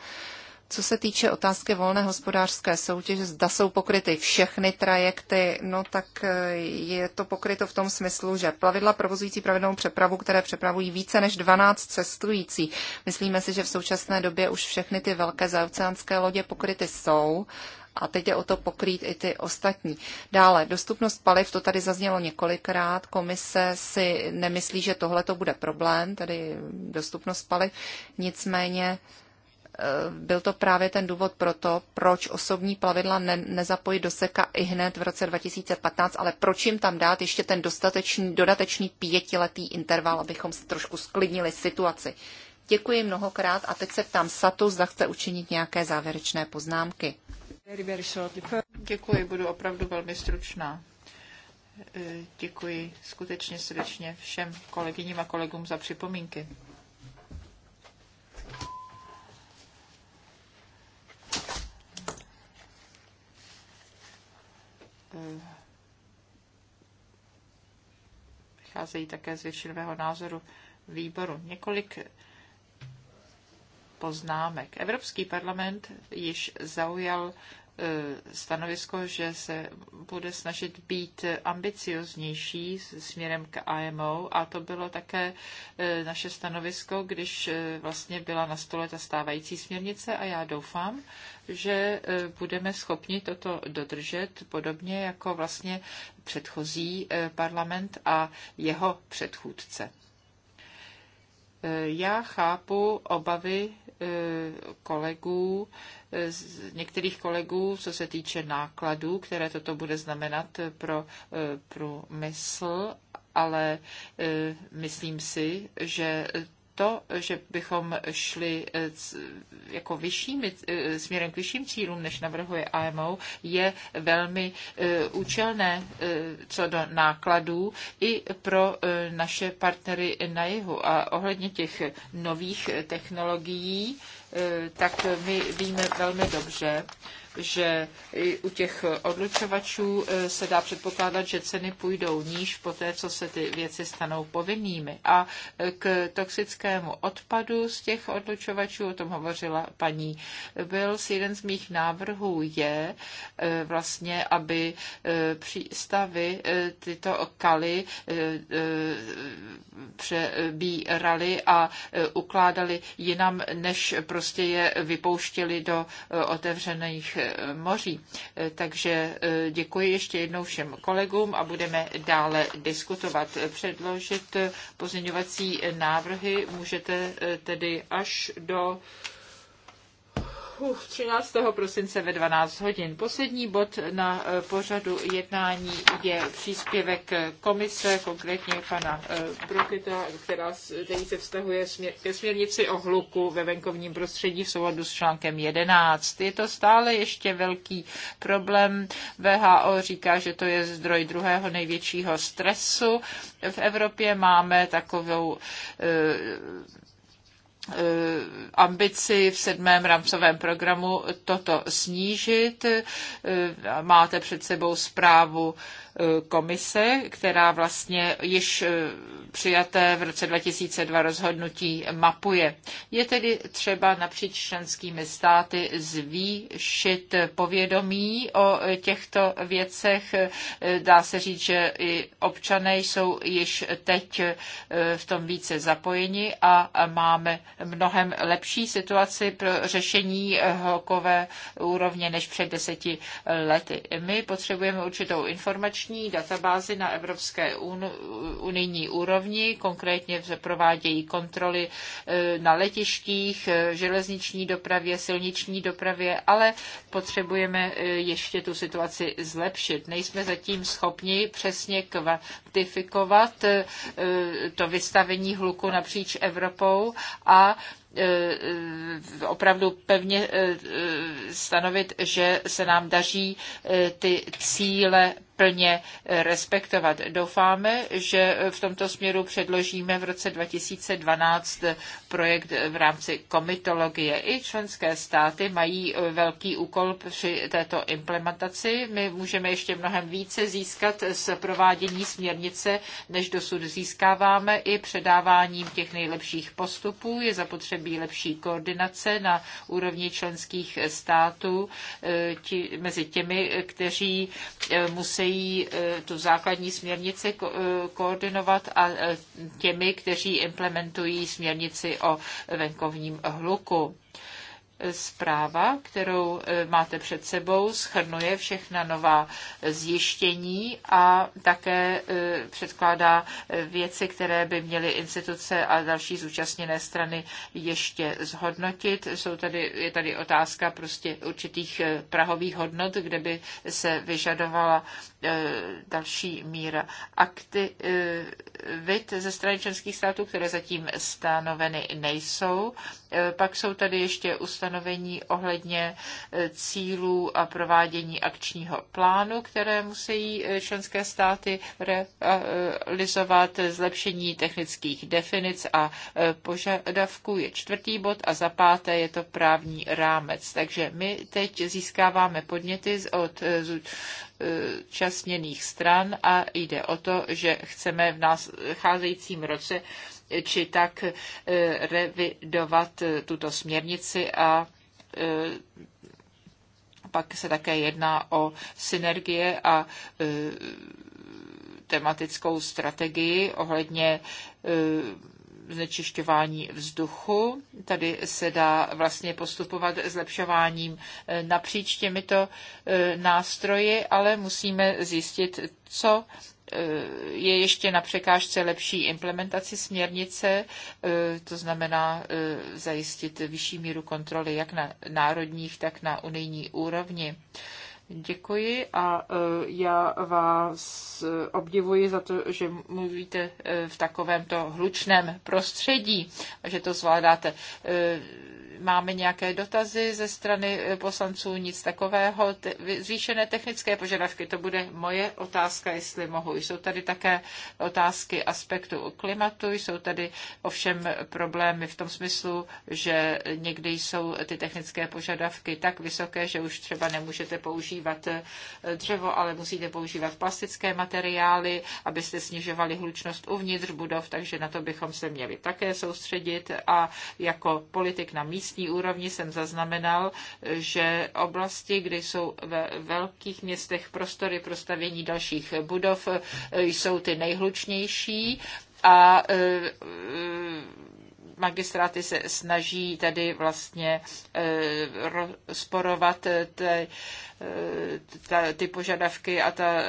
Co se týče otázky volné hospodářské soutěže, zda jsou pokryty všechny trajekty, no tak e, je to pokryto v tom smyslu, že plavidla provozující pravidelnou přepravu, které přepravují více než 12 cestující. Myslíme si, že v současné době už všechny ty velké zaoceánské lodě pokryty jsou a teď je o to pokrýt i ty ostatní. Dále, dostupnost paliv, to tady zaznělo několikrát, komise si nemyslí, že tohle to bude problém, tedy dostupnost paliv, nicméně Eh, byl to právě ten důvod pro to, proč osobní plavidla ne, nezapojit do seka i hned v roce 2015, ale proč jim tam dát ještě ten dostatečný, dodatečný pětiletý interval, abychom trošku sklidnili situaci. Děkuji mnohokrát a teď se ptám Satu, zda chce učinit nějaké závěrečné poznámky. Děkuji, budu opravdu velmi stručná. Eh, děkuji skutečně srdečně všem kolegyním a kolegům za připomínky. Eh, vycházejí také z většinového názoru výboru. Několik poznámek. Evropský parlament již zaujal E, stanovisko, že se bude snažit být ambicioznější směrem k IMO a to bylo také e, naše stanovisko, když e, vlastně byla na stole ta stávající směrnice a já doufám, že budeme schopni toto dodržet, podobně jako vlastně předchozí parlament a jeho předchůdce. Já chápu obavy eh, kolegů, eh, některých kolegů, co se týče nákladů, které toto bude znamenat pro eh, průmysl, ale myslím si, že to, že bychom šli eh, jako vyšším eh, směrem k vyšším cílům, než navrhuje IMO, je velmi eh, účelné co do nákladů i pro naše partnery na jihu. A ohledně těch nových technologií, tak my víme velmi dobře, že i u těch odlučovačů eh, se dá předpokládat, že ceny půjdou níž po té, co se ty věci stanou povinnými. A eh, k toxickému odpadu z těch odlučovačů, o tom hovořila paní Bills, jeden z mých návrhů je eh, vlastně, aby přístavy tyto kaly přebírali a ukládali jinam, než prostě je vypouštěli do otevřených moří. Eh, takže eh, děkuji ještě jednou všem kolegům a budeme dále diskutovat. Předložit eh, pozměňovací návrhy můžete tedy až do 13. prosince ve 12 hodin. Poslední bod na eh, pořadu jednání je příspěvek komise, konkrétně pana eh, Broketa, která, který se vztahuje směr, ke směrnici o hluku ve venkovním prostředí v souladu s článkem 11. Je to stále ještě velký problém. VHO říká, že to je zdroj druhého největšího stresu. V Evropě máme takovou eh, Eh, ambici v sedmém rámcovém programu toto snížit. Eh, máte před sebou zprávu Eh, komise, která vlastně již eh, přijaté v roce 2002 rozhodnutí mapuje. Je tedy třeba napříč členskými státy zvýšit povědomí o těchto věcech. Eh, dá se říct, že i občané jsou již teď v tom více zapojeni a máme mnohem lepší situaci pro řešení hokové úrovně než před deseti lety. My potřebujeme určitou informační informační databázi na Evropské unijní úrovni, konkrétně se provádějí kontroly e, na letištích, e, železniční dopravě, silniční dopravě, ale potřebujeme e, ještě tu situaci zlepšit. Nejsme zatím schopni přesně kvantifikovat to vystavení hluku napříč Evropou a opravdu pevně stanovit, že se nám daří ty cíle plně respektovat. Doufáme, že v tomto směru předložíme v roce 2012 projekt v rámci komitologie. I členské státy mají velký úkol při této implementaci. My můžeme ještě mnohem více získat z provádění směrnice, než dosud získáváme i předáváním těch nejlepších postupů. Je zapotřebí lepší koordinace na úrovni členských států eh, mezi těmi, kteří eh, musí přejí eh, tu základní směrnici eh, koordinovat a eh, těmi, kteří implementují směrnici o venkovním hluku. Zpráva, kterou e, máte před sebou, schrnuje všechna nová zjištění a také e, předkládá e, věci, které by měly instituce a další zúčastněné strany ještě zhodnotit. Jsou tady, je tady otázka prostě určitých prahových hodnot, kde by se vyžadovala další míra aktivit ze strany členských států, které zatím stanoveny nejsou. Pak jsou tady ještě ustanovení ustanovení ohledně eh, cílů a provádění akčního plánu, které musí eh, členské státy realizovat, eh, zlepšení technických definic a požadavků je čtvrtý bod a za páté je to právní rámec. Takže my teď získáváme podněty od časněných stran a jde o to, že chceme v nás cházejícím roce či tak eh, revidovat eh, tuto směrnici a eh, pak se také jedná o synergie a tematickou strategii ohledně znečišťování vzduchu. Tady se dá vlastně postupovat zlepšováním napříč těmito nástroji, ale musíme zjistit, co je ještě na překážce lepší implementaci směrnice, e, to znamená e, zajistit vyšší míru kontroly jak na národních, tak na unijní úrovni. Děkuji a e, já vás obdivuji za to, že mluvíte v takovémto hlučném prostředí a že to zvládáte máme nějaké dotazy ze strany eh, poslanců, nic takového. Zvýšené technické požadavky, to bude moje otázka, jestli mohu. Jsou tady také otázky aspektu klimatu, jsou tady ovšem problémy v tom smyslu, že někdy jsou ty technické požadavky tak vysoké, že už třeba nemůžete používat eh, dřevo, ale musíte používat plastické materiály, abyste snižovali hlučnost uvnitř budov, takže na to bychom se měli také soustředit a jako politik na místě místní úrovni jsem zaznamenal, že oblasti, kde jsou ve velkých městech prostory pro stavění dalších budov, e, jsou ty nejhlučnější a e, e, magistráty se snaží tady vlastně rozporovat ty, ty požadavky a ta,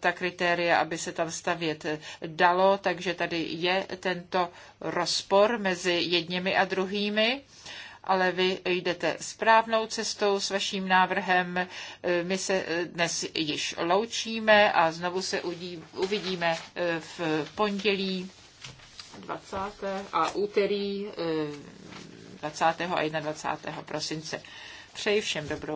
ta kritéria, aby se tam stavět dalo, takže tady je tento rozpor mezi jedněmi a druhými ale vy jdete správnou cestou s vaším návrhem. Eh, my se eh, dnes již loučíme a znovu se uvidíme eh, v pondělí 20. a úterý 20. a 21. prosince. Přeji všem dobrou.